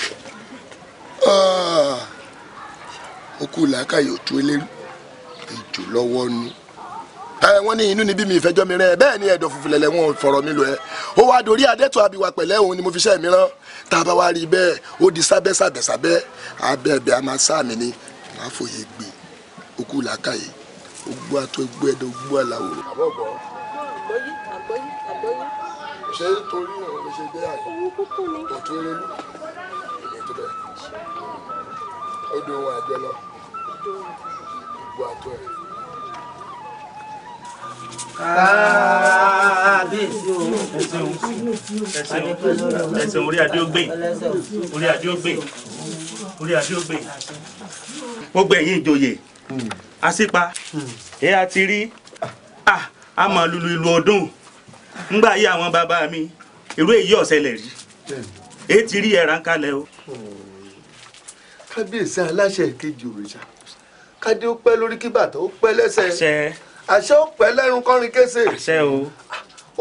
Ah, làákàyè òtún eléyìí ìjò lọ́wọ́ nú ẹ wọn ní inú níbí mi ìfẹjọ́ mi rẹ bẹ́ẹ̀ ni ẹ̀dọ̀ funfun lẹ̀lẹ̀ wọn fọ̀rọ̀ mi lọ ẹ ó wá dorí adẹ́tọ̀ abiwa pẹ̀lẹ́ òun ni mo fi ṣe mi tá a bá wá rí bẹ́ẹ̀ ó di sábẹ́ sábẹ́ sábẹ́ abẹ́ ẹ̀bẹ̀ a máa sáàmì ni màá fòye gbé okú làákàyè ó gbọ́ àtọ́ gbọ́ ẹ̀dọ̀ gbọ́ àlàwò. àbọ̀bọ̀ kábíyèsí o ẹsẹ̀ orí adé ó gbé orí adé ó gbé orí adé ó gbé gbogbo ẹ̀yin ìjòyè àṣìpa ẹ̀ a ti rí a mọ̀ lulu ìlú ọdún ńgbà yí àwọn bàbá mi irú èyí ọ̀sẹ̀lẹ̀ rí èyí ti rí ẹ̀rá ń kalẹ̀ o. kábíyèsí aláṣẹ kejì òrìṣà kádé ó pẹ́ lórí kíbàtà ó pẹ́ lẹ́sẹ̀ àṣẹ ò pẹ́ lẹ́run kọrin kése. àṣẹ o.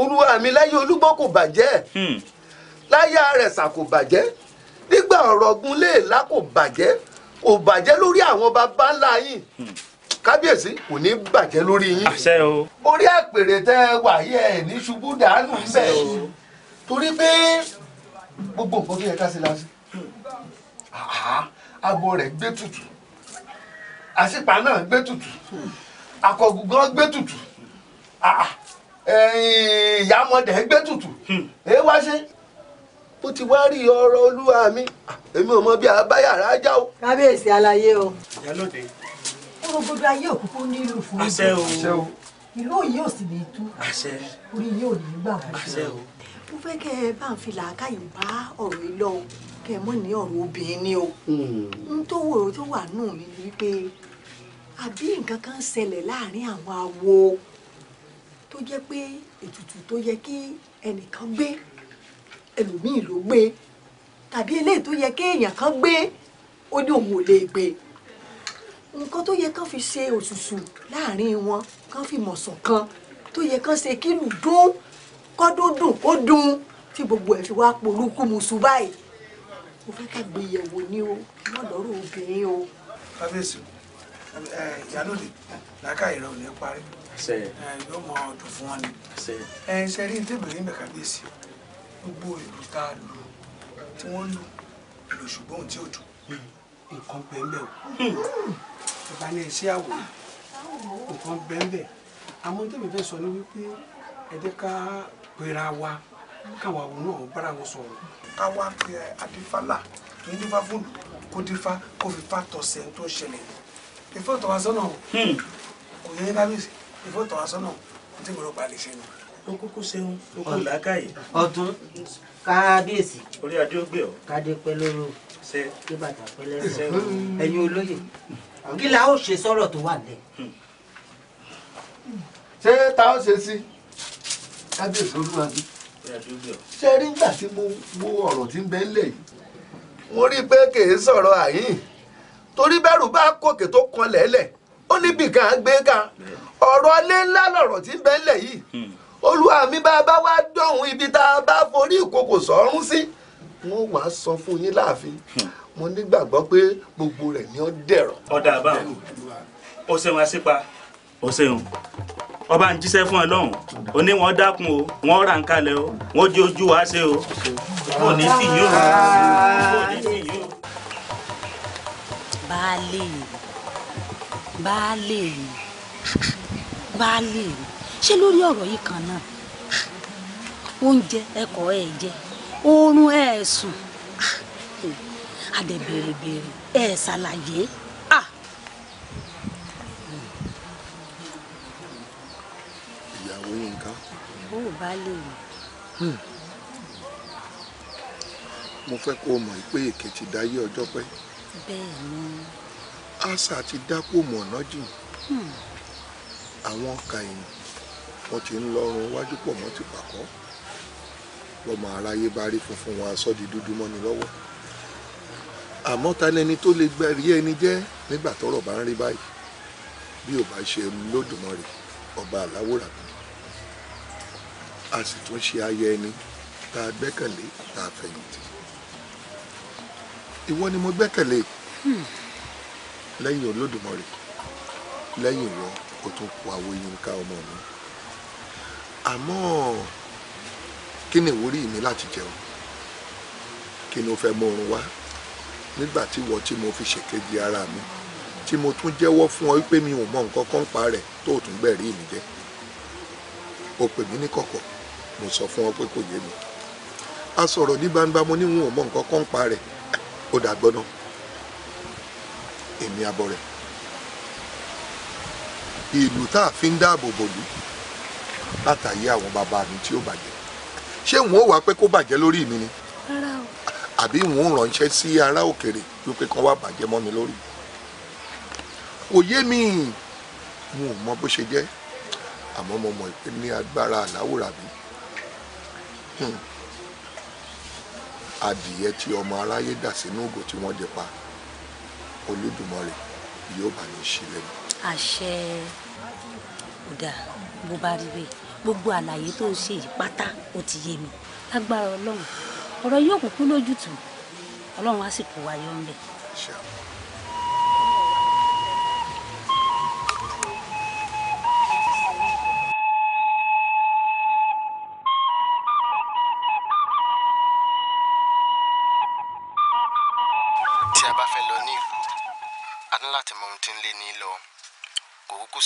olúwa mi láyé olúgbọ́ kò bàjẹ́ hmm. láyé àrẹ̀sà kò bàjẹ́ nígbà ọ̀rọ̀ ọ̀gùn léèlá kò bàjẹ́ kò bàjẹ́ lórí àwọn baba ńlá yìí hmm. kábíyèsí kò ní bàjẹ́ lórí yín. àṣẹ o. orí àpèrè tẹ wàyẹ ẹ ní ṣubú dànù bẹ́ẹ̀ torí pé gbogbo nǹkan tó yẹ ká ṣe la ṣe àbọ̀ rẹ̀ gbé tutù àṣìpá náà gbé tutù. Hmm àkọ̀gùngàn gbé tutù ah, ah, ìyàmọ̀dẹ̀ gbé tutù èé hmm. wá ṣe bó ti wá rí ọ̀rọ̀ olúwa mi èmi ò mọ bí abáyàrá já o. kábíyèsí aláyé o. ìyálòde. ó ro gbogbo ayé òkúkú nílùú fún mi. àṣẹ o àṣẹ o. ìlú òye ò sì ní tú. àṣẹ. orí yóò ní gbà wọ́n. àṣẹ o. mo fẹ́ kẹ́ ẹ bá ń fi làákàyè bá ọ̀rọ̀ yìí lọ kẹ́ ẹ mọ̀ ní ọ̀rọ̀ obìnrin ni o. Hmm. n tó wòrò tó wà nù mí ni wípé àbí nǹkan kan ṣẹlẹ̀ láàrin àwọn awo tó jẹ́ pé ètùtù tó yẹ kí ẹnìkan gbé ẹlòmíì ló gbé tàbí eléyìí tó yẹ kéèyàn kan gbé ó ní òun ò lè gbé nǹkan tó yẹ kán fi ṣe òṣùṣù láàrin wọn kán fi mọ̀sán kan tó yẹ kán ṣe kílù dún kọ́dún dùn ó dún tí gbogbo ẹ̀ fi wá polúkú musu báyìí mo fẹ́ ká gbéyẹ̀wò ni o lọ́dọ̀ọ́rọ̀ obìnrin o. kábíyèsí o ìyálòdì làákà ìrọ̀ ò ní parí yóò mọ ọdún fún wọn ni ṣe rí tẹ́bìrì ń bẹ̀ kábíyèsí gbogbo ìlú tá a lù tí wọ́n lù ìlú ṣùgbọ́n tí ò dùn nǹkan bẹ́ẹ̀ ọba ní iṣẹ́ àwòrán nǹkan bẹ́ẹ̀ àwọn tẹ́mi fẹ́ sọ ni wípé ẹ̀dẹ́ ká pera wa káwa àwọn náà bára wọn sọ̀rọ̀. káwa pe adífálà kì í dífá fún kó dífá kó fi fá tọ̀sẹ̀ tó ṣẹlẹ̀ yìí ìfọ̀tọ̀wásọ́nà hmm. kò yẹ kábíyèsí ìfọ̀tọ̀wásọ́nà tí mo rò pa lè ṣe nù. ó kúkú ṣeun ó kú làákàyè. ọ̀tún kábíyèsí. orí adé ó gbé ọ. kádé pẹ́ lóró kí bàtà pẹ́ lẹ́sẹ̀ ẹ̀yin olóyè kí la ó ṣe sọ̀rọ̀ tó wà lẹ̀. Hmm. ṣé ta ó ṣe sí kábíyèsí olúwa bí ṣe rí nígbà tí mo wo ọ̀rọ̀ tí ń bẹ ń lẹ̀ yìí mo rí i pé kì í sọ̀rọ̀ àyín torí bẹ́rù bá kòkè tó kan lẹ́lẹ̀ ó níbì kan gbé kan ọ̀rọ̀ ilé ńlá lọ̀rọ̀ tí ń bẹ ńlẹ̀ yìí hmm. olúwa mi bá a bá wá dọ̀hún ibi tá a bá forí ìkòkò sọ́run sí wọ́n wá sọ fún yín láàfin hmm. mo nígbàgbọ́ pé gbogbo rẹ̀ ni ó dẹ̀rọ̀. ọ̀dà àbáwò ọ̀sẹ̀ wọn sípa ọ̀sẹ̀ wọn ọba ń jíṣẹ́ fún ẹ lọ́hùn ó ní wọ́n dákun o wọ́n rà kalẹ̀ o wọ́n jí ojú wa ṣe o kò ní sí yín o kò ní sí baálé mi baálé mi baálé mi ṣé lórí ọ̀rọ̀ yìí kan náà oúnjẹ ẹ̀kọ́ ẹ̀ jẹ oorun ẹ̀ sùn adẹ̀bẹ̀rẹ̀bẹ̀rẹ̀ ẹ̀ ṣàlàyé. ìyàwó Yinka. ó baálé mi hmm. mo fẹ́ kó o mọ̀ pé èké ti dáyé ọjọ́ pẹ́ bẹ́ẹ̀ ni. àṣà ti dákú mọ̀nà jìn hmm. àwọn kàyìn wọn ti ń lọrùn wájú pọ̀ mọ́ ti pàkọ́ lọ́mọ aráyé bá rí funfun wọn aṣọ di dúdú mọ́ ni lọ́wọ́ àmọ́ ta lẹni tó lè gbẹ̀rí ẹni jẹ́ nígbà tọ́rọ̀ bá ń rí báyìí bí ò bá ṣe Olódùmarè ọba aláwòrán mi a sì tún ṣe ayẹ ẹni tá a gbẹ́kẹ̀lé tá a fẹ̀yìntì ìwọ ni mo gbẹ́kẹ̀lé hmm. lẹ́yìn olódùmarè lẹ́yìn ìwọ kò tún kó àwo yínká ọmọ mi àmọ́ kí ni ìwúrí mi láti jẹun kí ni o fẹ́ mú oorun wá nígbà tí ìwọ tí mo fi ṣèkejì ara mi tí mo tún jẹ́wọ́ fún ọ wípé mi ò mọ nǹkan kan pa rẹ̀ tó o tún gbẹ̀rí mi jẹ́ o pè mí ní kọ̀kọ̀ mo sọ fún ọ pé kò yé mi a sọ̀rọ̀ ní gbangba mo ní n ò mọ nǹkan kan pa rẹ̀ ó dà gbọ́nà èmi abọ́ rẹ̀ ìlú tá a fi ń dáàbò bòlú látàyé àwọn bàbá mi tí ó bàjẹ́ ṣé wọn ò wá pé kó bàjẹ́ lórí mi ni àbí wọn ò ránṣẹ́ sí ará òkèrè wípé kán wá bàjẹ́ mọ́ mi lórí òye mi wọn ò mọ bó ṣe jẹ́ àmọ́ mo mọ̀ pé ní agbára àláwùrà mi. Hmm adìyẹ tí ọmọ aráyé dà sínú ògò tí wọ́n jẹ pa olódùmarè yóò bá ní ṣe lẹ́nu. àṣẹ ò dáa bó bá rí bẹ́ẹ̀ gbogbo àlàyé tó ṣe yìí pátá ó ti yé mi lágbára ọlọ́run ọ̀rọ̀ yóò kúkú lójútùú ọlọ́run á sì kó wa yọ ń bẹ̀.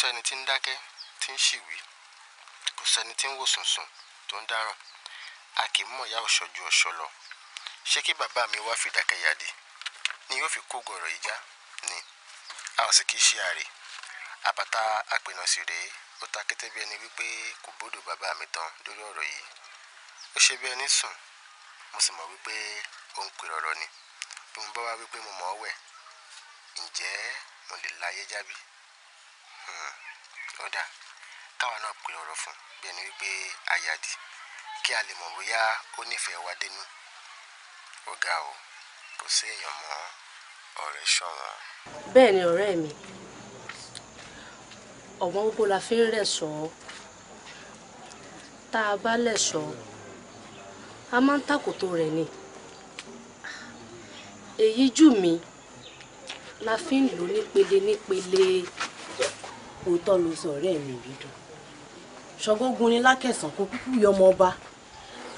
sẹ́ni tí ń dákẹ́ tí ń ṣìwí kò sẹ́ni tí ń wò sùnsùn tó ń dáràn a kì í mọ̀ ya ọ̀ṣọ́ ju ọ̀ṣọ́ lọ ṣé kí bàbá mi wá fìdákẹ́ yáde ni yóò fi kógo ọ̀rọ̀ yìí ni a ò sì kí ṣe àrè àbàtà àpènà sì rèé ó ta kété bí ẹni wípé kò bódò bàbá mi tán lórí ọ̀rọ̀ yìí ó ṣe bí ẹni sùn mo sì mọ̀ wípé ó ń pè ọ̀rọ̀ ni bí mo bá wá wípé mo mọ̀ ọ́ wẹ̀ ǹjẹ́ mo lè láyé jábí. Hmm, ó dà káwa náà pè ọ̀rọ̀ fún bí ẹni wípé àyàdì kí a lè mọ̀ bóyá ó nífẹ̀ẹ́ wa dénú ó o kò sí èèyàn mọ́ ọ̀rẹ́ ṣọ̀wọ́n. bẹ́ẹ̀ ni ọ̀rẹ́ mi ọ̀wọ́n gbogbo la fi ń rẹ̀ sọ tá a bá lẹ̀ sọ a máa ń tàkòtò rẹ̀ ni èyí jù mí la fi ń lò nípele nípele òótọ́ ló sọ ọ̀rẹ́ mi bídùn ṣọgógun ni lákẹ̀sán kó kúkú yọ ọmọ ọba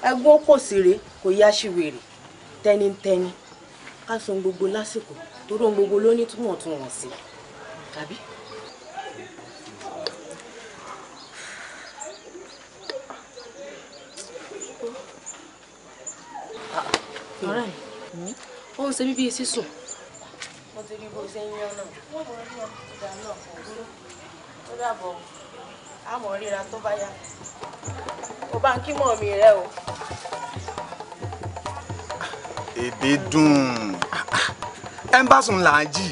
ẹgbọ́n pọ̀ síre kò yá síwèrè tẹ́nitẹ́ni ká sọ gbogbo lásìkò tó rọ gbogbo ló ní túwọ̀ntúnwọ̀n sí tàbí. ọ̀rẹ́ mi ń ṣe bíbí sísùn. mo ti rí bó ṣe ń yán náà. ó dàbọ̀ kí rẹ o. èdè dùn ẹ bá jì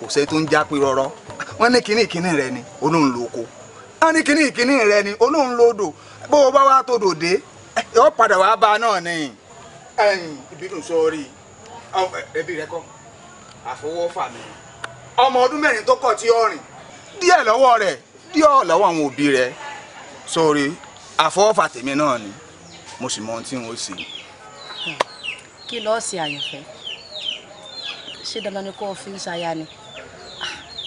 kò sẹ́ tó ń já rọ́rọ́ wọ́n ní rẹ ni olóhùn lóko wọ́n ní kinní rẹ ni olóhùn bó o bá wá tó dòde yóò padà wá bá a náà ni ìbídùn ẹbí rẹ kọ́ àfọwọ́fà mi ọmọ ọdún mẹ́rin tó kọ̀ tí díẹ̀ lọ́wọ́ rẹ̀ díẹ̀ lọ́wọ́ àwọn òbí rẹ̀ sórí àfọwọ́fà tèmi náà ni mo sì mọ ohun tí n ó sì. kí lọ́ọ́ sí àyànfẹ́ ṣé dandan ni kò fi ń ṣaya ni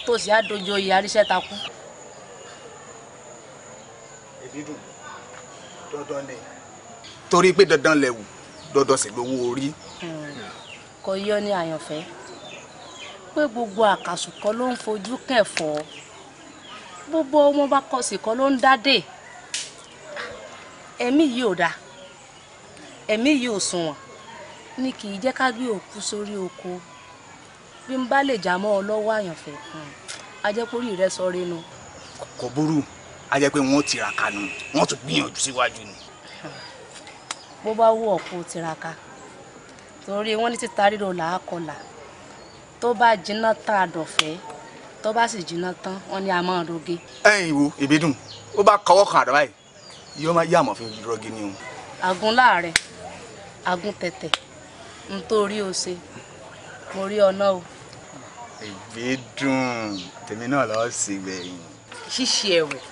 tó sì á dojú oyè àríṣẹ́ takú. ẹbí dùn dandan ni torí pé dandan lẹ̀wù dandan sì lówó orí. kò yọ ní àyànfẹ́ pé gbogbo àkàsùkọ ló ń fojú kẹfọ́ gbogbo wọn bá kọ sí kan ló ń dá dé ẹ̀mí yìí ò dáa ẹ̀mí yìí ò sunwọ̀n ni kì í jẹ́ ká gbé òkú sórí oko bí n bá lè já mọ́ ọ lọ́wọ́ àyànfẹ́ ajẹ́pórí rẹ sọ rẹnu. kò burú a jẹ́ pé wọ́n tiraka nù wọ́n tún gbìyànjú síwájú ni. bó bá wù ọ̀pọ̀ tiraka torí wọ́n ní títa ríro làákọlà tó bá jiná tá a dọ̀fẹ́ tó bá sì jiná tán wọ́n ní a máa roge. ẹyin wo ìbídùn ó bá kọwọ́ kan àdàbà yìí yóò máa yá àmọ̀fin roge ni o. àgùn láàrẹ àgùn tẹ̀tẹ̀ n tó rí o ṣe mo rí ọ náà o. ìbídùn tèmi náà lọ́ọ́ sí gbẹ̀yìn. ṣíṣe ẹ̀wẹ̀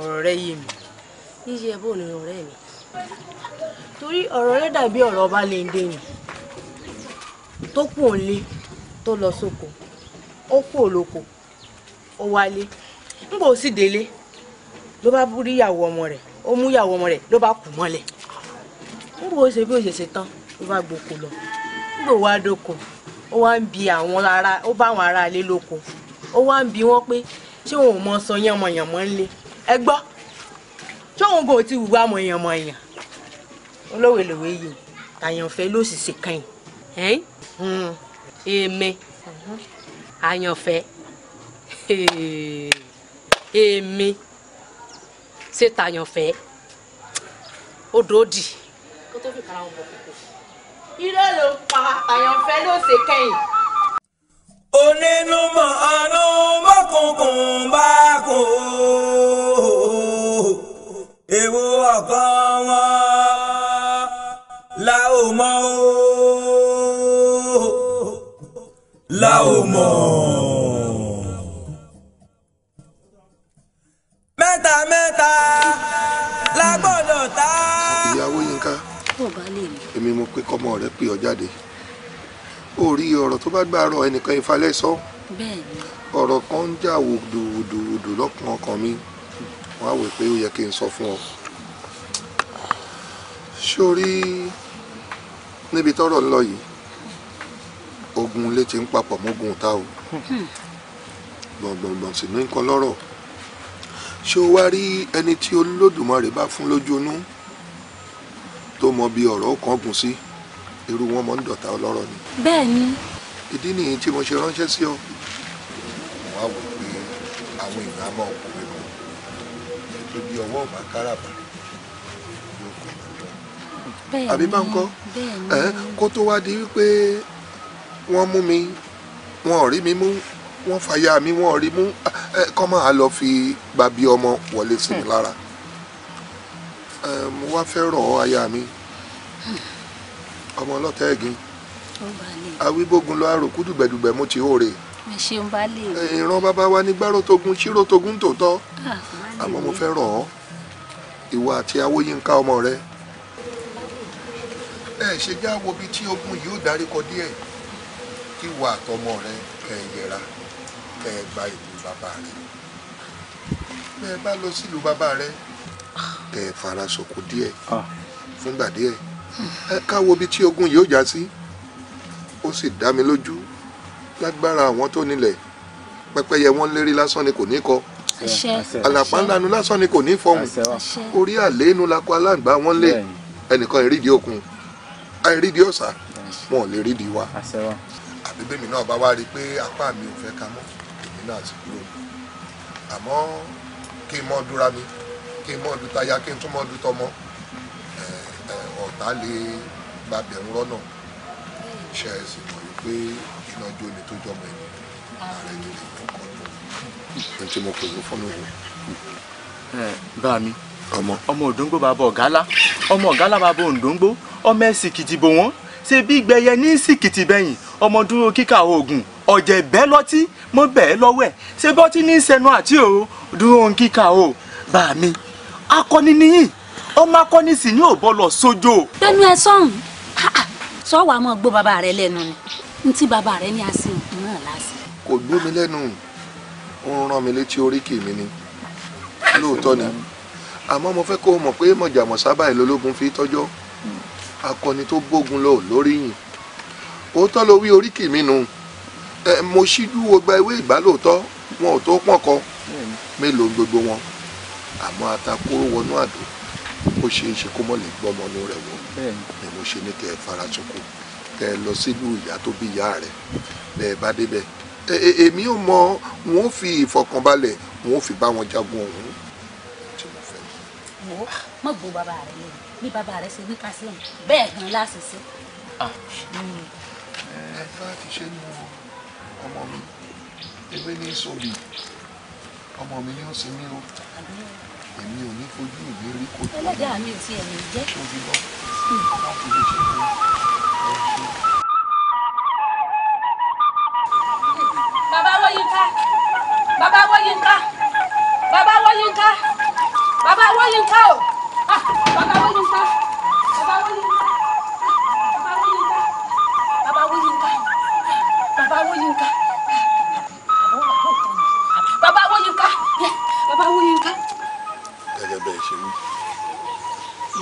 ọ̀rọ̀ rẹ yé mi yíyẹ bò ní ọ̀rẹ́ mi torí ọ̀rọ̀ rẹ dàbí ọ̀rọ̀ ọba léńdé ni tó kù òǹlé tó lọ sóko ó kù òlòkò ó wálé ń bò ó sì délé ló bá búrí ìyàwó ọmọ rẹ̀ ó mú ìyàwó ọmọ rẹ̀ ló bá kù mọ́lẹ̀ ń bò ṣe bí òṣèṣe tán ló bá gboko lọ ń bò wá dóko ó wá ń bi àwọn ará ó bá àwọn ará ilé lóko ó wá ń bi wọ́n pé ṣé òun mọ sọ yànmọ̀yànmọ̀ ńlẹ̀ ẹ gbọ́ ṣé òun kò ti wùwá mọ̀yànmọ̀yàn olówèlówé yìí tàyànfẹ́ ló sì ṣe kàn yìí hmm. èmi àyànfẹ́ Eh, èmi ṣe tàyànfẹ́ odòdì. kó tó fi kára wọn bọ̀ kókó. irọ́ ló pa àyànfẹ́ ló ṣe kẹ́yìn. onínú mọ̀ ọ́nú mọ́kùnkùn bá kò èwo ọ̀kan wọn la ò mọ̀ o la ò mọ̀. mẹ́ta mẹ́ta lágbọ́dọ̀ tá. ìyàwó Yinka èmi mo pé kọ́mọ rẹ pé ọ jáde ó rí ọ̀rọ̀ tó bá gbàrọ̀ ẹnìkan ìfalẹ̀ sọ ọ̀rọ̀ kan ń jà wòdòwòdòwòdò lọ́kàn ọkàn mi wọ́n á wò pé ó yẹ kí n sọ fún ọ sórí níbi tọ́rọ̀ ń lọ yìí ogun ilé ti ń papọ̀ mọ́gun ta o hmm. gbọ̀ngbọ̀ngbọ̀n sì ní nǹkan lọ́rọ̀ ṣé o wá rí ẹni tí olódùmarè bá fún lójú inú tó mọ bí ọ̀rọ̀ kan gùn sí irú wọn mọ ń dọ̀tá ọlọ́rọ̀ ni. bẹ́ẹ̀ ni. ìdí nìyí tí mo ṣe ránṣẹ́ sí ọ. mo wá wò pé àwọn èèyàn á máa kó mọ ètò bí ọwọ́ ọ̀bá káràbà yóò kó mi àbí bá ń kọ́ kó tó wá di wípé wọ́n mú mi wọn ò rí mi mú wọ́n fàyà mi wọ́n rí mú kọ́ máa lọ fi bàbí ọmọ wọlé sí mi hmm. lára mo wá fẹ́ rọ̀ ọ́ aya mi ọmọ ọlọ́tẹ̀ ẹ̀gìn awíbógun lọ àròkú dùgbẹ̀dùgbẹ̀ mo ti hóore ìran bàbá wa ní gbárò togun ṣírò togun tòótọ́ ah, àmọ́ mo fẹ́ rọ̀ ọ́ ìwọ àti awóyínká ọmọ rẹ ẹ ṣe já wo bí tí ogun yìí ó darí kọ díẹ̀ kí ìwọ àtọmọ rẹ kẹ́ ẹ yẹra kẹ́ ẹ gba ìlú bàbá rẹ kẹ́ ẹ bá lọ sí ìlú bàbá rẹ kẹ́ ẹ fara sọ̀kò díẹ̀ ah. fúngbà díẹ̀ ẹ ká wo ibi tí ogun yìí ó já sí ó sì dá mi lójú lágbára àwọn tó nílẹ̀ pẹ́pẹ́yẹ wọn lérí lásán ni kò ní kọ àlàpà ńlanu lásán ni kò ní fọhùn orí àléénu lakọ aláǹgbá wọn lé ẹnìkan ìrídìí òkun àìrídìí ọ̀sà wọn ò lè rídìí wa àbí bẹ́ẹ̀ mi náà bá wá rí i pé apá mi ò fẹ́ ka mọ́ náà ti dúró àmọ́ kí n mọ́ dúra mi kí n mọ́ du táyà kí n tún mọ́ du tọmọ ọ̀tá lè gba bẹ̀rù rọ́nà ṣe é sì mọ̀ wípé iná jó ni tó jọmọ ẹni ààrẹ ni lè mú ọkọ dùn ní mo pè é fún mi. bá mi ọmọ ọmọ òdóńgbò bá bọ ọgálá ọmọ ọgálá bá bọ òdóńgbò ọmọ ẹsìn kìdìbò wọn ṣe bí gbẹyẹ ní sìkìtì bẹyìn ọmọ dúró kíkà oògùn ọ̀jẹ̀ bẹ́ẹ̀ lọ́tí mo bẹ́ẹ̀ lọ́wọ́ ẹ̀ ṣe bọ́tí ní sẹnu àti o dúró ń kíkà o bá mi akọni nìyí ọmọ akọni sì ní òbọ lọ sójó. lẹ́nu ẹ sọ́hùn sọ́wọ́ àmọ́ gbọ́ bàbá rẹ lẹ́nu ni ntí bàbá rẹ ní àsìn náà lásì. kò gbó mi lẹ́nu ń rán mi létí oríkì mi ni lóòótọ́ ni àmọ́ mo fẹ́ kó o mọ̀ pé mọ̀jàmọ̀sábà ìlólógún fi tọ́jọ́ akọni tó gbógun lọ lórí yìn òótọ́ ló wí oríkì mi nù ẹ mo ṣíjú ọgbà ewé ìbálòótọ́ wọn ò tó pọ̀nkọ mélòó gbogbo wọn àmọ́ atakóró wọnú àdó ó ṣe é ṣe kó mọ̀ lè gbọ́mọ inú rẹ̀ wọ ni mo ṣe ní kẹ́ ẹ fara sóko kẹ́ ẹ lọ sílùú ìyá tó bí ìyá rẹ̀ bẹ́ẹ̀ bá débẹ̀ èmi ò mọ wọn ò fi ìfọkànbalẹ̀ wọn ò fi bá wọn jagun ọ̀hún mo fẹ́. má bú bàbá rẹ lẹ́yìn ni bàbá rẹ ṣe ní ká sí ọ̀hún bẹ́ẹ̀ gan láti ṣe. Ah. Hmm. ẹ bá ti ṣe nu ọmọ mi ewé ní sóbì ọmọ mi ni ó sì mí o èmi ò ní fojú ìwé rí kó tó ẹlẹ́dàá mi ò sí ẹ̀mí jẹ́ ṣojú lọ láti lè ṣe é ẹ ṣe. bàbá wọ́yínká bàbá wọ́yínká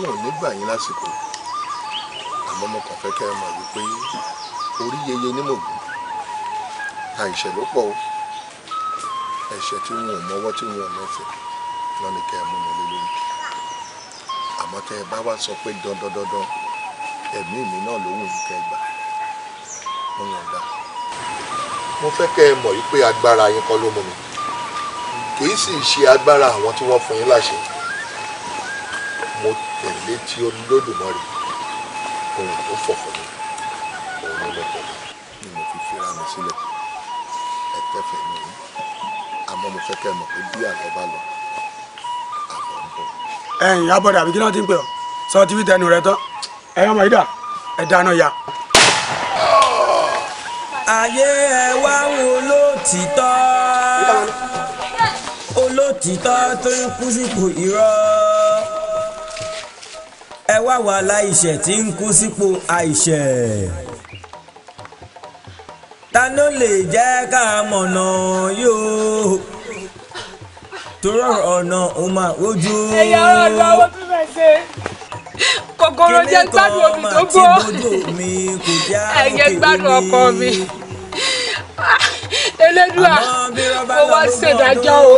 wọn ò ní gbà yín lásìkò àmọ́ mo kàn fẹ́ kẹ́ ẹ mọ̀ wípé orí yeye ní mògùn àìṣẹ̀ ló pọ̀ o ẹ̀ṣẹ̀ tí wọn ò mọwọ́ tí wọn ò mẹsẹ̀ ni kẹ́ ẹ mú mi lórí àmọ́ tẹ́ ẹ bá wá sọ pé dandan dandan ẹ̀mí mi náà ló wù kẹ́ ẹ gbà mo yàn dá mo fẹ́ kẹ́ ẹ mọ̀ wípé agbára yín kọ́ ló mú mi kì í sì ṣe agbára àwọn tí wọ́n fún yín láṣẹ létí olódùmarè ohun tó fọ̀fọ̀ ni òun ló lọ́pọ̀ ni mo fi fira mi sílẹ̀ ẹ̀tẹ́fẹ̀ mi rí àmọ́ mo fẹ́ kẹ́ mọ̀ pé bí àlọ́ bá lọ àbọ̀ ń bọ̀. ẹ̀yin abọ́dà àbí kí náà ti ń pè ọ́ sọ ti tẹnu rẹ tán ẹ̀yin ọmọ yìí dà dáná ya. ayé ẹ wá wo lótìtọ́ olótìtọ́ tó ń kú sípò irọ́ wá wà láìṣẹ̀ tí ń kú sípò àìṣẹ̀. ta ló lè jẹ́ ká mọ̀nà yóò torọ ọ̀nà ó máa ojú. ẹ̀yà ọ̀dọ́ owó tí mo ṣe kòkòrò jẹ́ gbádùn omi tó gbó ẹ̀yẹ gbádùn ọkọ mi ah, elédùà ó wá ṣèdájọ́ o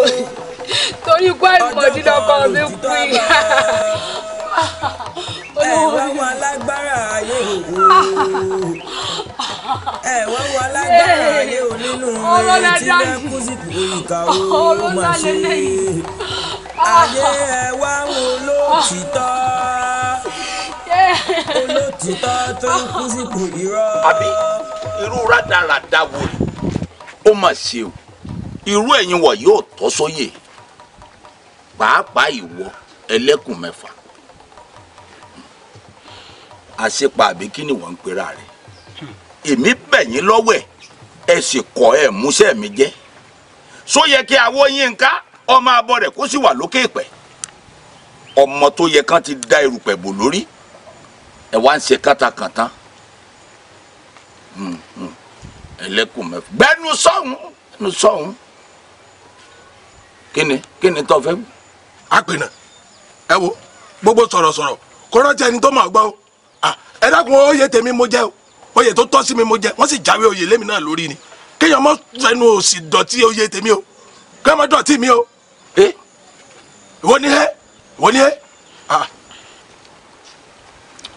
torí ikú àìmọ̀dínlọ́kọ mi kú i. ẹ wá wọn alágbára ayé ògo ẹ wá wọn alágbára ayé o nínú etí lẹ́kùn sí ìka owó má ṣe ayé ẹ wá wọn olóòtítọ́ olóòtítọ́ tó ń kú sípò irọ́. àbí irú rádaràda wo ni ó mà ṣe o irú ẹ̀yin wọ̀ yóò tọ́ sóyè pàápàá ìwọ ẹlẹ́kùn mẹ́fà àṣepa àbí kí ni wọ́n ń pera rẹ̀ èmi bẹ̀ yín lọ́wẹ̀ ẹ sì kọ́ ẹ múṣẹ́ mi jẹ́ só yẹ kí àwọ̀ yín ká ọmọ abọ́ rẹ̀ kó sì wà lókè ìpẹ́ ọmọ tó yẹ kán ti da erùpẹ̀ bò lórí ẹ wá ń ṣe kátàkàntán hmm, hmm. ẹlẹ́kùn mẹ́fà gbẹ́nu sọ́hún gbẹ́nu sọ́hún kí ni kí àpènà ẹ wo gbogbo sọ̀rọ̀sọ̀rọ̀ kó ẹni tó máa gbọ́ ẹ dákun oyè tèmi mo jẹ o oyè tó tọ́ sí mi mo jẹ wọ́n sì jáwé oyè lémi náà lórí ni kéèyàn mọ́ fẹnu òsì dọ̀tí oyè tèmi o kéèyàn mọ́ dọ̀tí mi o ẹ ni ẹ ìwọ ni ẹ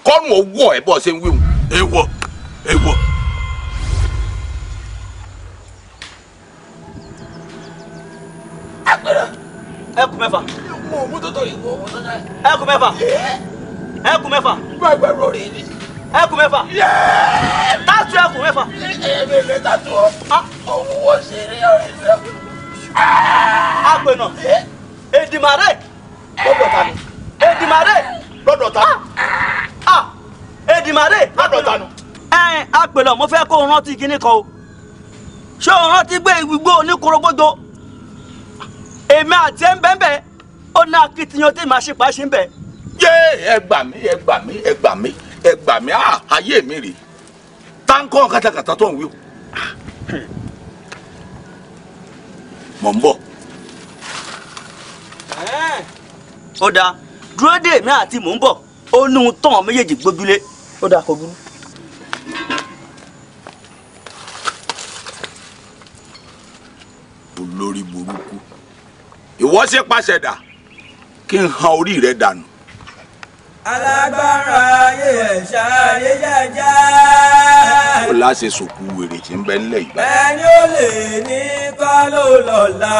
kọ́nù owó ẹ̀ bọ́ ṣe ń wíwù. ewọ ewọ. ẹ kù mẹ́fà. ẹ kù mẹ́fà ẹkùn mẹ́fà. gbàgbà rọrí ni. ẹkùn mẹ́fà. tàtú ẹkùn mẹ́fà. èmi lè tàtú ọ. òun wọ́n ṣe eré ọ̀rẹ́ rẹ. àpènà èdìmàrè gbọ́dọ̀ ta ni. èdìmàrè gbọ́dọ̀ ta ni. èdìmàrè gbọ́dọ̀ ta ni. ẹ àpènà mo fẹ́ kó o rántí kinní kan o ṣé o rántí gbé ìgbígbó oníkorogbodo èmi àti ẹ̀ ń bẹ́ẹ̀ bẹ́ẹ̀ ó ní akitiyan tí màá ṣe pàṣẹ ń bẹ́ẹ̀ yé ẹ gbà mí ẹ gbà mí ẹ gbà ah ayé mi rè táǹkọ́ kàtàkàtà tó ń wí o mọ̀ ń bọ̀. ó dáa dúró dè mí àti mò ń bọ̀ ó ní ohun tán méjèèjì gbójúlé ó dáa kò burú. olórí burúkú ìwọ pàṣẹ dà kí n han orí rẹ dànù alágbára ayé ẹ̀ṣá ayé jẹ́jẹ́. báwo la ṣe sòkú wèrè tí ń bẹ nílẹ̀ yìí. ẹni ó lè ní kọ́ ló lọ́la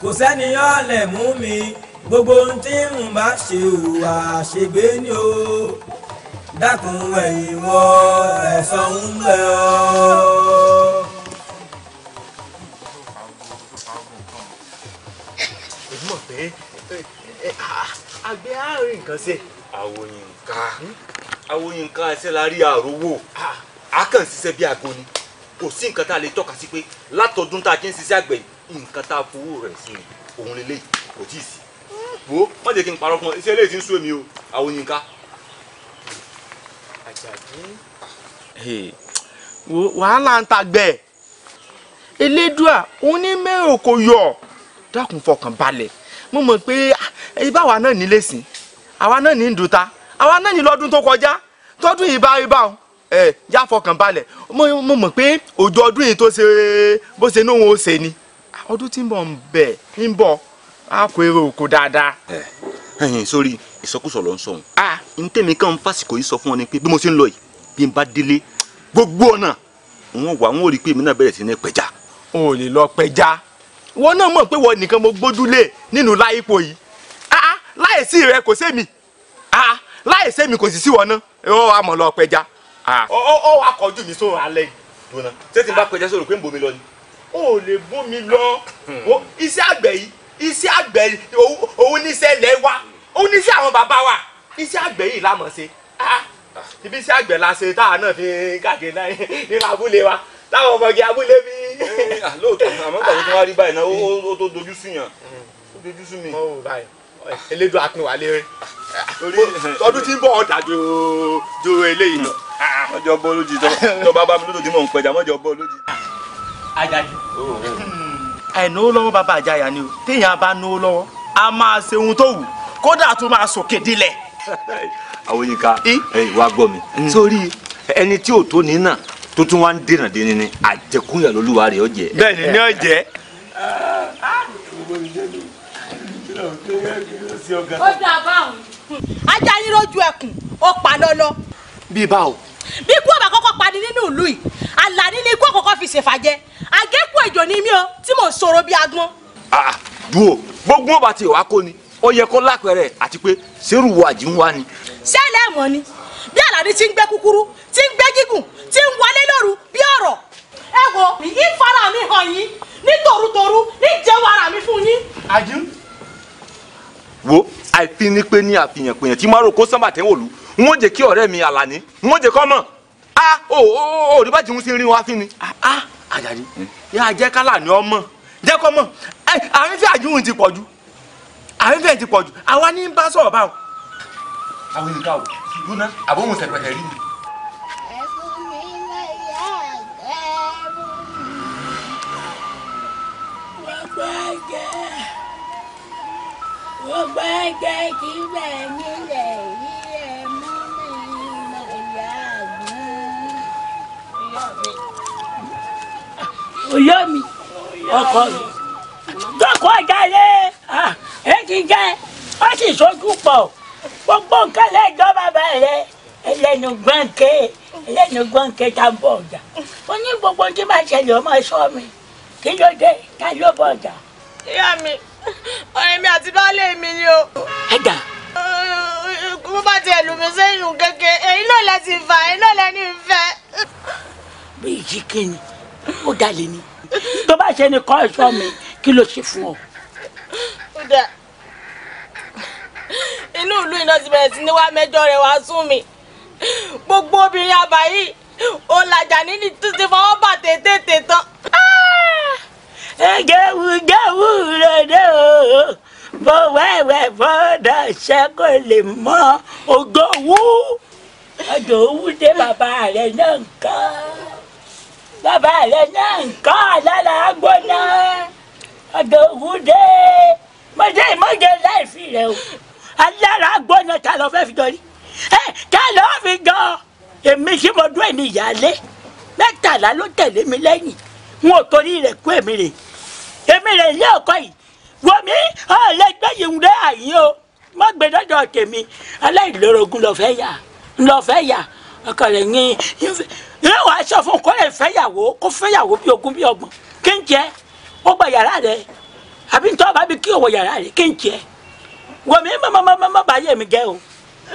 kò sẹ́ni ọ̀lẹ̀ mú mi gbogbo ohun tí n bá ṣe ò àṣegbé ni o dákun ẹ̀yìn wọ ẹ̀sán ń bẹ ọ́. àgbẹ̀ á nǹkan ṣe àwòyìnká àwòyìnká ẹsẹ̀ la rí àrówó àkànṣiṣẹ́ bí aago ni kò sí nǹkan tá a lè tọ́ka sí pé látọdún tá a ti ń ṣiṣẹ́ àgbẹ̀ nǹkan tá a fowó rẹ̀ sí òun lélẹ̀ kò tí ì sí wo má jẹ́ kí n parọ́ fún ọ iṣẹ́ eléyìí ti ń sú èmi o àwòyìnká. wàhálà ń ta gbẹ elédùà òun ní mẹ́rin kò yọ dákun fọkàn balẹ̀ mo mọ̀ pé ibà ah, náà nílé sìn àwa náà ní ndùta àwa náà ní lọ́dún tó kọjá tọdún yìí bá rí bá o ẹ já fọkàn balẹ̀ mo mọ̀ pé òjò ọdún yìí tó ṣe bó ṣe ní ó ṣe ni ọdún tí ń bọ̀ ń bẹ̀ ń bọ̀ á kó eré oko dáadáa. ẹ ẹyìn sórí ìsọkúsọ ló ń sọ òun. a n tẹ̀mí kan fásikò yìí sọ fún ọ ni pé bí mo ṣe ń lọ yìí bí n bá délé gbogbo ọ̀nà wọn wà wọn ò rí i pé èmi náà bẹ̀rẹ̀ sí ní pẹja. o ò lè lọ pẹja wọn náà mọ̀ pé wọn nìkan mo gbójúlé nínú láìpò yìí láìsí rẹ kò sẹ́mi ah láì sẹ́mi kò sì sí wọn náà ó wà mọ̀ lọ pẹja. Ah. ó wà kọjú mi sóhun alẹ́ ìdùnnà ṣé tí n bá pẹja sórí pé ń bomi lọ ni. ó lè bomi lọ hmm. iṣẹ́ àgbẹ̀ yìí iṣẹ́ àgbẹ̀ yìí òun níṣẹ́ lẹ̀ wá òun níṣẹ́ àwọn bàbá wa iṣẹ́ àgbẹ̀ yìí la mọ̀ ṣe ah, ibi iṣẹ́ àgbẹ̀ la ṣe táwa náà fi káàkiri náà nínú abúlé wa táwọn ọmọge abúlé bí. Eh, ah, lóòótọ́ àmọ́ gbàgbé tí wọ́n rí báyìí náà ó tó dojú sú yàn hmm. ó dojú sú mi elédùn àpínwá lérè ọdún tí ń bọ̀ ọ̀dà ju ju eléyìí lọ. mọ̀jọ bọ́ lójijì tó bá bá mi lódò tí mò ń pẹja mọ̀jọ bọ́ lójijì. Àjàyí àìnáwó oh, oh. lọ́wọ́ bàbá àjàyà ni o téèyàn bá náwó lọ́wọ́ a máa ṣe ohun tó wù kódà tó máa sòkè dilẹ̀. àwọn yìí ká wàá gbọ́ mi mm. sórí ẹni tí ò tó ní náà tó tún wá ń dènà dènà ni àjẹkúnyà lolúwa rẹ̀ ọ̀jẹ̀. bẹ́ẹ̀ni ní ọ̀jẹ̀ sí ọgá. ó dà báwọn. ajá yín lójú ẹkùn ó pa lọ́lọ́. bí báwo. bí kú ọba kọ́kọ́ pani nínú ìlú yìí àlàní ni ikú ọ̀kọ̀ọ̀kọ̀ fi ṣèfàjẹ́ àgékù èjò ni mí o tí mò ń sọ̀rọ̀ bí agbọ́n. Ah, dúró gbogbo ọba tí ìwà kó ni ó yẹ kó lápẹẹrẹ àti pé sẹ́rù wo àjí ń wá ni. sẹ́lẹ̀ mọ́ ni bí àlàní ti ń gbẹ́ kúkúrú ti ń gbẹ́ gígùn ti ń wọlé lóru bí ọ̀rọ̀ ẹ wo ìfara mi hàn yín ní tòrútòrú ní jẹ́wọ́ ara mi fún yín. àjú wo àìfi ní pé ní àfihàn pèyàn tí márùn kó sábà tẹ́ wòlú n ó jẹ́ kí ọ̀rẹ́ mi àlàní n ó jẹ́ kọ́ mọ̀ a ò ò ò rí bàjẹ́ ń sin rí wọn àfin ni a àjàdí yà á jẹ́ kálà ní ọmọ jẹ́ kọ́ mọ̀ ẹ àmì fẹ́ àjùhùn ti pọ̀jù àmì fẹ́ ti pọ̀jù àwa ní bá sọ̀rọ̀ báwọn. àwọn ènìyàn báwo lónà àbọ̀wọ̀n sẹ̀pẹ̀tẹ̀ rí mi. Yeah gbogbo ẹgbẹ́ kí bẹ́ẹ̀ nílẹ̀ yìí ẹ mú mi mọ ìyá àgbọn. òyà mi ọkọ mi dọkọ jáde ẹ ti jẹ ó sì sojú pọ̀ gbogbo nǹkan lẹ́jọ́ bàbá rẹ ẹlẹ́nu gbọǹkẹ́ ẹlẹ́nu gbọǹkẹ́ tá a bọ̀ ọ̀jà ó ní gbogbo tí máa ṣẹlẹ̀ ọmọ ẹ̀ṣọ́ mi kí ló dé ta ló bọ̀ ọ̀jà. ìyá mi ọ̀rẹ́ àti baálé mi ni o. ẹ mo bá tiẹ̀ lù mí sẹ́yìn kékeré èyí náà lẹ ti fà èyí náà lẹ ní ìfẹ́. bí ìjì kìíní ó dalẹ̀ ni tó bá ṣe ni kọ́ ẹ̀ṣọ́ mi kí ló ṣe fún ọ. ó inú ìlú iná ti bẹ̀rẹ̀ sí ní wá mẹ́jọ rẹ̀ wá sún mi gbogbo obìnrin àbáyé òun làjà nínú tó ti fọwọ́ bà tètè tán. Ah! ẹjẹwu jẹwu rere o bó wẹ́wẹ́ fọ́dà ṣẹ́kọ̀ lè mọ ogówú ọdọ owú dé bàbá rẹ náà nǹkan bàbá rẹ náà nǹkan lára agbóná ọdọ owú dé mọdé mọdé láìfi rẹ o alára agbóná ta ló fẹ́ fi jọ rí ẹ ta ló fi jọ èmi sí mo dún ẹ̀ ní ìyáálé mẹ́tàlá ló tẹ̀lé mi lẹ́yìn n ò torí rẹ̀ kó èmi rè èmi rè ilé ọkọ yìí wọ́n mi ọ̀lẹ́gbẹ́ yìí ń rẹ́ àyín o má gbé dọ́dọ̀ tèmi aláìlórogún lọ́fẹ́ yà lọ́fẹ́ yà ọkọ rẹ̀ ní yóò wá aṣọ fún kó lè fẹ́yàwó kó fẹ́yàwó bí ogún bí ọgbọ̀n kí n jẹ́ ó gba yàrá rẹ̀ àbí ntọ́ bá bí kí òwò yàrá rẹ̀ kí n jẹ́ wọ́n mi mọ̀mọ́mọ́mọ́ bá yẹ̀ mí gẹ́ o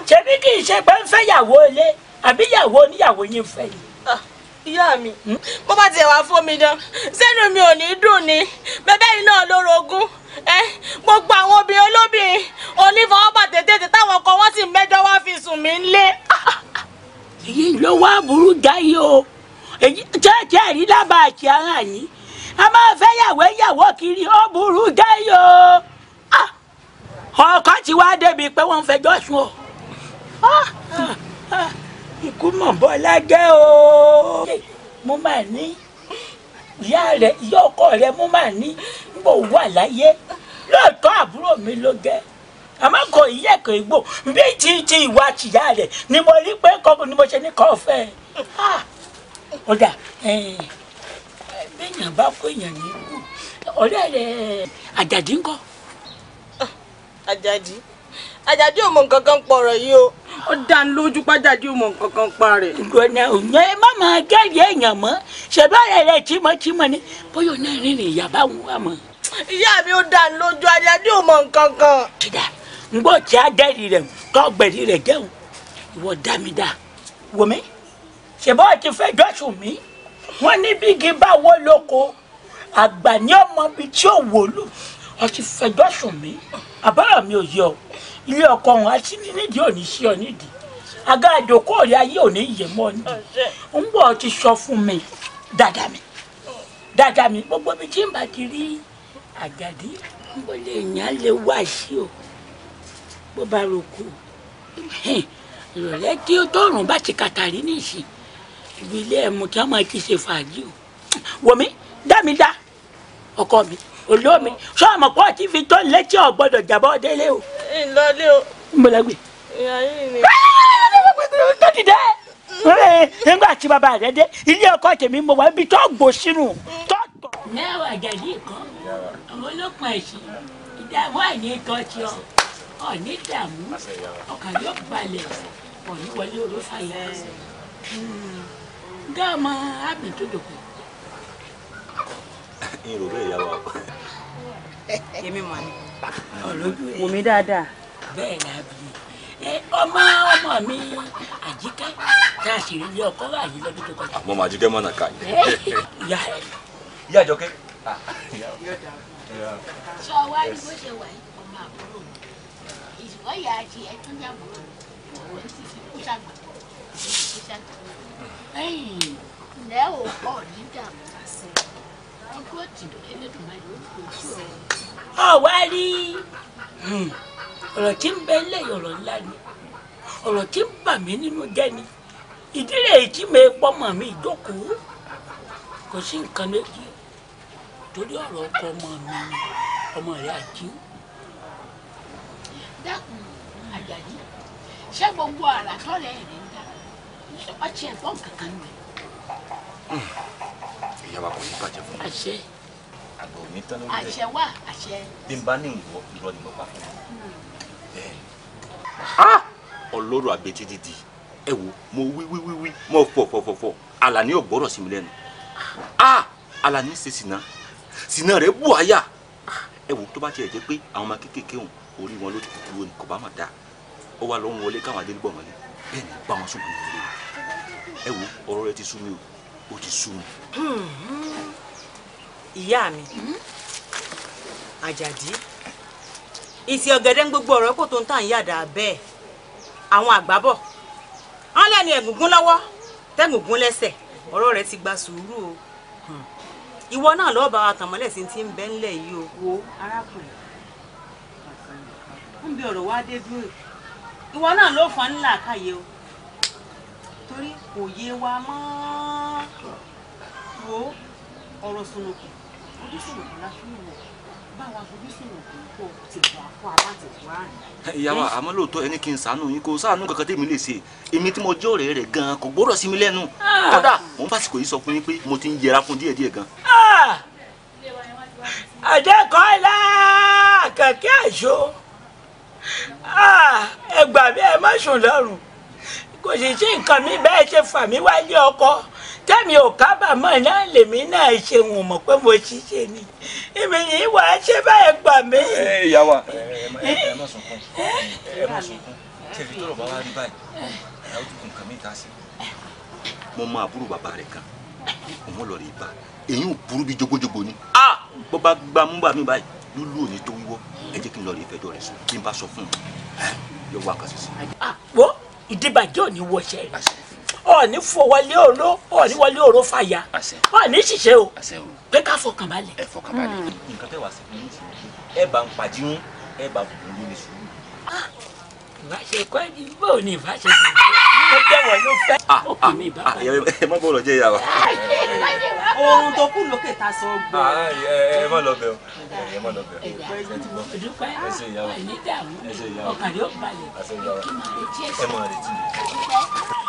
ṣebí kì í ṣe pé ń fẹ́yàwó ilé àbí yàwó oníyàwó yín fẹ́ yìí ìyá mi bó bá tiẹ̀ wá fún mi dán sẹ́nu mi ò ní dùn ni bẹ́ẹ̀ ni náà ló rogún gbogbo àwọn obìnrin olóbìnrin onífọwọ́bà tètè táwọn ọkọ wọn sì mẹ́jọ wá fi sùn mí lé. èyí ló wá burú jáyé o jẹ́ẹ̀jẹ́ rí lábàá àti ara yìí a máa fẹ́ yàwó yàwó kiri ó burú jáyé o ah, ọkọ ti wá débi pé wọ́n ń fẹjọ́ sùn o. Ah, ah, ikú mọ̀ bọ́ lájẹ́ o mo máa ní ìyá rẹ ìyá ọkọ rẹ mo máa ní wà láyé lóòótọ́ àbúrò mi ló àmọ́ kò bí ti ti ìwà tìyá rẹ ni mo rí pé ni mo ṣe ní bá kó èèyàn ní ọ̀rẹ́ rẹ àjàdí ah, àjàdí. àjàdí ò mọ nǹkan kan pọ̀ ọ̀rọ̀ yìí o ó dá ní lójú pájàdí ò mọ nǹkan kan pa rẹ̀. gbọ́dọ̀ òyìn ẹ má máa jẹ́rìí èèyàn mọ́ ṣèbáyà rẹ̀ tímọ́tímọ́ ni bóyá náà rìnrìn ìyá bá wù wá mọ́. ìyá mi ó dá lójú àjàdí ò mọ nǹkan kan. dídà tí a dẹ́rì rẹ̀ kọ́ gbẹ̀rì rẹ̀ jẹun ìwọ dá mi dá wò mí ṣèbá ti fẹ́ jọ́sùn mi wọ́n ní bígi báwo lóko àgbà ní ọmọ bíi tí ò wò lù ọ ti fẹ́ jọ́sùn mi àbáyọ̀ mi ò yẹ ilé ọkọ òun àti nídìí òní sí ọ nídìí àga àjòkó òrí ayé òní yè mọ ni ń bọ̀ ti sọ fún mi dada mi dada mi gbogbo bí tí n bá ti rí àjàdí ń bọ̀ lè yàn lè wá sí o bó bá roko ìrọ̀lẹ́ tí tọrùn bá ti kàtàrí nìsín ìbílẹ̀ ẹ̀mú tí wọ́n máa ti ṣe fàájì o wò dá mi dá ọkọ mi olómi sọ ọmọ kọ́ ti fi tó létí ọ̀ gbọ́dọ̀ jàbọ́ délé o. ìlọlé o. n bọ̀lá gbé. ìyá yìí ni. tó ti dẹ́ nígbà tí bàbá rẹ dé ilé ọkọ tèmi mo wà níbi tó gbò sínú tó tọ̀. mẹ́wàá gàdí kan àwọn olókùn ẹ̀sìn ìdààmú àìní kan ti ọ ọ̀ní dààmú ọkàn yóò balẹ̀ ọ̀ní wọlé oró fàyà. Hmm. gáàmù àbí tó dòkó ní ìrò bẹ́ẹ̀ yàwá o. èmi mà ní. wò mí dáadáa. bẹ́ẹ̀ ni àbí ọmọ ọmọ mi àjíkẹ́ tá a sì rí ilé ọkọ wà yìí lọ́dún tó kọjá. àmọ́ màá jíkẹ́ mọ́nà ká yìí. ìyá ìyá àjọkẹ́. sọ ah, wá ní bó ṣe wà yìí ọmọ àbúrò mi ìṣùgbọ́n ìyá àti ẹtún jàbúrò mi òun ti fi kú sàgbà kú sàgbà. ẹ̀yìn hmm. ǹlẹ́ o ọ̀wá rí hmm. ọ̀rọ̀ tí ń bẹ lẹ́yìn ọ̀rọ̀ ńlá ni ọ̀rọ̀ tí ń bà mí nínú jẹ́ ni ìdílé tí mi pọ́mọ̀ mi ìjókòó kò sí nǹkan méjì torí ọ̀rọ̀ ọkọ ọmọ mi ọmọ rẹ̀ àjí. dákun àjàdí ṣé gbogbo àràtọ́ rẹ̀ rẹ̀ ń dá ọtí ẹ̀gbọ́n kankan nù ìyá wa kò ní bàjẹ́ fún mi. àṣẹ àgbà ò ní tán lórí rẹ àṣẹ wà àṣẹ. bí n bá ní ìwọ ni mo pa fún mi. bẹ́ẹ̀ ah! ọlọ́rọ̀ àbètí dídì ẹ wo mo wí wí wí wí mo fọ fọ fọ fọ àlàní ò gbọ́rọ̀ sí mi lẹ́nu ah! àlàní ṣe sìnà sìnà rẹ̀ bù àyà ah! ẹ wo tó bá tiẹ̀ jẹ́ pé àwọn ọmọ kéékèèké òun orí wọn ló ti kú dúró ní kò bá má dáa ó wà lọ́wọ́ wọlé káwọn adélébọ̀ mọ́lé bẹ́ẹ̀ ni bá wọn sùn kúrò ẹ wo ọ̀rọ̀ rẹ ti sú mi o ó ti sú mi. Hmm. ìyá mi àjàdí ìsì ọ̀gẹ̀dẹ̀ ń gbogbo ọ̀rọ̀ kò tó ń tàn yàdà bẹ́ẹ̀ àwọn àgbà bọ̀ wọ́n lẹ́nu ẹ̀gúngún lọ́wọ́ tẹ́gúngún lẹ́sẹ̀ ọ̀rọ̀ rẹ̀ ti gba sùúrù o hmm. ìwọ náà lọ́ọ́ bá wa tàn mọ́lẹ̀ sí ti ń bẹ́ ńlẹ̀ yìí o. wo arákùnrin ń bí ọ̀rọ̀ wá dé dúró ìwọ náà ló fọ́n ńlá káyé o torí kò yé wa mọ́. wo ọ̀rọ̀ sunukun oníṣòwò láṣùwò báwa oníṣòwò kò tẹ̀wá fún abátẹ̀wá rẹ̀. ìyàwó àmọ́ lóòótọ́ ẹni kí n ṣàánú yín kó ṣàánú kankan tèmi lè ṣe èmi tí mo jẹ́ ọ̀rẹ́ rẹ̀ gan-an kò gbọ́dọ̀ sí mi lẹ́nu ah! kódà mò ń fàsìkò yìí sọ fún yín pé mo ti ń yẹra fún díẹ̀díẹ̀ gan. Ah! àdẹ́kọ̀ọ́lá kàkẹ́ àṣọ ah! ẹgbàá mi ẹ má sùn lọ́rùn kò sì sí nǹkan mi bẹ́ẹ̀ ṣe fà mí wálé ọkọ tẹ́mi ò kábàámọ̀ náà lèmi náà ṣe wọn mọ̀ pé mo ṣiṣẹ́ ni èmi yìí wà á ṣe báyẹn gbà mí. ẹ ìyá wa ẹ má sunkún ẹ má sunkún tẹ̀lé tọrọ bá wá rí báyìí ẹ ó dùkùn kàmí ìta sí. mo mọ àbúrò bàbá rẹ kan òun lọ rí bá èyí ò burú bí jogbojogbo ni. a bó bá gba mú bàmí báyìí lúlú òní tó wíwọ́ ẹ jẹ́ kí n lọ rí ìfẹ́jọ́ rẹ sùn kí n bá sọ fún un yóò wá kàṣí sí. àpò ìdíbàjẹ́ ò ní wọ ọ̀ọ́ni fọwọ́lé òró ọ̀ọ́ni wọlé òró fàyà ọ̀ọ́ni ṣiṣẹ́ o pé ká fọkànbalẹ̀. ẹ fọkànbalẹ̀ hmm. nǹkan tẹ wá sí i ẹ bá ń pàdé ń ẹ bá bùn lórí sùúrù. Ah, ìbáṣekọ́ ni bó ni ìbáṣekọ́ ló jẹ́wọ́ ah ah, ah ẹ má bọ̀ lọ jẹ́ ìyá wa. ohun tó kù lókè ta sọ gbọ́. Ah, ẹ má lọ bẹ o ẹ má lọ bẹ o. ìdúpẹ́ ìdídàmú ọkàn yóò balẹ̀ kí máa retí ẹ.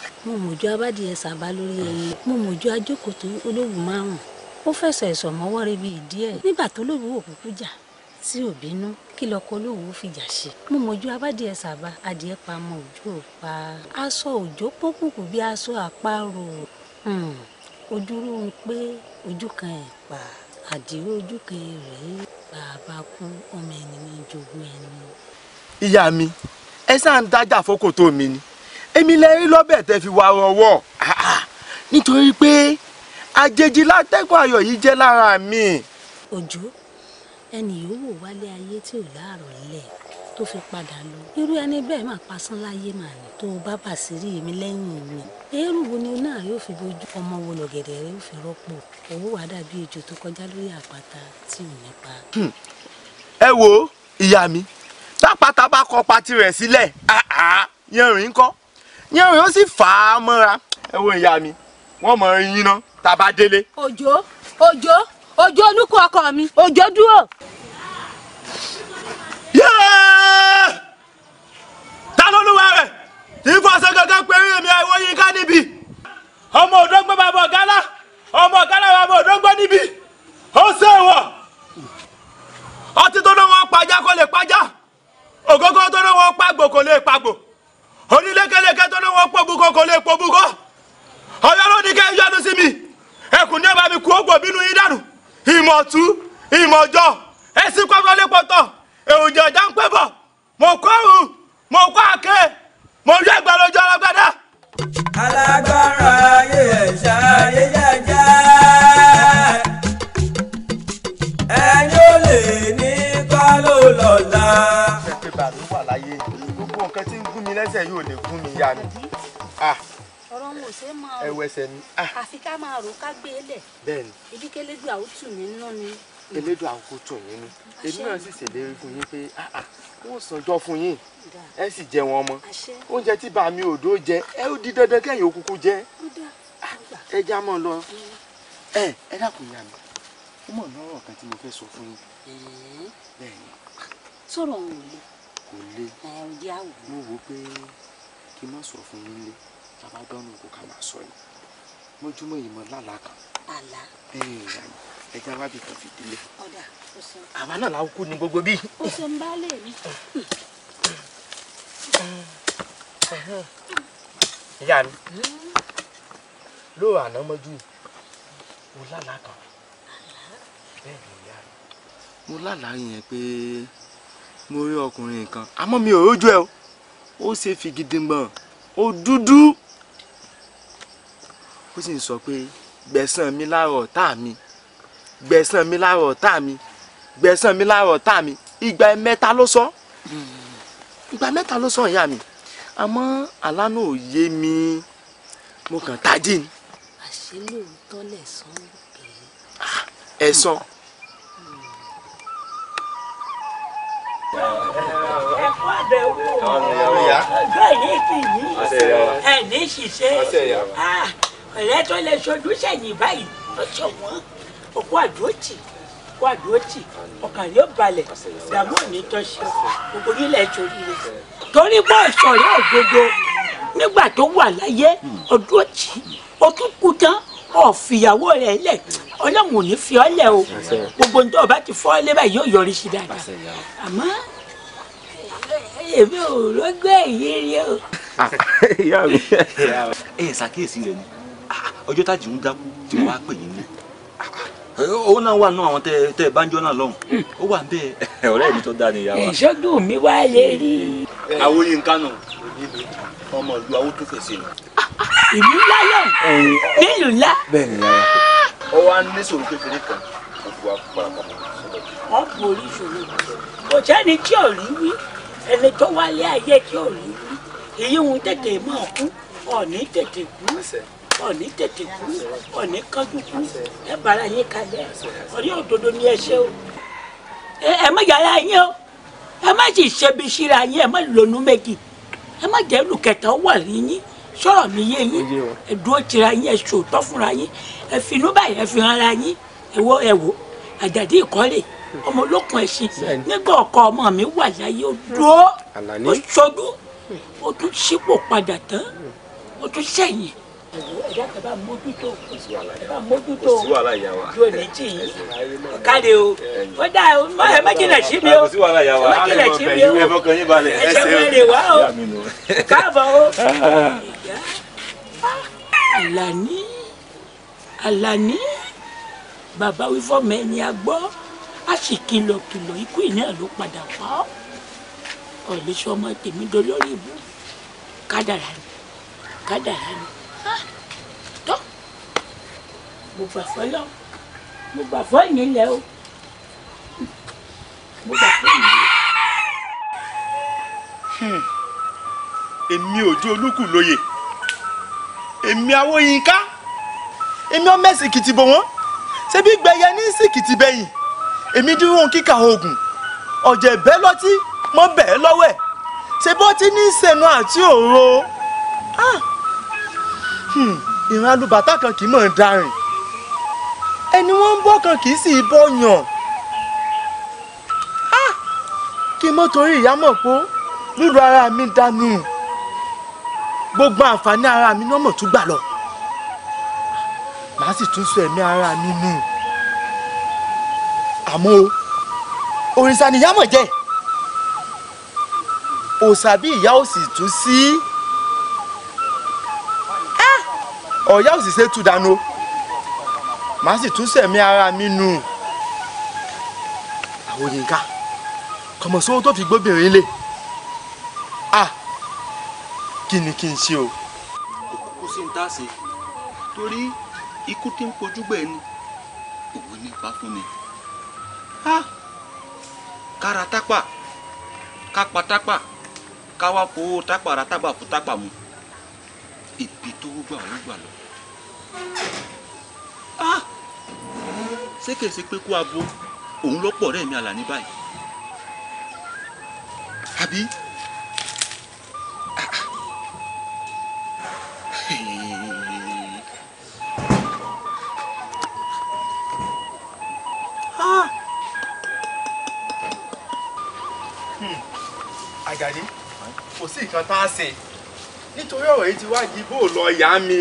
mo mọ̀jọ́ abádìyẹ sábà lórí ẹyin mo mọ̀jọ́ ajókòtò olówù márùn ó fẹsẹ̀ ẹ̀sọ̀ mọ́wọ́ rẹ̀ bíi díẹ̀ nígbà tó lówù òkúkú jà tí ò bínú kí lọkọ olówù fìjà ṣe mo mọ̀jọ́ abádìyẹ sábà adìẹ pa mọ òjò pa aṣọ òjò pọ́kùnkùn bí aṣọ àparò hmm, ojúrú ń pé ojú kan ẹ̀ pa àdìrú ojú kan rèé bàbá kú ọmọ ẹni ní jogún ẹni. ìyá mi ẹ sáà ń dájà fókòtò mi ni èmi lẹ rí lọ́bẹ̀ tẹ́ fi wá rọwọ́ ah, nítorí pé àjèjì látẹ́gùn ayọ̀ yìí jẹ́ lára mi. òjò ẹnì yòówù wálé ayé tí ò láàrọ̀ lẹ̀ tó fi padà lọ irú ẹni bẹ́ẹ̀ máa pasán láyé màá ní tó bá bàṣírí èmi lẹ́yìn mi eérú wo ni náà yóò fi bójú ọmọ wo lọ̀gẹ̀dẹ̀ rẹ yóò fi rọ́pò owó wàá dàbí ejò tó kọjá lórí àpáta tí ò nípa. Hmm. ẹ wo ìyá mi tápátá bá kọ patí rẹ̀ sílẹ̀ yẹn rìn yẹn yóò sì fà á mọ́ra ẹ wo ìyá mi wọ́n mọ̀ ẹ́ yín ná tá a bá délé. òjò òjò òjò olúkọ ọkọ mi òjò dúró. yéé ta lólúwa rẹ̀ tí fọṣọ gangan pé rí èmi àìwọ yín ká níbi ọmọ òdógbó bàbá ọ̀gálá ọmọ ọ̀gálá bàbá òdógbó níbi ó ṣèwọ̀ ọtí tó náà wọ́n pajá lè pajá ògógó tó náà pàgbò kó lè pàgbò onílékeleke tó ló wọn pòbúkọ kò lè pòbúkọ ọlọ́run ní kẹ́ yọnu sí mi ẹkùn ní ọba mi kú ògbò bínú yín dànù ìmọ̀tú ìmọ̀jọ ẹsìn kọ́kọ́ lè pọ̀tọ̀ èròjà ọjà ń pẹ́ bọ̀ mo kọ́ òun mo kọ́ àké mo rí ẹgbẹ́ lójú alágbára ayé ẹ̀ṣá ayé jẹ́jẹ́ ẹni ó lè ní kọ́ ló lọ́la nǹkan tí ń gún mi lẹ́sẹ̀ yóò lè gún mi yá mi. ọ̀rọ̀ ń ah. wò ṣe é máa rò ẹ̀wẹ̀sẹ̀ ni. Ah. àfi ká máa rò ká gbé e lẹ̀. bẹ́ẹ̀ni. ibi kẹlẹ́dù àwùjọ mi ń ná ni. kẹlẹ́dù àwùjọ mi ni èmi náà sì ṣèlérí fún yín pé wọ́n ah, sọjọ́ fún yín ẹ sì jẹ wọn mọ́ oúnjẹ tí bá mi òdó jẹ ẹ ó di dandan kẹ́yìn òkùnkùn jẹ ẹ já mọ́ lọ ẹ ẹ dákun yá mi ó mọ̀ lọ́rọ̀ kan tí mo fẹ́ sọ fún yín bẹ́ẹ̀ ni. sọ̀rọ̀ òun ò le kò le mo wò pé kí n má sọ fún yín lé tàbá dánù kò ká máa sọ ni mọ́júmọ́ yìí mọ́ lálàá kan ẹja wábì kan fìdílé àwa náà làwọn kú ni gbogbo bí. o ṣe ń bá lè rí. ìyá mi lóò àná mọ́jú mo lálàá kan bẹ́ẹ̀ ni ìyá mi mo lálàá yẹn pé mo rí ọkùnrin kan àmọ́ mi ò rójú ẹ o ó ṣe fìgìdìngbọ̀n ó dúdú ó sì ń sọ pé gbẹ̀san mi láàrọ̀ ọ̀tá mi gbẹ̀san mi láàrọ̀ ọ̀tá mi gbẹ̀san mi láàrọ̀ ọ̀tá mi ìgbà mẹ́ta ló sọ ìgbà mẹ́ta ló sọ ìyá mi àmọ́ àlánà ò yé mi mo kàn tají ni. àṣé lóòótọ́ lẹ̀sán ń pè é. Ah, ẹ̀sán. ẹ̀kọ́ àbẹ̀wò bẹ́ẹ̀ ní kìíní ẹ̀ ní ṣiṣẹ́ ọ̀rẹ́ tó lè ṣojú sẹ́yìn báyìí ó ṣọ̀wọ́n òkú àdúrótì òkú àdúrótì ọkàn yóò balẹ̀ ìdààmú òní tọ́ṣe gbogbo nílẹ̀ torí rẹ̀ torí bọ́ ìsọ̀rẹ́ òdodo nígbà tó wà láyé ọdún ọtí ó tún kú tán ọ fìyàwó rẹ lẹ ọlọ́run ò ní fi ọ lẹ o gbogbo nítorí ọba ti fọ ọ lé báyìí yóò yọrí sí dáadáa àmọ́ èmi ò rọgbẹ yìí rí o. ìyá mi ẹ ẹ ṣàkíyèsí rẹ ni ọjọ́ tájì ń dákú tí wọ́n á pè yín ní ó náà wà náà àwọn tẹ tẹ bánjọ náà lọhùn ó wà bẹ́ẹ̀ ọ̀rẹ́ mi tó dá ni ìyá wa. ìṣọdún mi wá lè rí. àwọn yín kánò ọmọ ìlú awó tó fèsì nù. ìlú ńlá náà nílùú ńlá. bẹ́ẹ̀ni yàrá. ó wá ní sòrò kékeré kan gbogbo àpapọ̀ àpapọ̀. wọn kò rí ìṣòro kò sẹ́ni tí ò rí wí ẹni tó wálé ayé tí ò rí wí èyí ń tètè máa kú ọ̀ní tètè kú ọ̀ní tètè kú ọ̀ní kánjú kú ẹ bára yín kalẹ̀ ọ̀ní òdodo ni ẹ ṣe o ẹ má yàrá yín o ẹ má sì ṣebi síra yín ẹ má lónú méjì ẹ má jẹ́ ìlú kẹta ó wà ní yín sọ̀rọ̀ mi yé yín ẹ dúró tira yín ẹ ṣòótọ́ fúnra yín ẹ finú báyìí ẹ fi hanra yín ẹ wò ẹ wò àjàdí ìkọ́lé ọmọ olókun ẹ̀sìn nígbà ọkọ ọmọ mi wà láyé ó dúró ó ṣojú ó tún ṣípò padà tán ó tún ṣẹ̀yìn ẹ̀dá kan bá mójútó bá mójútó yóò ní jì í káde o ó dà o ẹ má jìnà sí mi o ẹ má jìnà sí mi o ẹ ṣe mẹ́rin wá o káàbọ̀ o. Àlàní Àlàní bàbá wí fọ́mọ ẹni a gbọ́ a sì kìlọ̀kìlọ̀ ikú ìní padà pa ọ́ ọ̀lẹ́sọ̀mọ tèmi dolórí ìbú kádàrá ni kádàrá ni. mo gbà fọlọ́ mo gbà fọ́ ìnílẹ̀ o mo gbà fọ́ ìnílẹ̀. Hmm. èmi òjò olúkù lóye èmi awóyinká èmi ọmọ ẹsìkìtì bò wọn ṣebí gbẹyẹ ní sìkìtì bẹyìn èmi dúró kíkà oògùn ọ̀jẹ̀ bẹ́ẹ̀ lọ́tí mo bẹ́ẹ̀ lọ́wọ́ ẹ̀ ṣe bó ti ní sẹnu àti òro ah! hmm. ìran alùbàtà kan kì í mọ̀ ń darin ẹni wọ́n ń bọ́ kan kì í sì bọ́ yàn kí n mọ́ torí ìyá mọ̀ pé lúlu ara mi dànù gbogbo àǹfààní ara mi náà mọ̀ tún gbà lọ màá sì tún sọ ẹ̀mí ara mi nù àmọ́ òrìṣà ni ìyá mọ̀ jẹ́ òòṣà bí ìyá ò sì tún sí ọ̀yá ò sì ṣe tù dànù o màá sì tún sẹ̀mí ara mi nù. àwọn yìnká kọmọ sówó tó fi gbóbìnrin lé a kí ni kí n ṣe o. òkùnkùn sì ń tà sí torí ikú tí ń pojú gbẹ̀ ni òun nípa fún mi. kára tápà kápá tápà káwá fowó tápà ra tápà fún tápà mu ibi tó gbà ó gbà lọ ṣé kìí ṣe pé kó abo òun lọ́pọ̀ ọ̀rẹ́ mi àlàní báyìí àbí hmm. àgàdí kò sí nǹkan tá a ṣe nítorí ọ̀rọ̀ yìí ti wá di bó lọ yá mi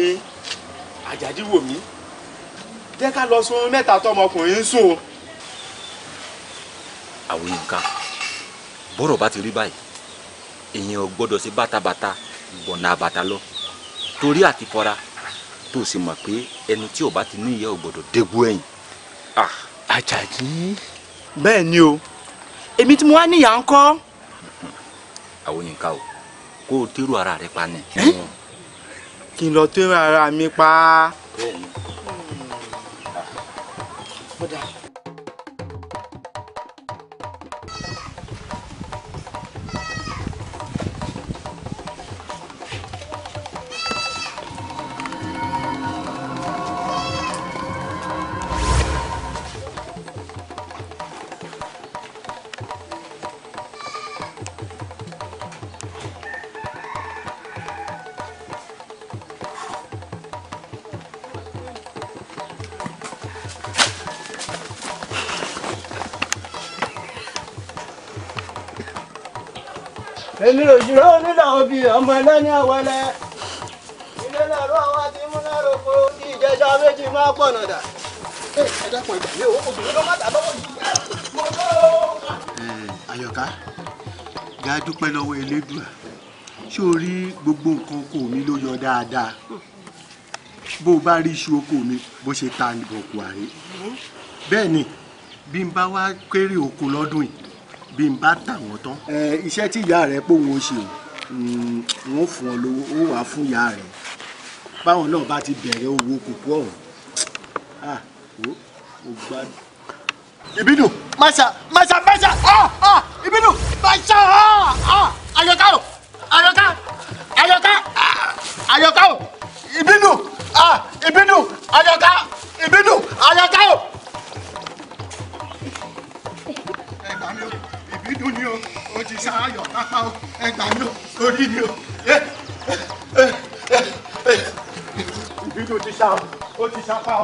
àjàdí wò mí jẹ́ ká lọ sun mẹ́ta tọmọkùnrin ń sùn o. àwọn nǹkan bọ́rọ̀ bá ti rí báyìí èèyàn ò gbọ́dọ̀ sí bàtàbàtà bọ̀nà àbàtà lọ torí àti fọra tó sì mọ̀ pé ẹni tí ò bá ti ní ìyá ò gbọ́dọ̀ dégbò ẹ̀yìn. Ah, àjàjì bẹ́ẹ̀ ni o èmi tí mo wá níyà ń kọ́. àwọn nǹkan o kó o tẹ́rù ara rẹ pa ni. kí n lọ tẹ́rù ara mi pa. Buddha. ọmọ ẹlẹ́ni ọ̀wẹ́lẹ́ ilé lẹ́rọ wa ti mú lẹ́rọ kó kí ìjẹsà méjì má pọ̀nà dà. ẹ dákun ẹgbẹ́ mi ò obìnrin ló má dà lọ́wọ́ yìí mo lọ. Àyọ̀ká ga dúpẹ́ lọ́wọ́ Elédùà ṣé o rí gbogbo nǹkan oko mi ló yọ dáadáa bó o bá rí iṣu oko mi bó ṣe ta ìbọ̀kù àrí bẹ́ẹ̀ ni bí n bá wá kéré oko lọ́dún yìí bí n bá tà wọ́n tán. iṣẹ́ tí ìyá rẹ̀ pòun ó ṣe o wọ́n fún ọ lówó ó wàá fún ìyá rẹ̀ báwọn náà bá ti bẹ̀rẹ̀ owó kòkó ọ̀hún ó ah, gbádùn. ìbínú masa masa masa ìbínú masa ayọ̀ká ayọ̀ká ayọ̀ká ayọ̀ká o. kí ni o ìbí eh, eh, eh, tó ti ṣá o ó ti ṣá pa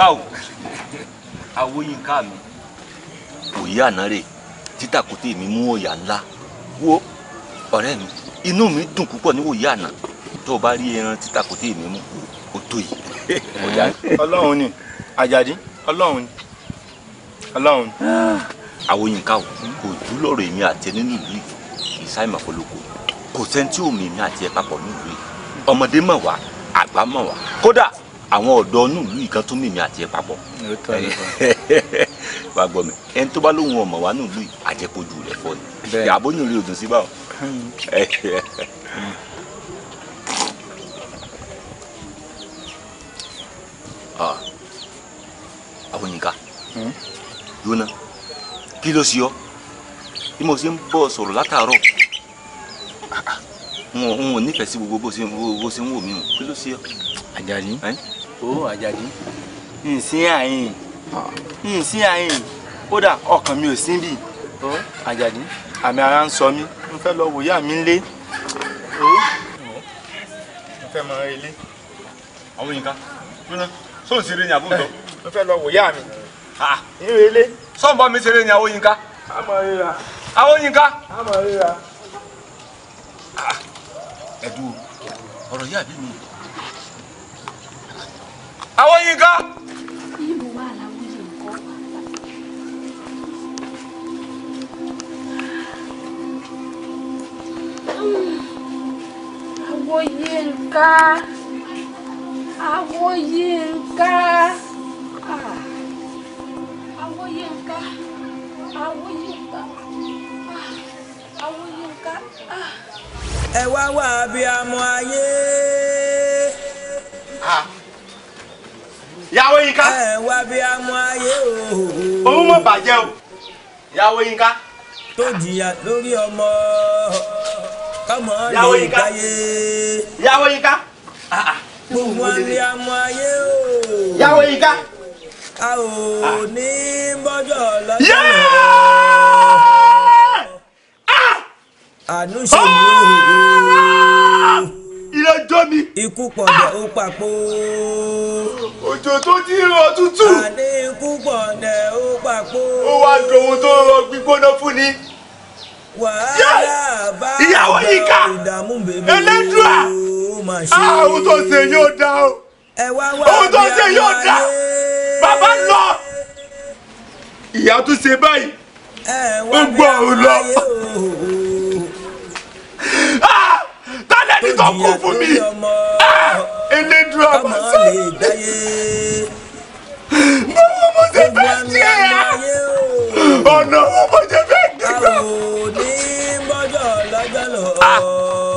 yínká o àwo yínká mi òye àná rè títàkùtì mi mú ọ̀yà ńlá wo ọ̀rẹ́ mi inú mi dùn púpọ̀ ní òye àná tó o bá rí ẹran títàkùtì mi mú o tó yìí. ọlọ́run ni àjàdí ọlọ́run ni ọlọ́run ni. àwo yínká o kò júlọ̀rọ̀ èmi àti ẹ nínú ìlú yìí kì í sáì mọ̀ kò sẹ́ni tí ò àti ẹ papọ̀ nínú ìlú yìí ọmọdé mọ̀ wá àgbà mọ̀ wá kódà àwọn ọ̀dọ́ inú ìlú yìí kan tún mímí àti ẹ papọ̀ wàá gbọ́ mi ẹni tó bá lóun ọmọ wa nù ìlú yìí àjẹpọ̀jù rẹ̀ fọ́ ni àbóyún rí odùn sí báwò. àwòyìnká yóná kí ló ṣe ọ bí mo ṣe ń bọ̀ sọ̀rọ̀ látàárọ̀ ah, ah. n ò nífẹ̀ẹ́ sí gbogbo bó ṣe ń wò mí o kí ló ṣe ọ. Àjàní ó àjàdí nsín àyìn nsín àyìn kódà ọkàn mi ò sí bì ó àjàdí àmì ara ń sọ mí n fẹ́ lọ wòyá mi ń lé ó n fẹ́ mọ ilé. àwọn yìí ká lónà sóun ṣeré ni àbúrò n fẹ́ lọ wòyá mi nínú ilé. sọ́ǹbọ̀ mi ṣeré ni àwọn yìí ká. àmọ̀ rírà. àwọn yìí ká. àmọ̀ rírà. ẹ̀dùn ọ̀rọ̀ yìí àbí mi àwọn yinka. àwọn yinka àwọn yinka àwọn yinka àwọn yinka àwọn yinka. ẹ wá wá abiyamọ ayé. Ah ìyàwó yínká. ẹ wá bí a mọ ayé o. òun mọ̀ bàjẹ́ o ìyàwó yínká. tó jìyà lórí ọmọ kọmọ lè gbáyé. ìyàwó yínká. gbogbo àbí a mọ ayé o. ìyàwó yínká. a ò ní bọ́jọ́ lọ́jọ́ ah! àánú ṣe mí o. Ah! ilé jó mi. ikú pọ̀dẹ̀ ó papò. òjò tó ti rọ tútù. àní ikú pọ̀dẹ̀ ó papò. ó wá dohun tó rọ gbígbóná fún ni. wàhálà bá ìyàwó yìí ká ẹlẹ́dùá àwọn ah, tó ṣe yóò dá o. ẹ wá wá àwọn tó ṣe yóò bàbá lọ. ìyá tún ṣe báyìí ó gbọ́ ọ lọ ẹni tó kú fún mi elédùn ah! ọmọ sọ́ọ̀tì báwo mo ṣe fẹ́ ṣe é ọ̀nà wo mo ṣe fẹ́ dìgbà.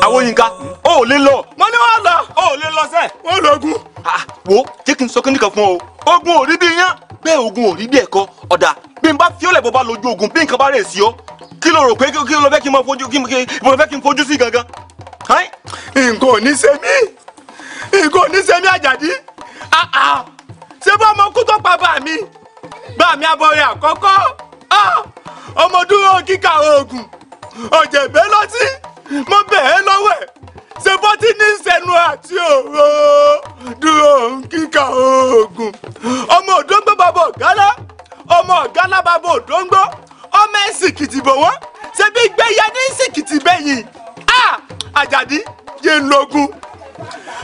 àwòyìnká ah! o ò lè lọ mo ní wọn lọ o ò lè lọ sẹ. wọn lọ gún. Ah! wo jẹ́ kí n sọ kí nìkan fún ọ ogun ò rí bí yán bẹ́ẹ̀ ogun ò rí bí ẹ̀kọ́ ọ̀dà bí n bá fiọ́lẹ̀ bó bá lójú ogun bí nǹkan bá rẹ̀ sí ọ kí ló rò pé kí ló fẹ́ kí n fojú sí gangan nǹkan ò ní ṣe mí nǹkan ò ní ṣe mí àjàdí ah, ah. ṣé bá ọmọ kú tó pa bá mi bá mi abọrẹ àkọ́kọ́ ah, ọmọ dúró kíkà oògùn ọ̀jẹ̀gbẹ́ lọ́tí mo bẹ̀ ẹ́ lọ́wọ́ ẹ̀ ṣe bọ́tí ní sẹ́nu àti òró dúró kíkà oògùn ọmọ òdóńgbò bàbá ọ̀gálá ọmọ ọ̀gálá bàbá òdóńgbò ọmọ ẹ̀sìn kìtìbọ̀ wọn ṣe bí gbẹ́yẹ ní sìkìtì bẹ́yìn àjàdí yé ń lógun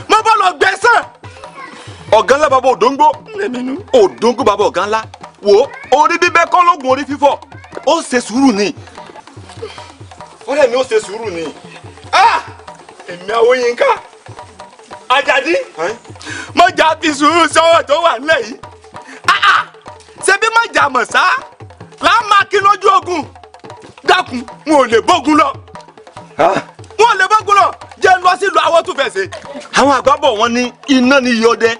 mo bọ́ lọ gbẹ̀sán. ọ̀gá ńlá bàbá òdóńgbò òdóńgbò bàbá ọ̀gá ńlá wo orí bíbẹ́ kọ́ lóògùn orí fífọ́ ó ṣe sùúrù ni ọ̀rẹ́ mi ó ṣe sùúrù ni èmi àwòyínká àjàdí mọ̀jà fi sùúrù sọ́wọ́ tó wà nílẹ̀ yìí ṣe bí mọ̀jà mọ̀ sá láà máa kí lójú ogun dákun n ò lè bógun lọ wọn lè bọ́gbọ́n lọ jẹ́ lọ sí lu àwọn tó fẹ̀sẹ̀. àwọn àgbàbọ̀ wọn ní iná ní iye ọdẹ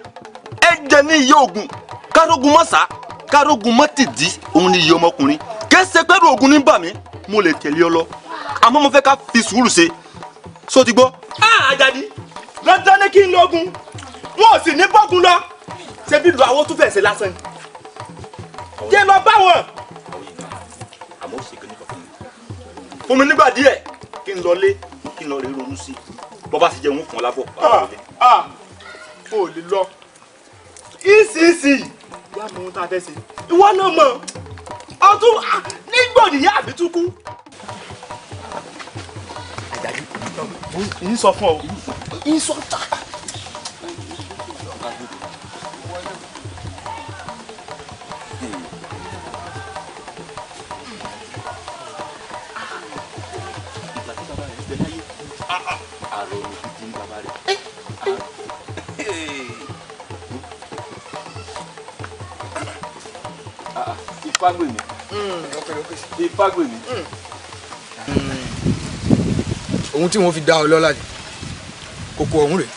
ẹ jẹ ní iye ogun kárógun mọ́sá kárógun mọ́tìdí òun ní iye ọmọkùnrin kẹsẹ̀ pẹ̀lú ogun ní bà mí mo lè tẹ̀lé ọ lọ àmọ́ mo fẹ́ ká fi sùúrù ṣe só ti gbọ́. àjàdí lọ́jọ́ ní kí n lọ́gun wọn ò sì ní bọ́gun lọ ṣebí lu àwọn tó fẹ̀sẹ̀ lásán jẹ́ lọ bá wọn. fún díẹ̀ kí n lọ lé kí n lọ rí ronú sí bọ́ bá ti jẹ́ òun kàn lábọ̀ bàbá rẹ̀. Ah, ah, o lè lọ ìsinsì wà mọ ohun tá a fẹ́ ṣe ìwọ náà mọ ọtún ah, nígbòdì yá àbí túkú. àjàdí ń sọ fún ọ ń sọ tá. Ifágbèmí. Hmm, Ifágbèmí. Hmm. Hmm. ohun tí wọ́n fi dá ọ lọ́lá ni kókó ọ̀hún rèé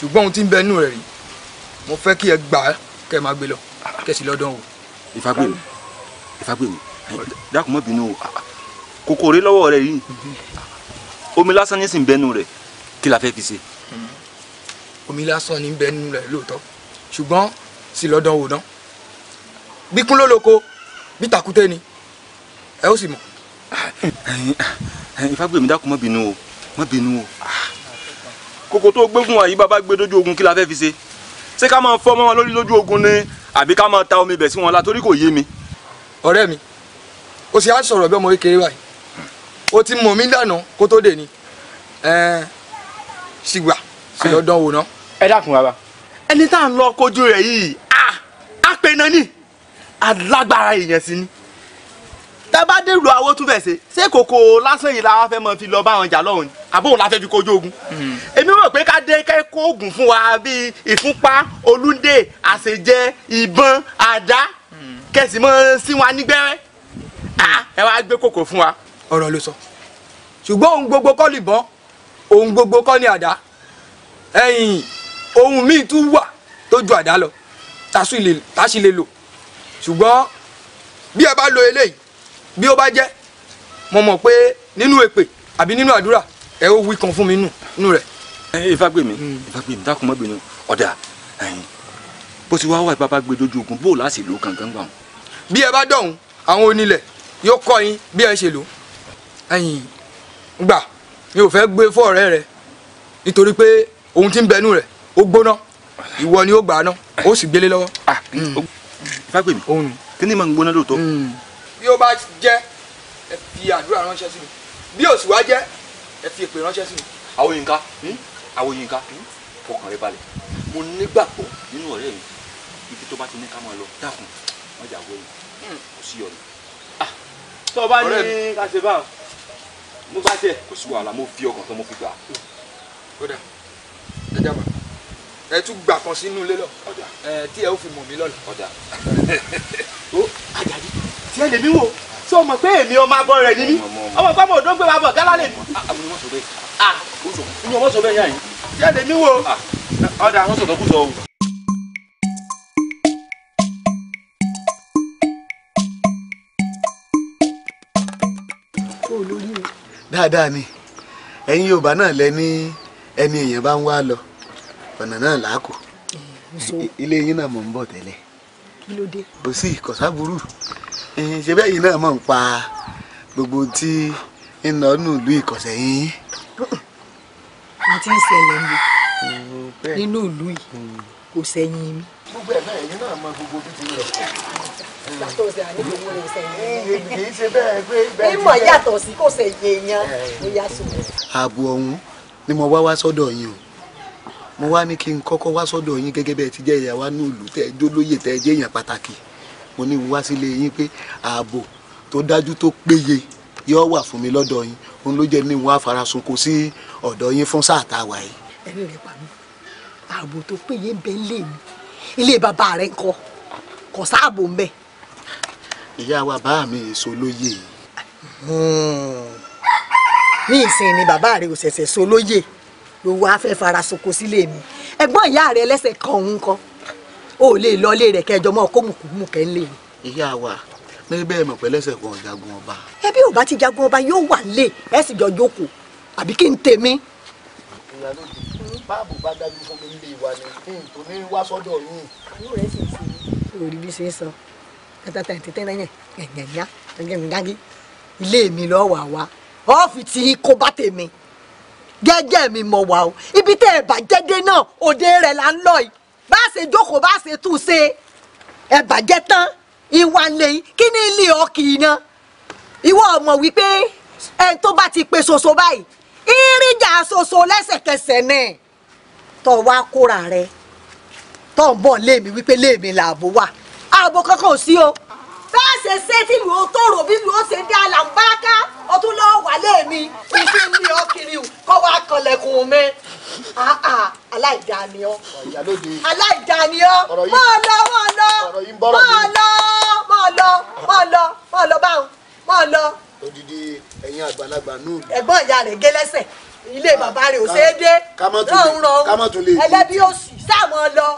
ṣùgbọ́n ohun tí ń bẹ nínú rẹ̀ rí mo fẹ́ kí ẹ gbà á kẹ́ ẹ máa gbé lọ kẹ́ ẹ sì lọ́dọ̀ wò. Ifágbèmí Ifágbèmí dákun má bínú kókó rèé lọ́wọ́ rẹ̀ yìí omi lásán ní sì ń bẹ nínú rẹ̀ kí la fẹ́ fi ṣe. omi lásán ní ń bẹ nínú rẹ̀ lóòótọ́ ṣùgbọ́n sì lọ́dọ̀ wò náà bí kún ló lóko bí tàkúté ni ẹ ó sì mọ̀. ìfàgbèmí dákun má bínú o má bínú o. kòkò tó gbégún àyí bàbá gbé dójú ogun kí la fẹ́ fi ṣe ṣé ká máa fọ́ ọmọ wọn lórí lójú ogun ni àbí ká máa ta omi bẹ̀ sí wọn la torí kò yé mi. ọ̀rẹ́ mi o sì á sọ̀rọ̀ bí ọmọ kékeré báyìí o ti mọ̀ mí dànù kó tó dé ni ṣìgbà ṣe lọ́dọ̀ wò ná. ẹ dákun bàbá ẹni tá à ń lọ kojú rẹ̀ yìí a pè náà ni alágbára èèyàn sí ni tẹ́bá dèrò àwọn tún fẹ̀ ṣe ṣé kòkò lásán yìí làwọn fẹ́ mọ fi lọ bá àwọn jà lọ́hùn àbóhùn la fẹ́ fi kojú ogun hmm. èmi rò pé ká dé kẹ́kọ̀ọ́ oògùn fún wa bíi ìfúnpá olúndé àṣejẹ ìbọn àdá hmm. kẹsì mọ́ sí wa nígbẹ́rẹ́ ẹ wá gbé kòkò fún wa. ọ̀rọ̀ ló sọ ṣùgbọ́n ohun gbogbo kọ́ lìbọn ohun gbogbo kọ́ ni àdá ẹ̀yìn ohun míì tún wà tó ju àdá lọ tá a sì lè lò ṣùgbọ́n bí ẹ bá lo eléyìí bí ó bá jẹ́ mo mọ̀ pé nínú èpè àbí nínú àdúrà ẹ ó wí kan fún mi nù nù rẹ̀. ẹ ifá gbèmí ifá hmm. gbèmí dákun má gbèmí ọ̀dà bó ti wá wà bàbá gbé dojú ogun bó láti lò kankan gbà wọn. bí ẹ bá dọ̀hún àwọn onílẹ̀ yóò kọ́ yín bí ẹ ṣe lò ẹ̀yìn gbà mi ò fẹ́ gbé fún ọ̀rẹ́ rẹ nítorí pé ohun tí ń bẹnu rẹ̀ ó gbóná ìwọ ni ó gbà á ná ó sì gbélé lọ́wọ́. Ah, hmm fágbè mi òun kíní máa ń gbóná lóòótọ́. Mm. bí ó bá jẹ́ ẹ fi àdúrà ránṣẹ́ sí mi bí ó sì wá jẹ́ ẹ fi èpè ránṣẹ́ sí mi. àwọn Yínká hmm? àwọn Yínká hmm? fọkàn rẹ balẹ̀ mo nígbàgbọ́ nínú ọ̀rẹ́ mi ibi tó bá ti ní ká máa lọ dákun wọ́n jà wọ́ọ̀yìn hmm. kò sí ọ̀nà. Ah, tó o bá ní ká ṣe bá mo bá tẹ̀. kò sí wàhálà mo fi ọkàn tán mo fi gbà. kódà ẹ dábàá ẹ tún gbà kan sínú ilé lọ ẹ tí ẹ ó fi mọ̀ mí lọ́la. ó àjàdí tí ẹ lè mí wò tí o mọ̀ pé èmi ọmọ abọ́ rẹ̀ ni mí ọmọ pẹ́ mọ̀ òdógbé wa bọ̀ gálá lè mí. àwọn ah, ah, ah, ọmọ sọ bẹ́ẹ̀ ni ọmọ sọ bẹ́ẹ̀ yàn yín. tí ẹ lè mí wò ọ̀dà àwọn sọ̀tọ̀ kù sọ o. dáadáa ni ẹ̀yin Yorùbá náà lẹ ní ẹni èèyàn bá ń wá lọ ọ̀nà náà làákò eh, ilé yín náà mọ̀ ń bọ̀ tẹ́lẹ̀ kí ló dé kò sí kọ̀sáburú eh, ṣe bẹ́ẹ̀ yín náà mọ̀ ń pa gbogbo tí ń lọ nù ìlú ìkọ̀sẹ̀ yín. mo ti ń ṣẹlẹ̀ mi nínú ìlú yìí kò sẹ́yìn mi. gbogbo ẹ̀ náà yín náà mọ̀ gbogbo bí ti lọ ìmọ̀ eh, yàtọ̀ sí kò sẹ̀yìn èèyàn ààbò ọ̀hún ni mo wá wá sọ́dọ̀ yín o mo wá ní kí n kọ́kọ́ wá sọ́dọ̀ yín gẹ́gẹ́ bẹ́ẹ̀ ti jẹ́ ìyá wa ní ìlú tẹ́ ẹ jólóyè tẹ́ ẹ jẹ́ èèyàn pàtàkì mo ní wá sílé yín pé ààbò tó dájú tó péye yóò wà fún mi lọ́dọ̀ yín òun ló jẹ́ ní wọ́n á fara sunko sí ọ̀dọ̀ yín fún sáà tá a wà yìí. ẹ̀rí rẹ̀ pa mí ààbò tó péye ń bẹ ilé mi ilé bàbá rẹ̀ ńkọ́ kò sáàbò ń bẹ. ìyá wa bá mi èso lóye. Hmm. ní ìsìn ni bàbá rẹ̀ ò ṣẹ̀ṣẹ̀ so lóye. So ló wá fẹ́ fara soko sílé mi ẹ̀gbọ́n ìyá rẹ lẹ́sẹ̀ kan òun kan ó lè lọ ilé rẹ̀ kẹjọ mọ́ kó mùkúmù kẹ́ ń lè mi. ìyá wa ní bẹ́ẹ̀ mọ̀ pé lẹ́sẹ̀ kan jagun ọba. ẹbí ò bá ti jagun ọba yóò wà lé ẹ sì jọ jókòó àbí kí n tèmi. báàbò bá dájú fún mi nílé ìwà ni kí n tó ní wá sọ́dọ̀ yín. àánú rẹ sì sí i. orí bí ṣe ń sọ tata tètè náà yẹn gàngàngá gàngàngá gẹ́gẹ́ mi mọ̀ wá o ibi tẹ́ ẹ bàjẹ́ dé náà òde rẹ̀ là ń lọ yìí bá a ṣe jókòó bá a ṣe tù ṣe ẹ bàjẹ́ tán ìwà lẹ́yìn kí ni ilé ọkì iná ìwọ ọmọ wípé ẹni tó bá ti pe ṣoṣo báyìí ìrìnjà ṣoṣo lẹ́sẹ̀kẹsẹ̀ náà tó wá kóra rẹ tó ń bọ̀ léèmí wípé léèmí làbò wà ààbò kankan ò sí o bẹ́ẹ̀ ṣe ṣe tí mi ò tòrò bí mi ò ṣe dá làǹbáká ọdún lọ́wọ́ wà lẹ́ẹ̀mí kí n sì ń ní ọ kọ́ wa kanlẹ̀kùn mi aláìdáni ọ aláìdáni ọ máa lọ máa lọ máa lọ máa lọ máa lọ máa lọ báwọn máa lọ. odidi ẹ̀yin àgbàlagbà nùú. ẹ̀gbọ́n ìyá rẹ̀ gé lẹ́sẹ̀ ilé ah, bàbá rẹ̀ ò ṣeé dé lọ́run rọrùn ẹlẹ́bí òsì sáà máa lọ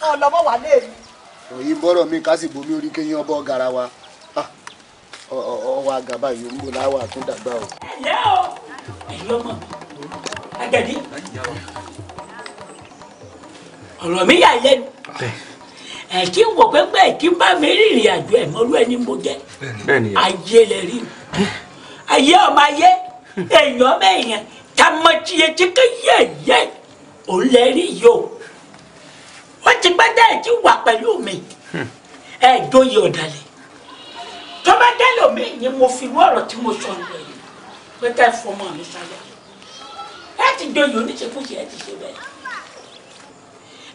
máa lọ mọ́ wà lẹ́ẹ̀mí òyìn bọ́rọ̀ mi ká sì bomi orí kéyìn ọbọ̀ garawa ah, ọwọ́ àgàbà yìí ń bò láwà tún dàgbà o. ẹ̀lẹ́ o ẹ̀yin ọmọ agẹ̀dí ọ̀rọ̀ mi yà lẹ́nu ẹ̀ kí n wò pé pé kí n bá mi rìnrìn àjò ẹ̀ mọ́lú ẹni mo jẹ́ ayé lè rí mi ayé ọmọ ayé èèyàn ọmọ èèyàn tá a mọ tiye tí kéye yẹ òun lè rí yìí o ó ti pẹ́ dẹ́ ẹ̀ ti wà pẹ̀lú mi hmm. ẹ̀ dóye ọ̀dàlẹ̀ tó bá dẹ́ lómi ni mo fi wọ́ ọ̀rọ̀ tí mo sọ lọ yìí pé ká ẹ fọmọ mi sáyà ẹ ti dóye oníṣekúṣe ẹ ti ṣe bẹ́ẹ̀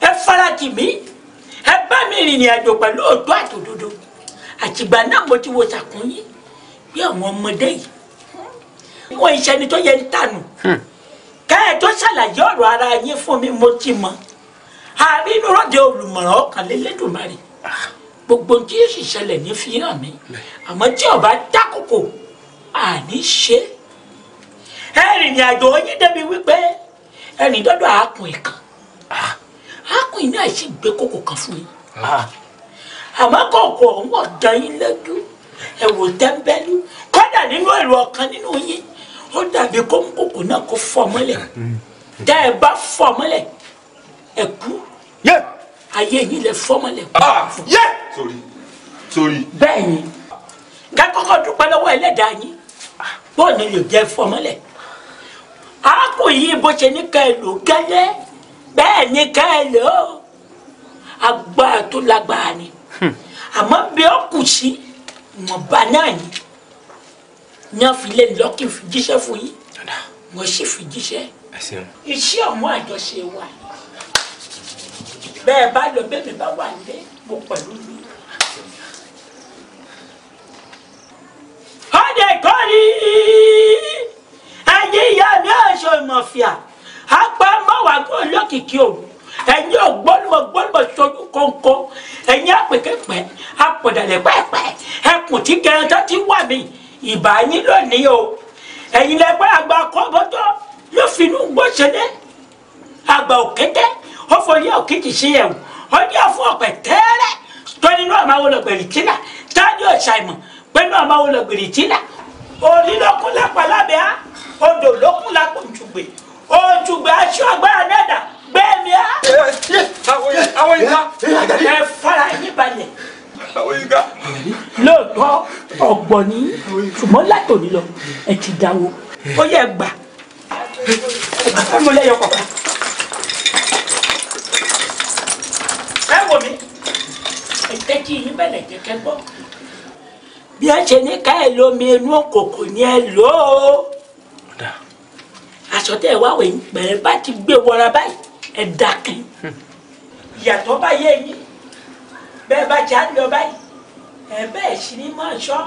ẹ farati mi ẹ bá mi rìnrìn àjò pẹ̀lú òótọ́ àtòdodo àtìgbà náà mo ti wo sàkúnyí bí àwọn ọmọdé yìí wọn ìṣẹ́ni tó yẹ ń tànù hmm. ká ẹ tó ṣàlàyé ọ̀rọ̀ ara yín fún mi mo ti mọ̀ àbínú rọ̀dẹ̀ olùmọ̀ràn ọkàn lélẹ́dùnmarè gbogbo tí yóò sì ṣẹlẹ̀ ní fi hàn mí àmọ́ tí ọba dákòkò àní ṣe é ẹ̀rìnrìn àjò yín débi wípé ẹ̀rìn dọ́dọ̀ àákùn ìkan àákùn iná sì gbé kókò kan fún yín àmọ́ kọ̀ọ̀kọ̀ ọ̀hún ọ̀dàn yín lójú ẹ̀wò tẹ́ńbẹ́lú kọ́dà nínú èrò ọ̀kan nínú yín ó dàbí kóńkòkò náà kó fọ́ mọ́lẹ̀ dá ẹ bá fọ́ mọ́lẹ̀ ẹ̀kú ayé yìí lẹ fọ́mọlẹ̀ kú. sori sori. bẹ́ẹ̀ni ká kọ́kọ́ dúpẹ́ lọ́wọ́ ẹlẹ́dàá yín ah. bọ́ọ̀lù lè jẹ́ fọ́mọlẹ̀ arákùnrin yìí bó ṣe ní ká ẹ lò gẹ́lẹ́ bẹ́ẹ̀ ni ká ẹ lò ó agbára tó lágbára ni hmm. àmọ́ bí ó kù sí ìwọ̀nba náà ni ní fi lé lọ́kì fi jíṣẹ́ fún yín wọ́n sì fi jíṣẹ́ iṣẹ́ ọmọ àjọṣe wa ni bẹ́ẹ̀ bá lọ bẹ́ẹ̀ mi bá wà lé mo pẹ̀lú mi. ọ̀dẹ̀ kọ́ni ẹ̀yin ìyá mi ọ̀ṣọ́ ìmọ̀fìà apá mọ́wàgún olókìkí òun ẹ̀yin ògbólùmọ̀ gbólùmọ̀ sojú kónkó ẹ̀yin àpèkẹ́pẹ́ àpòdàlẹ̀ pẹ́ẹ́pẹ́ ẹkùn tí kẹrìntàn ti wà mí ìbà yín lónìí o ẹ̀yin lẹ́gbẹ́ àgbà kọ́bọ́tọ́ ló fi inú gbọ́sẹ̀lẹ̀ àgbà òkété ó forí òkìkì sí ẹ̀wù ó ní ọ̀fun ọ̀pẹ tẹ́rẹ́ tó nínú àmàwò lọ́gbẹ̀rì tínà tájú ọ̀ṣàìmọ̀ pẹ̀lú àmàwò lọ́gbẹ̀rì tínà òní lókun lápá lábẹ́ á odò lókun lápò ntùgbè òtùgbè aṣọ agbára nẹ́ẹ̀dà gbẹ́mí á. àwọn ìka ẹ fara yín balẹ̀ lóòótọ́ ọ̀gbọ̀n ní ṣùgbọ́n látòní lọ ẹ ti dáwọ́ ó yẹ gbà ẹ mọ lẹ́yọ kọ̀ọ̀kan. ẹ wò mí ẹ̀tẹ́ kí yín bẹ̀rẹ̀ kẹ́kẹ́ gbọ́ bí ẹ ṣe ní ká ẹ lómi inú òkòkò ni ẹ lò ó aṣọ tẹ ẹ wá wẹ̀ ń pẹ̀lẹ́ bá ti gbé wọra báyìí ẹ dákin ìyàtọ̀ bá yé yín bẹ́ẹ̀ bá ti á lọ báyìí ẹ bẹ́ẹ̀ sì ni mọ̀ ṣọ́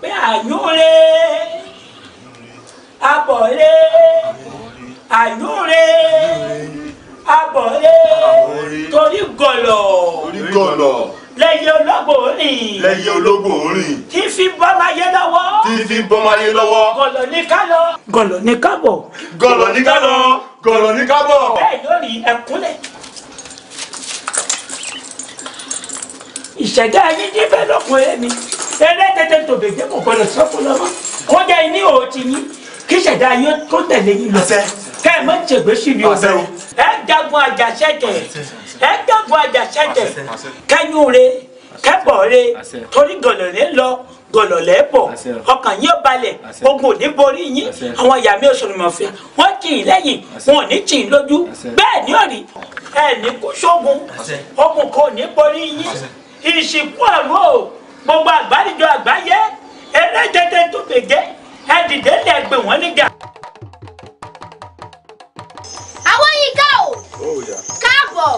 pé àyúnre abọ̀re àyúnre abọ̀lé torí gọ̀lọ̀ torí gọ̀lọ̀ lẹ́yìn ológbò rìn lẹ́yìn ológbò rìn tí fi bọ́máyé lọ́wọ́ tí fi bọ́máyé lọ́wọ́ gọ̀lọ̀ ní ká lọ gọ̀lọ̀ ní ká bọ̀ gọ̀lọ̀ ní ká lọ gọ̀lọ̀ ní ká bọ̀ bẹ́ẹ̀ lórí ẹ̀kúnlẹ̀ ìṣẹ̀dá yín ní bẹ́ẹ̀ lọ́kùnrin mi ẹlẹ́tẹ̀tẹ̀ tòbẹ̀jẹ̀ kò gbọdọ̀ sọ́kùn lọ́mọ kó jẹ́ ní òòtì yín kí ìṣẹ̀dá yín tó tẹ̀lé yín lọ kẹ́ ẹ̀ mọ́ ìṣègbè síbi ọ̀sẹ̀ o ẹ jagun àjàṣẹ́tẹ̀ ẹ jagun àjàṣẹ́tẹ̀ kẹ́yìn re kẹ́bọ̀ re torí gọ̀lọ̀lẹ́ lọ gọ̀lọ̀lẹ́ bọ̀ ọkàn yín balẹ̀ ogun òní borí yín àwọn ìyá mi òṣèlú mọ̀fẹ́ wọ́n kì í lẹ́yìn wọn ò ní kì í lójú bẹ́ẹ̀ ni ọ̀rí ẹ̀ ní kó ṣógun ogun kò ní borí yín ìsìnkú àrùn o gbogbo àgbáríjọ àgbáyé eléjẹjẹ tó gbèjẹ ẹ dìde lẹ gbé wọn níjà. Yínká o káàbọ̀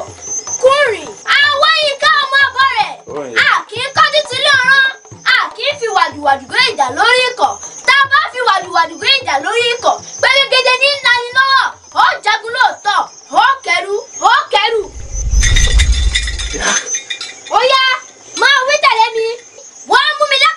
kúrin àwọn Yínká ọmọ ọbọ rẹ̀ a kì í kọ́jú tilé ọ̀rán a kì í fi wàdùwàdù gbé ìjà lórí ikọ̀ tá a bá fi wàdùwàdù gbé ìjà lórí ikọ̀ pẹ́gẹ́gẹ́dẹ́ ní nani lọ́wọ́ ó jagun lóòótọ́ ó kẹrù ó kẹrù. ó yá máa wí tẹ̀lé mi wọ́n mú mi lọ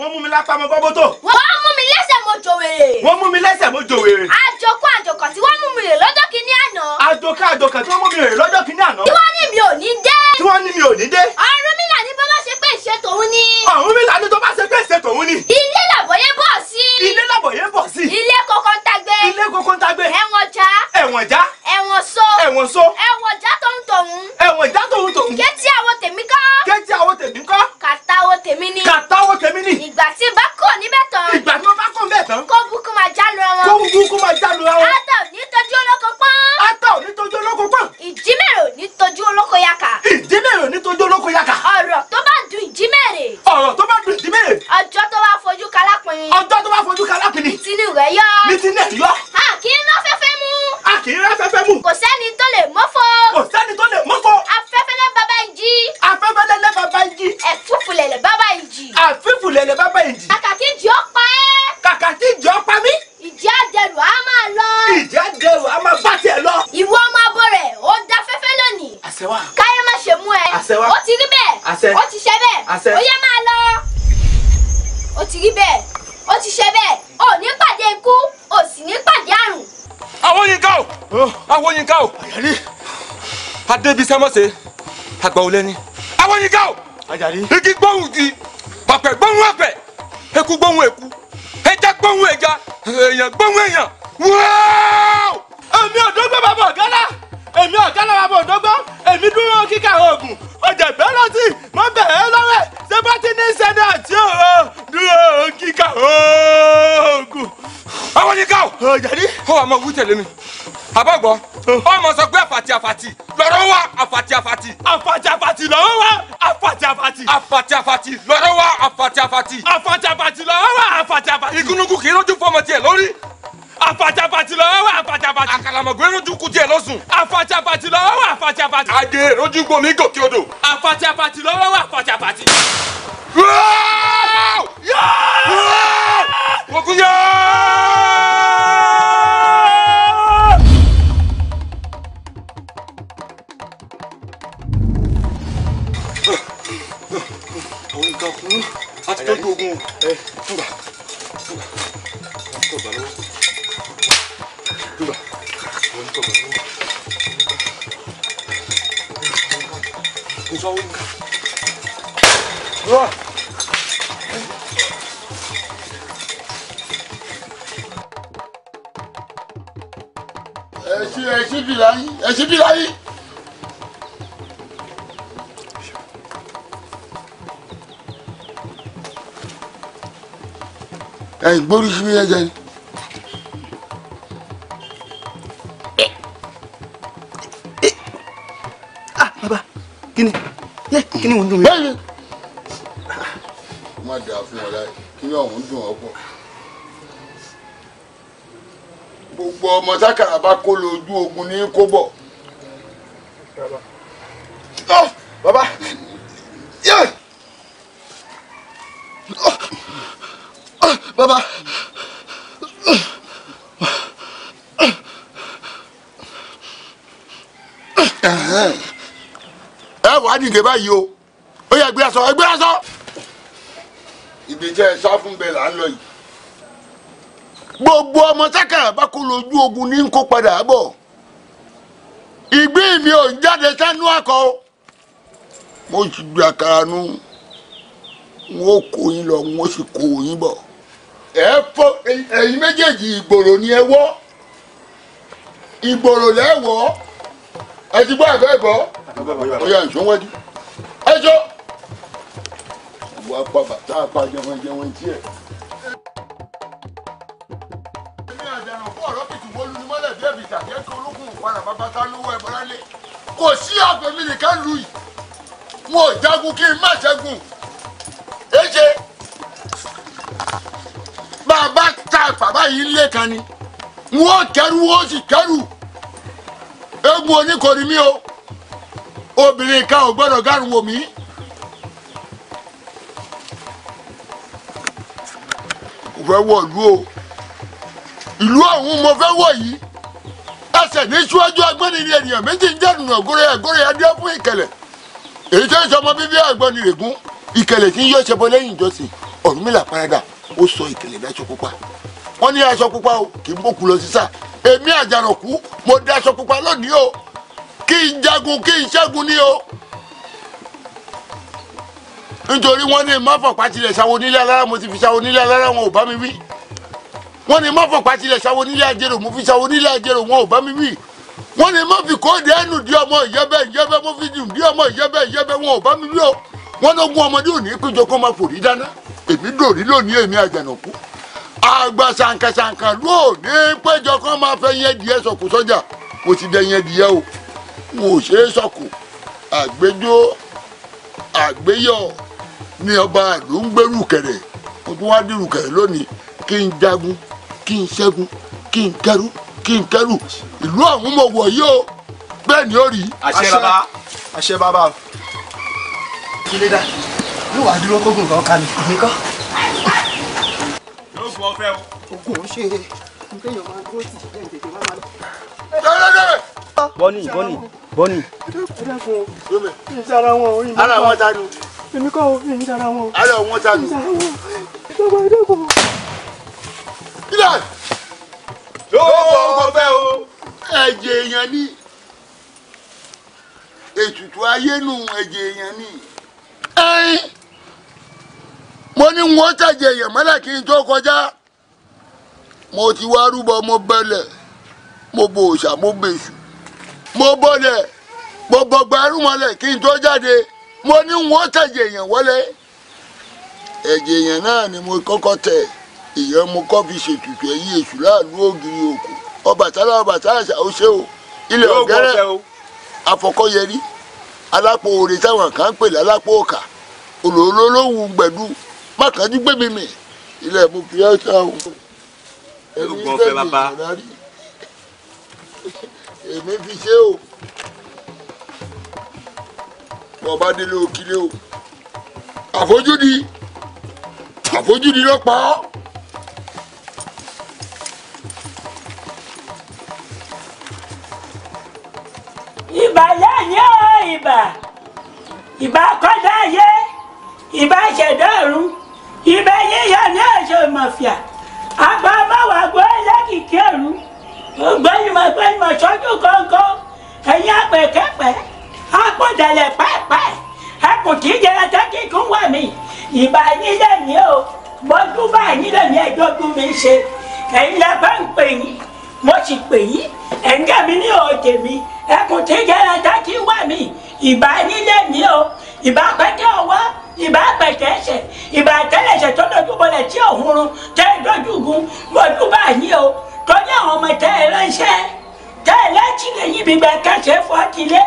wọ́n mú mi lápá mo bọ́ bótó. wọ́n mú mi lẹ́sẹ̀ mo jòwèrè. wọ́n mú mi lẹ́sẹ̀ mo jòwèrè. àjòkó àjòkàn tí wọ́n mú mi rè lọ́jọ́ kìíní àná. àjòkó àjòkàn tí wọ́n mú mi rè lọ́jọ́ kìíní àná. tí wọ́n ní mi ò ní dé. tí wọ́n ní mi ò ní dé. ọ̀run mi là ní bọ́lá ṣe pé ṣe tòun ni. ọ̀hún mi lànà tó bá ṣe pé ṣe tòun ni. ilé làbọ̀yé bọ̀ sí. ilé làbọ̀yé bọ̀ sí. ilé kókó ń tagbé. ilé kókó ń tagbé. ẹ̀wọ̀n já. ẹ̀wọ̀n já. ẹ̀wọ̀n so. ẹ̀wọ̀n so. ẹ̀wọ̀n já tòun tòun. ẹ̀wọ̀n já tòun tòun. kétí àwọ tèmi kọ́. kétí àwọ tèmi kọ́. kàtà àwọ tèmi ni. kàtà àwọ tèmi ni. ìgbà tí bá kò níbẹ̀ tán. ìgbà tí wọ́n bá kò níbẹ̀ tán. kó burúkú máa já lu wọn. kó burúkú máa já lu wọn. ata ò ní tọ́jú olóko pọ́n. ata ò ní tọ́jú olóko pọ́n. ìdímẹ̀rẹ̀ ò ní tọ́jú olóko yaka. ìdímẹ̀rẹ̀ ò ní tọ́jú olóko yaka. ọ̀rọ̀ tó bá dùn dìmẹ̀rẹ̀. ọ̀rọ̀ tó bá dùn dìmẹ̀rẹ̀. ọjọ́ tó bá fojú kalápin. ọjọ́ tó bá fojú kalápin ni. nítinú rẹ̀ yọ. nítinú ẹ̀ yọ. a kì í rán fẹ́fẹ́ mú. a kì í rán fẹ́fẹ́ mú. kò sẹ́ni tó lè mọ́fọ́. kò sẹ́ni tó lè mọ́fọ́. afẹ́fẹ́ lẹ́ bàbá ń jí. afẹ́fẹ́ lẹ́ bàbá ń jí. ẹ̀fúfùlẹ̀lẹ̀ bàbá ń jí. àfífùlẹ̀lẹ̀ bàbá ń jí. kàkà kí jọ́ pa ẹ́. kàkà kí jọ́ pa mí ìjẹ́ àjẹrù á máa lọ. ìjẹ́ àjẹrù á máa bá tiẹ̀ lọ. ìwọ ọmọ abọ rẹ̀ ó da fẹ́fẹ́ lónìí. àṣẹwà. káyé má ṣe mú ẹ. àṣẹwà. ó ti rí bẹ́ẹ̀. àṣẹ. ó ti ṣe bẹ́ẹ̀. àṣẹ. ó yẹ máa lọ. ó ti rí bẹ́ẹ̀. ó ti ṣe bẹ́ẹ̀. ò ní pàdé ikú ò sì ní pàdé àrùn. àwọn yín ká o àwọn o. àyàrí. adébísẹ́ àgbà ò lẹ́ni. àwọn o. àyàrí. igi gbóhùn igi ọ̀pẹ̀ gbóhùn eku gbóhùn eku ẹja gbóhùn ẹja èèyàn gbóhùn èèyàn wọ́ọ́. èmi òdógbó bàbá ọ̀gálá èmi ọ̀gálá bàbá òdógbó èmi dúró kíkà oògùn ọjà ìgbẹ́lọ́tì mo bẹ̀rẹ̀ lọ́wẹ́ ṣé bá ti ní sẹ́ni àti ọ̀rọ̀ dúró kíkà oògùn. àwọn yìí ká o. ọjà ní. ó wà máa wú tẹ̀lé mi àbọ̀gbọ́ ọmọ sọ pé àfàtì àfàtì lọ́rọ̀ wá àfàtì àfàtì. àfàtì àfàtì lọ́rọ̀ wá àfàtì àfàtì. àfàtì àfàtì lọ́rọ̀ wá àfàtì àfàtì. àfàtì àfàtì lọ́rọ̀ wá àfàtì àfàtì. ìgúnnugún kì í rójú fọmọ tiẹ̀ lórí. àfàtì àfàtì lọ́rọ̀ wá àfàtì àfàtì. àkàlàmọ̀gbé rójú kù tiẹ̀ lọ́sùn. àfàtì àfàtì lọ́rọ̀ wá àfàtì àfàtì. adé rójú gbomi tán a ti ogun o túbà túbà tọ́gbà lọ́wọ́ túbà wọ́n tọ́gbà lọ́wọ́ ìṣọ́ wọn kà. ẹ ṣí ẹ ṣí bìlà ẹ ṣí bìlà ẹ̀yìn gbórí sí yẹn jẹ. Ah, bàbá kí ni kí ni wọ́n dùn mí. má dà fún ọ láì kí ni ọ̀hún dùn ọ pọ̀ gbogbo ọmọ sákàrà bá kó lójú ogun ní kó baba, yeah, bàbá. Ah, bàbá. ẹ wà á dìde báyìí o ó yẹ gbé aṣọ ẹ gbé aṣọ. ìgbésẹ̀ sá fún bẹ́ẹ̀ là ń lọ yìí. gbogbo ọmọ sákà bá kó lójú ogun ní kó padà bọ̀ ìgbín mi ò jáde sánú àkọ́ mo sì gbé àkàrà nu n ó kó yín lọ n ó sì kó yín bọ̀ ẹ fọ ẹ̀yin méjèèjì ìgboro ni ẹ wọ ìgboro lẹ́wọ̀ ẹ ti gbọ́ àgbẹ̀ ẹ̀gbọ́ ó yà nìṣó wájú ẹjọ́ wà pa bàtà pa jẹun jẹun tiẹ̀. èmi àjànà fún ọ̀rọ̀ kìtì wọlú ni mọ́lẹ̀ débi tàbí kí ológun ìpara bàbá ta lówó ẹ̀ bọ́lá lé kò sí àgbẹ̀mí nìkan lù yìí wọn ò jagun kí n má jagun èjè bá a bá ta bàbá yìí lé kan ni wọ́n kẹ́rù wọ́n sì kẹ́rù egbò oníkòrí mi o obìnrin kan ò gbọ́dọ̀ gárùn wò mí. mo fẹ́ wọ̀ ìlú o ìlú ọ̀hún mo fẹ́ wọ̀ yìí ẹsẹ̀ ní síwájú agbọ́nì ni ènìyàn méjì ń jẹ́nu ọ̀gọ́rẹ́ ẹ̀gọ́rẹ́ adé fún ìkẹlẹ̀ èyí tó ń sọmọ bíbí àgbọ̀nì rẹ̀ gún ìkẹlẹ̀ tí ń yọ ṣẹbọ lẹ́yìn ìjọsìn Ọ̀rúnmìlà paradà ó sọ ìkìlẹ̀ dáṣọ pupa wọ́n ní aṣọ pupa o kì í bókun lọ sísà èmi àjànàkú mo dé aṣọ pupa lónìí o kí n jagun kí n ṣẹ́gun ní o nítorí wọ́n ní mọ́fọ̀pá tilẹ̀ ṣàwọn onílé alára mo ti fi ṣàwọn onílé alára wọn ò bá mi wí wọ́n ní mọ́fọ̀pá tilẹ̀ ṣàwọn onílé àjèrò mo fi ṣàwọn onílé àjèrò wọn ò bá mi wí wọ́n ní mọ́ fi kóòdì ẹnu di ọmọ ìyẹ́bẹ́ ìyẹ́bẹ́ mo fi dùn di ọmọ ìyẹ́bẹ́ ìyẹ́bẹ́ wọn ò bá mi wí o wọ́n lógún ọmọdé òní péjọ kó máa fòrí dáná èmi dòrí lónìí èmi àjànàkú àgbà ṣàǹkàṣàǹkà ló ní péjọ kan máa fẹ́ yẹn díẹ̀ sọ̀kù sọ́jà mo ti dẹ yẹn díẹ̀ o mo ò ṣe é sọ̀kù àgbẹjọ́ àgbẹyọ̀ ní ọba àlò ń gbẹrù kẹrẹ mo tún wá dìrù kẹrẹ lónìí kí n jagun kí n ṣẹ́gun kí n kẹrù kí n kẹrù ìlú ọ̀hún mo wọ̀ yìí o bẹ́ẹ̀ ni ó rí. àṣẹ bàbá àṣẹ bàbá kí lè dá yóò wá dúró kógun kan kalẹ̀. èmi kọ́. yóò gun ọfẹ o. ogun ò ṣe é nkéèyàn máa dúró tì bẹ́ẹ̀ tètè máa máa lọ. bọ́nì bọ́nì bọ́nì. ìsara wọn ò yìnbọn. ara wọn ta ni. èmi kọ́ o èmi sara wọn. ara wọn ta ni. ìsara wọn ìjọba ìdẹ́kùn. kílẹ̀ yóò gun ọfẹ o. ẹ̀jẹ̀ èèyàn ni ètùtù ayé nù ẹ̀jẹ̀ èèyàn ni. ẹ̀yìn. mo ní wọn ṣàjẹ èèyàn mọ́lẹ̀ kí n tó kọjá mo ti wá rúbọ mo bẹ̀lẹ̀ mo bò òòṣà mo bèṣù mo bọ̀lẹ̀ mo kí n tó jáde mo ní wọn ṣàjẹ wọlé ẹ̀jẹ̀ èèyàn náà tẹ̀ èèyàn fi ṣètùtù ẹ̀yìn èṣù láàlú ògiri òkú ṣe o ilẹ̀ ọ̀gẹ́rẹ́ alápò táwọn kan má kájú gbé mi mì ilẹ̀ mo kì í ṣá o. ẹni bẹ́ẹ̀ mi ìrora rí èmi fi ṣe o bọ̀ọ̀bá délé òkìlẹ̀ o àfojúdi àfojúdi lọ́pàá. ìbà lẹ́yìn ọ̀ ìbà ìbà kọ́dá ayé ìbà ṣẹ̀dá ọ̀run ibẹ̀ yíyọ ní ọ̀ṣọ́ ìmọ̀fìà àgbà báwa gbọ́ lẹ́kìkí ẹ̀rú gbẹ́yìmọ̀ gbẹ́yìmọ̀ sọ́jú kọ̀ọ̀kan ẹ̀yìn àpẹ̀kẹ́pẹ́ àpòdàlẹ̀ pẹ́ẹ́pẹ́ ẹkùn tí ìjẹra tẹ́kìkún wà mí ìbà yín lẹ́yìn o bọ́jú bá yín lẹ́yìn ẹ̀dọ́gbọ́n mi ṣe ẹ̀yin lẹ ń pè yín mo sì pè yín ẹ̀ńgẹ́ mi ní òde mi ẹkùn tí ìjẹra tẹ́kìkún wà mí ìbà yín lẹ́yìn o ìbápẹ́jẹ́ ọwọ́ ìbápẹ̀kẹ́ ẹ̀ṣẹ̀ ìbátẹ́lẹ̀ṣẹ̀ tó dojúbọlẹ̀ tí òun tẹ́ dojúgun lójú bá o tó ní àwọn ọmọ tẹ́ ẹ tẹ́ ẹ lẹ́yìn gbígbà kẹsẹ̀ fọ́tìlé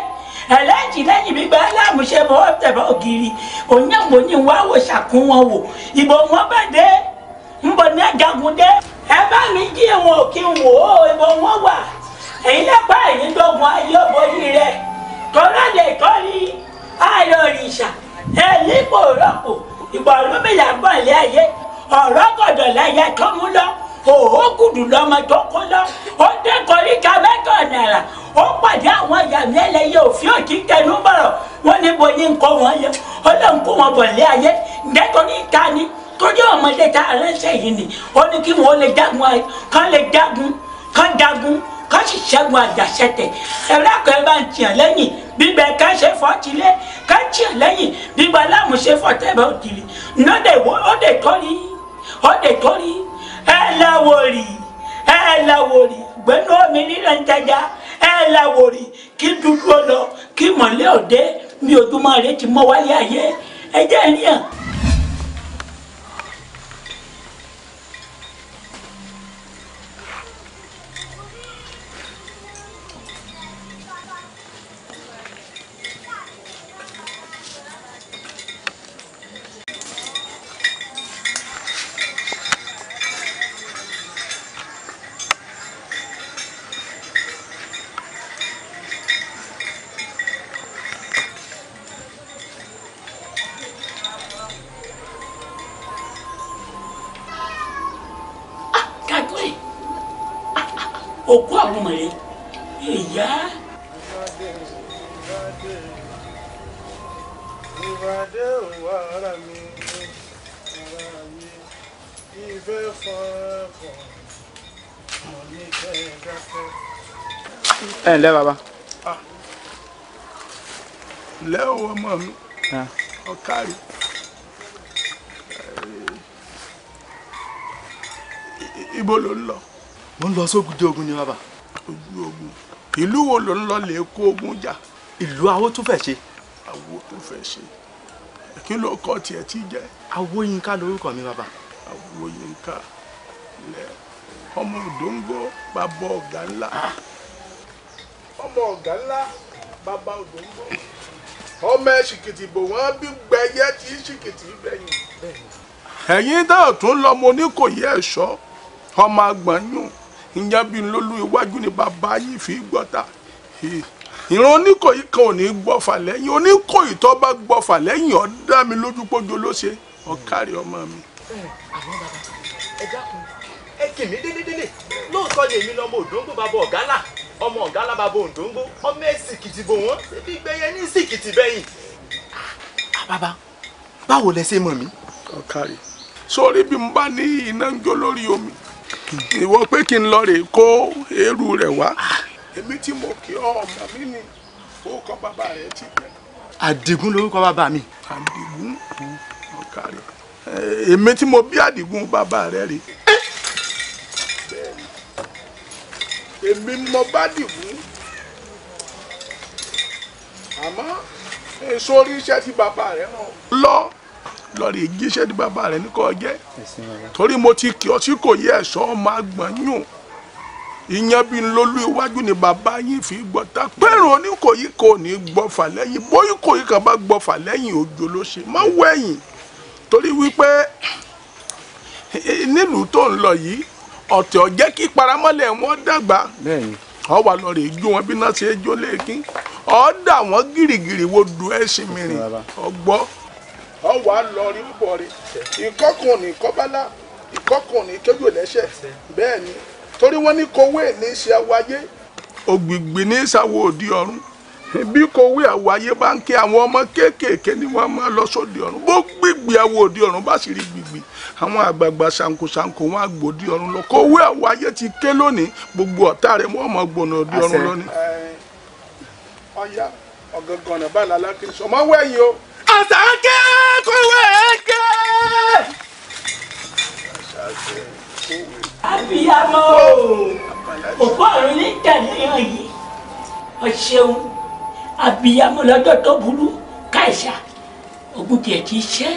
ẹlẹ́tì lẹ́yìn gbígbà láàmúṣe bọ́ tẹ̀bọ̀ ògiri òyìnbó ni wá wò ṣàkún wọn wò ìbò wọn bẹ̀ dé ńbọ ní ẹjagun dé ẹ bá mi jí ìwọ̀n òkè wò ó ìbò wọn wà èyí lẹ́pàá èyí ayé ọ̀bọ yìí rẹ̀ tọ́lá lè àìrò òrìṣà èyí kò rọ́pò ìgbọ̀rúnmìlà gbọ̀nlé ayé ọ̀rọ̀ gọ̀dọ̀ láyà tó mú lọ òhó gùdù lọmọ tó kó lọ ó dé koríta mẹ́tọ̀ náírà ó pàdé àwọn ìyàmí ẹlẹ́yẹ òfin òkì tẹnu bọ̀rọ̀ wọn níbo ní nǹkan wọn yẹ ó lè ń kó wọn bọ̀ lé ayé nítorí ìta ni torí ọmọdé ta aránṣẹ́ yìí ni ó ní kí wọn lè jagun kan lè jagun kan jagun kọ́ sì ṣẹ́gun àjàṣẹ́tẹ̀ ẹ̀rọ àkọ́ ẹ bá ń tìyàn lẹ́yìn bíbẹ ká ṣe fọ́ tilé ká tìyàn lẹ́yìn bíbẹ aláàmú ṣe fọ́ tẹ́bẹ̀ ó tìrì iná dẹ̀ wọ́ ó dẹ̀ tọ́rí ó dẹ̀ tọ́rí ẹ lọ́wọ́ rì ẹ lọ́wọ́ rì gbẹ́nu omi nílẹ̀ ń tẹ́já ẹ lọ́wọ́ rì kí dúdú ó lọ kí mọ̀lẹ́ òde bí ojúmọ́ rẹ ti mọ́ wáyé ayé ẹ jẹ́ ẹ níyàn. ẹ ǹlẹ́ bàbá. Ah. ǹlẹ́ o ọmọ mi ọ̀kárì ah. eh, ibo ló ń lọ. mo ń lọ sógùdé ogun ni bàbá. ojú ogun ìlú wo ló ń lọ lè kó ogun jà. ìlú awo tó fẹ́ ṣe. awo tó fẹ́ ṣe kí ló kọ tiẹ̀ tí jẹ́. awo yinka lórúkọ mi bàbá. awo yinka lẹ ọmọ òdòǹgò bàbá ọ̀gá ńlá. Ah ọmọ ọ̀gá ńlá bàbá odò ń bọ̀ ọmọ ẹ ṣìkìtì bò wọ́n bí gbẹyẹ tí ṣìkìtì gbẹ̀yìn. ẹ̀yin náà tún lọ́mọ oníkòyí ẹ̀ṣọ́ ọmọ àgbọ̀nyún ìyẹn bí lólú iwájú ni bàbá yìí fi gbọ́ta ìran oníkòyí kan ò ní gbọ́fà lẹ́yìn oníkòyí tó bá gbọ́fà lẹ́yìn ó dá mi lójú pójú ló ṣe ọ̀kárí ọmọ mi. àwọn bàbá ẹ dákun ẹ kì mí délédélé lóòótọ́ lèmi lọ́mọ òdòǹgbò bàbá ọ̀gá náà ọmọ ọ̀gá alábàbò òǹdóńgbò ọmọ ẹ̀sìkìtì bò wọ́n ṣebí gbẹyẹ ní sìkìtì bẹ́yìn. Ah, bàbá báwo lẹ ṣe mọ̀ mí. ọ̀kàrí sórí bí mo bá ní iná ń jó lórí omi ìwọ pé kí n lọ rè kó eérú rẹ wá ah. èmi tí mo kí ọ ọmọ mi ni orúkọ bàbá rẹ ti bẹ. àdìgún lorúkọ bàbá mi. àdìgún ọ̀kàrí èmi tí mo bí àdìgún bàbá rẹ rè. Eh, èmi mo bá dìbò àmọ́ èso orí iṣẹ́ tí bàbá rẹ̀ ràn lọ lọ́ọ̀rì ìjíṣẹ́ ti bàbá rẹ̀ ní kò jẹ́ torí mo ti kí ọ tí kò yẹ ẹ̀ṣọ́ ọmọ àgbọ̀n yùn ìyẹn bí lólú iwájú ni bàbá yín fi gbọ́ ta pẹ́rùn oníkòyí kò ní gbọ́ fà lẹ́yìn bóyí kòyí kan bá gbọ́ fà lẹ́yìn òjò ló ṣe má wẹ̀yìn torí wípé nílùú tó ń lọ yìí ọ̀tọ̀ ọ̀jẹ́ kí paramọ́lẹ̀ wọn dàgbà ọ wà lọ wọn bí náà ṣe jó ọ dà wọ́n gìrìgìrì wo du ẹ̀sìn mìíràn ọgbọ́ ọ lọ rí ìkọ́kùn ní kọ́bálá ìkọ́kùn ní kéjù lẹ́sẹ̀ bẹ́ẹ̀ ni torí wọ́n ní kowé ní ṣe ògbìgbì ní ọ̀run bí kowé àwáyé bá ń ké àwọn ọmọ kéékèèké àwọn àgbààgbà ṣàǹkóṣàǹkó wọn àgbò di ọ̀run lọ kó wé àwọn ayé ti ké lónìí gbogbo ọ̀tá rẹ̀ wọ́n mọ̀ gbòòna di ọ̀run lọ ni. ọ̀ya ọ̀gángan ọ̀nà báyìí lálákìrì sọmọ wẹ̀yìn o. àṣàkẹ́ kò wẹ̀ẹ́kẹ́. àbíyámọ́ òpó ọ̀run ní kẹ̀lẹ́yàn yìí ọ̀ṣẹ́un àbíyámọ́ lọ́jọ́ tó burú káìsà ògùn tiẹ̀ ti ṣẹ́.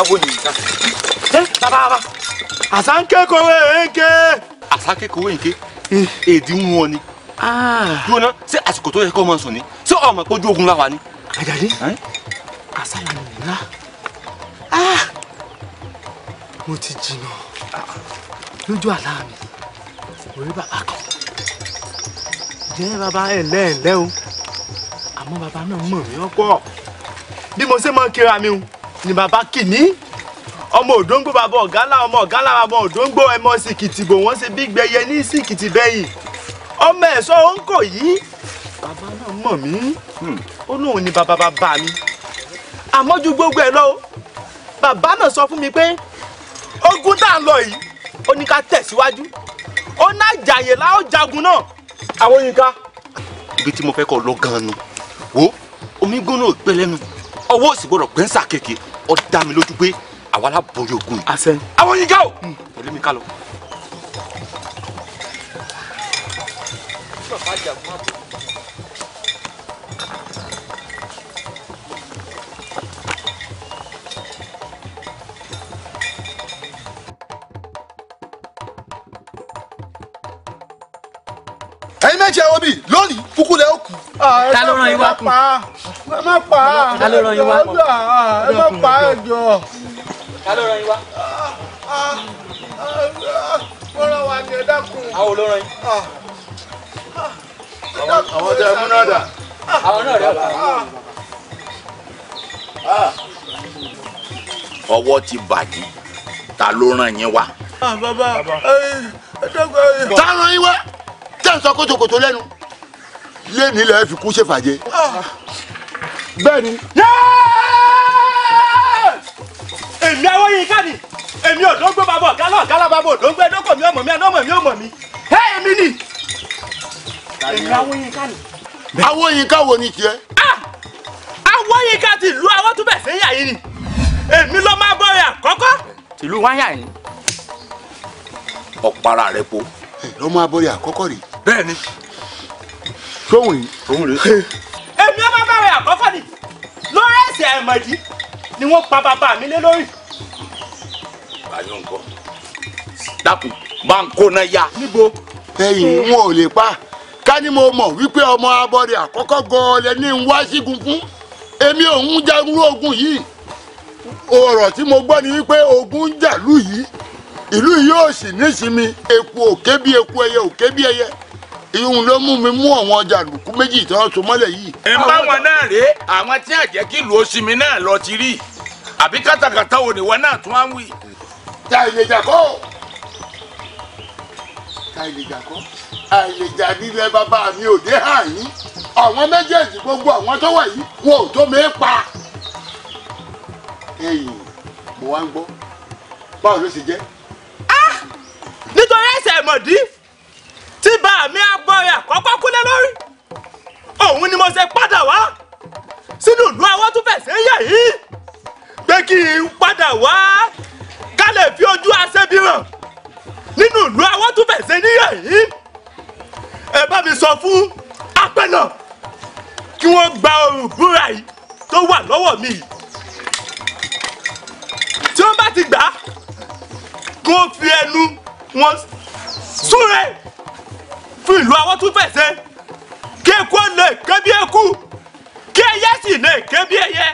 awo nìkan. ẹ bàbá wa. àṣà ń kékeré èké. àṣà kékeré èké eh. èdè ń wọn ni. Ah. dúró náà ṣé àsìkò tó yẹ kó máa sùn ni ṣé ọmọ pé ojú ogun la wà ni. àjàdé àṣà yìí nìyá mo ti jìnnà ah. lójú àlá mi orí bàbá kan jẹ́ bàbá ẹ̀lẹ́ ẹ̀lẹ́ o àmọ́ bàbá náà mọ̀ mí ọ̀pọ̀ bí mo ṣe máa ń kíra mi o ni bàbá kìíní ọmọ òdóńgbò bàbá ọ̀gálà ọmọ ọ̀gálà bàbá òdóńgbò ẹmọ sìkìtì bò wọ́n ṣe bí gbẹyẹ ní sìkìtì bẹ́yìn ọmọ ẹ̀ṣọ́ òǹkò yìí bàbá náà mọ̀ mí hmm. ó lóun ni bàbá bàbá mi àmọ́ ju gbogbo ẹ̀ lọ bàbá náà sọ fún mi pé ogun tá à ń lọ yìí ó ní ká tẹ̀síwájú ó ná àjàyè la jagun náà àwọn yìí ibi tí mo fẹ́ kọ́ lọ gan-an nu wo omi gbóná ò pẹ́ lẹ́nu ọwọ́ òsì gbọ́dọ̀ gbẹ́nsà kékeré ó dá mi lójú pé àwa la borí ogun yìí. àṣẹ. àwọn yìí já o. Hmm. pẹ̀lú mi ká lọ. ẹ̀yin méje omi lónìí kúkú lẹ ó kú. Ah, ta ló ràn yín wá kù ẹ má pa á ẹ ló ràn yín wá ẹ má pa á jọ. ká ló ràn yín wá. mo ràn wá ní ẹ̀dá kun. àwọn olóràn yín. àwọn tẹ ẹkún náà dà. àwọn náà rẹ wà. Ah. ọwọ́ ti bàjẹ́ ta ló ràn yín wá. Ah, bàbá ta ràn yín wá tẹ̀ ń sọ kótókótó lẹ́nu lẹ́ni lẹ́ẹ̀ fi kú ṣèfàjẹ́ bẹ́ẹ̀ ni. èmi Awóyinká ni èmi ò dóńgbò babọ̀ gálọ̀ gálọ̀ babọ̀ dóńgbò ẹ̀dọ́kọ̀ mi ọmọ mi ẹ̀dọ́mọ̀ mi ọmọ mi ẹ̀ èmi ni. èmi Awóyinká ni. Awóyinká wo ni tiẹ̀. Ah! Awóyinká ti lu awọ́ tó bẹ̀ sẹ́yìn àyè ni èmi ló máa bọ̀ ẹ̀ àkọ́kọ́. tìlú wáyà ni. ọ̀pára rẹ po. lọ́mọ abọ́rẹ́ àkọ́kọ́ rèé. bẹ́ẹ̀ ni. sóhun yìí. òun rèé ẹ̀mí ọmọ bàbá rẹ̀ àkọ́kọ́ ni lórí ẹ̀sẹ̀ àìmọ̀dí ni wọ́n pa bàbá mi lé lórí. báyọ̀ ń kọ́ dákun máa ń kó náà yá. níbo. ẹ̀yin wọn ò lè pa ká ní mo mọ̀ wípé ọmọ abọ́rẹ̀ àkọ́kọ́ gan-an lẹ ń wá sígun fún èmi òun jarú ogun yìí ọ̀rọ̀ tí mo gbọ́ ni wípé ogun ń jà lù yìí ìlú yìí ò sì nísinmi eku òkè bí eku ẹyẹ òkè bí ẹyẹ ìhun ló mú mi mú àwọn jàǹdùkú méjì tí wọ́n so mọ́lẹ̀ yìí. ẹ bá wọn náà rèé àwọn tí àjẹ́ kí lu osinmi náà lọ ti rí àbí kátàkátà wo ni wọn náà tún á ń wí. ta ìlèjà kọ́ ta ìlèjà kọ́ àìlèjà nílẹ̀ bàbá mi ò dé hàn yín àwọn méjèèjì gbogbo àwọn tó wà yìí wọn ò tó mi pa. ẹ̀yin mo wá ń gbọ́ báwo ló ṣe jẹ́. Ah! nítorí ẹsẹ̀ mọ̀dí tí bá mi agbọ́rẹ̀ àkọ́kọ́ kúlẹ̀ lórí òun ni mo ṣe padà wá sínú ìlú àwọn tó fẹ̀sẹ̀ yẹ̀ yìí pé kí n padà wá ká lè fi ojú aṣẹ́bí hàn nínú ìlú àwọn tó fẹ̀sẹ̀ níyẹ̀ yìí ẹ bá mi sọ fún apẹ̀nà kí wọ́n gba òrùn búra yìí tó wà lọ́wọ́ mi yìí tí wọ́n bá ti gbà á kó fi ẹnu wọn súre tún ìlú àwọn tún fẹ̀sẹ̀ kí eku lè ké bí eku kí ẹyẹ sì lè ké bí ẹyẹ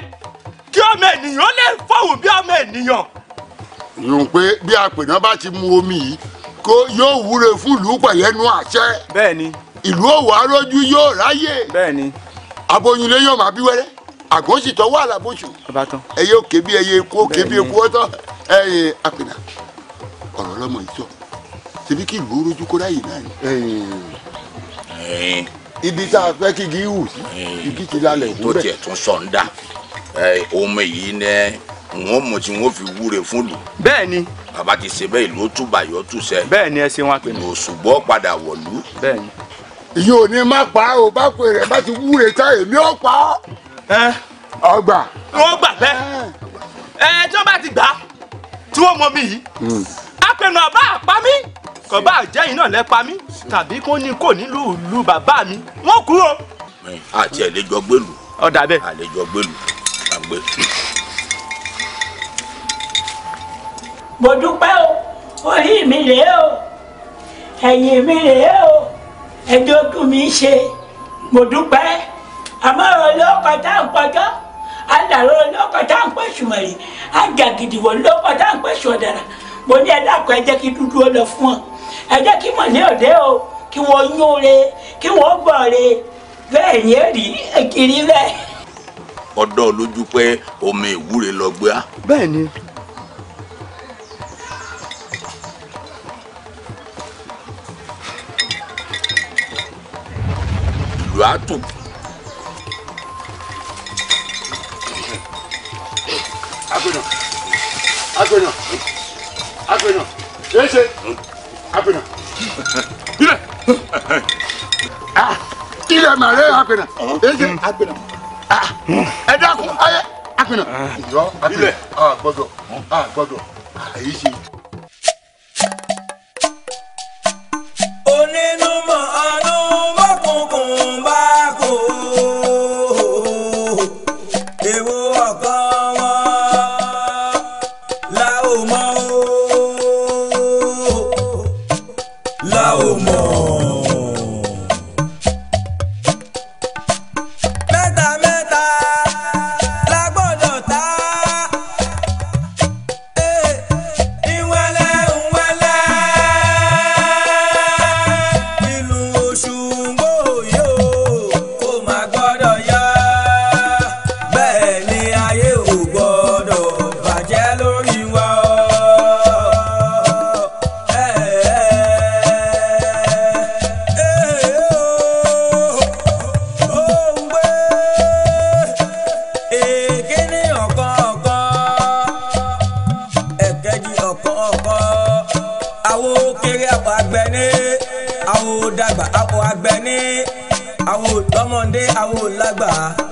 kí ọmọ ènìyàn lè fọhùn bí ọmọ ènìyàn. yòò pé bí apènà bá ti mu omi yìí kó yóò wúre fún ìlú pẹ̀lẹ́nu àṣẹ. bẹ́ẹ̀ni. ìlú òwò arójú yóò ráyè. bẹ́ẹ̀ni. aboyinle yóò máa bí wẹ́rẹ́ àgọ́sìtọ́ wà lábòsù. ẹyẹ òkè bí ẹyẹ eku òkè bí eku ọtọ ẹyẹ apènà ọ̀rọ̀ ọlọ́mọ yìí tọ̀ ṣebí kí ìlú rojú kó ráyè náà ni. ibi tá a fẹ́ kí igi hù sí igi ti lálẹ́ òwúrẹ̀. tó tiẹ̀ tún sọ ń dà ọmọ yìí ní wọn mọ tí wọn fi wúre fún lù. bẹ́ẹ̀ni. bàbá ti ṣe bẹ́ẹ̀ ìlú tún bàyọ tún sẹ. bẹ́ẹ̀ni ẹ ṣe wọn pè mí. òṣùgbọ́ padà wọ̀lú. bẹ́ẹ̀ni. ìyá ní má pa ò bá pè rẹ̀ bá ti wúre tá èmi ò pa ọ́. ẹ ọgbà. wọn gbà bẹ́ẹ̀ ẹ tí wọn bá ti gbà tí wọn mọ mi yìí. apẹnu hmm. àbá àpá mi kò bá jẹ́ iná lẹ́pa mi tàbí kó ní kò nílùú ìlú bàbá mi wọ́n kú o. àti àlejò gbèlú. ọ̀dà bẹ́ẹ̀. àlejò gbèlú àgbẹ̀. mo dúpẹ́ o orí mi rèé o ẹ̀yìn mi rèé o ẹjọ́ dùn mí ṣe mo dúpẹ́ àmọ́ ọlọ́kọ̀ tá à ń pọjọ́ àdàrọ ọlọ́kọ̀ tá à ń pẹ̀sù mọ̀rì àjàgìdìwọ̀ ọlọ́kọ̀ tá à ń pẹ̀sù ọ̀dàrà mo ní ẹ dákun ẹ jẹ́ kí dúdú ọ lọ fún ọ ẹ jẹ́ kí mọ̀ ní òde o kí wọ́n yún kí wọ́n gbọ̀n re ni ẹ rí kiri bẹ́ẹ̀. ọ̀dọ́ lójú pé omi ìwúre lọ gbé a. bẹ́ẹ̀ ni. ìlú àtù. agbẹ̀nà agbẹ̀nà agbẹ̀nà ṣeéṣe apẹ̀nà ilẹ̀ ilẹ̀ màrẹ́ apẹ̀nà ẹ̀jẹ̀ apẹ̀nà ẹ dákun ayé apẹ̀nà ìyọ́ apẹ̀nà àgbọ̀dọ̀ àgbọ̀dọ̀ àyè ṣe. onínúmọ̀ ọdún. bá kó ewu ọkọ. ọmọdé àwọn ò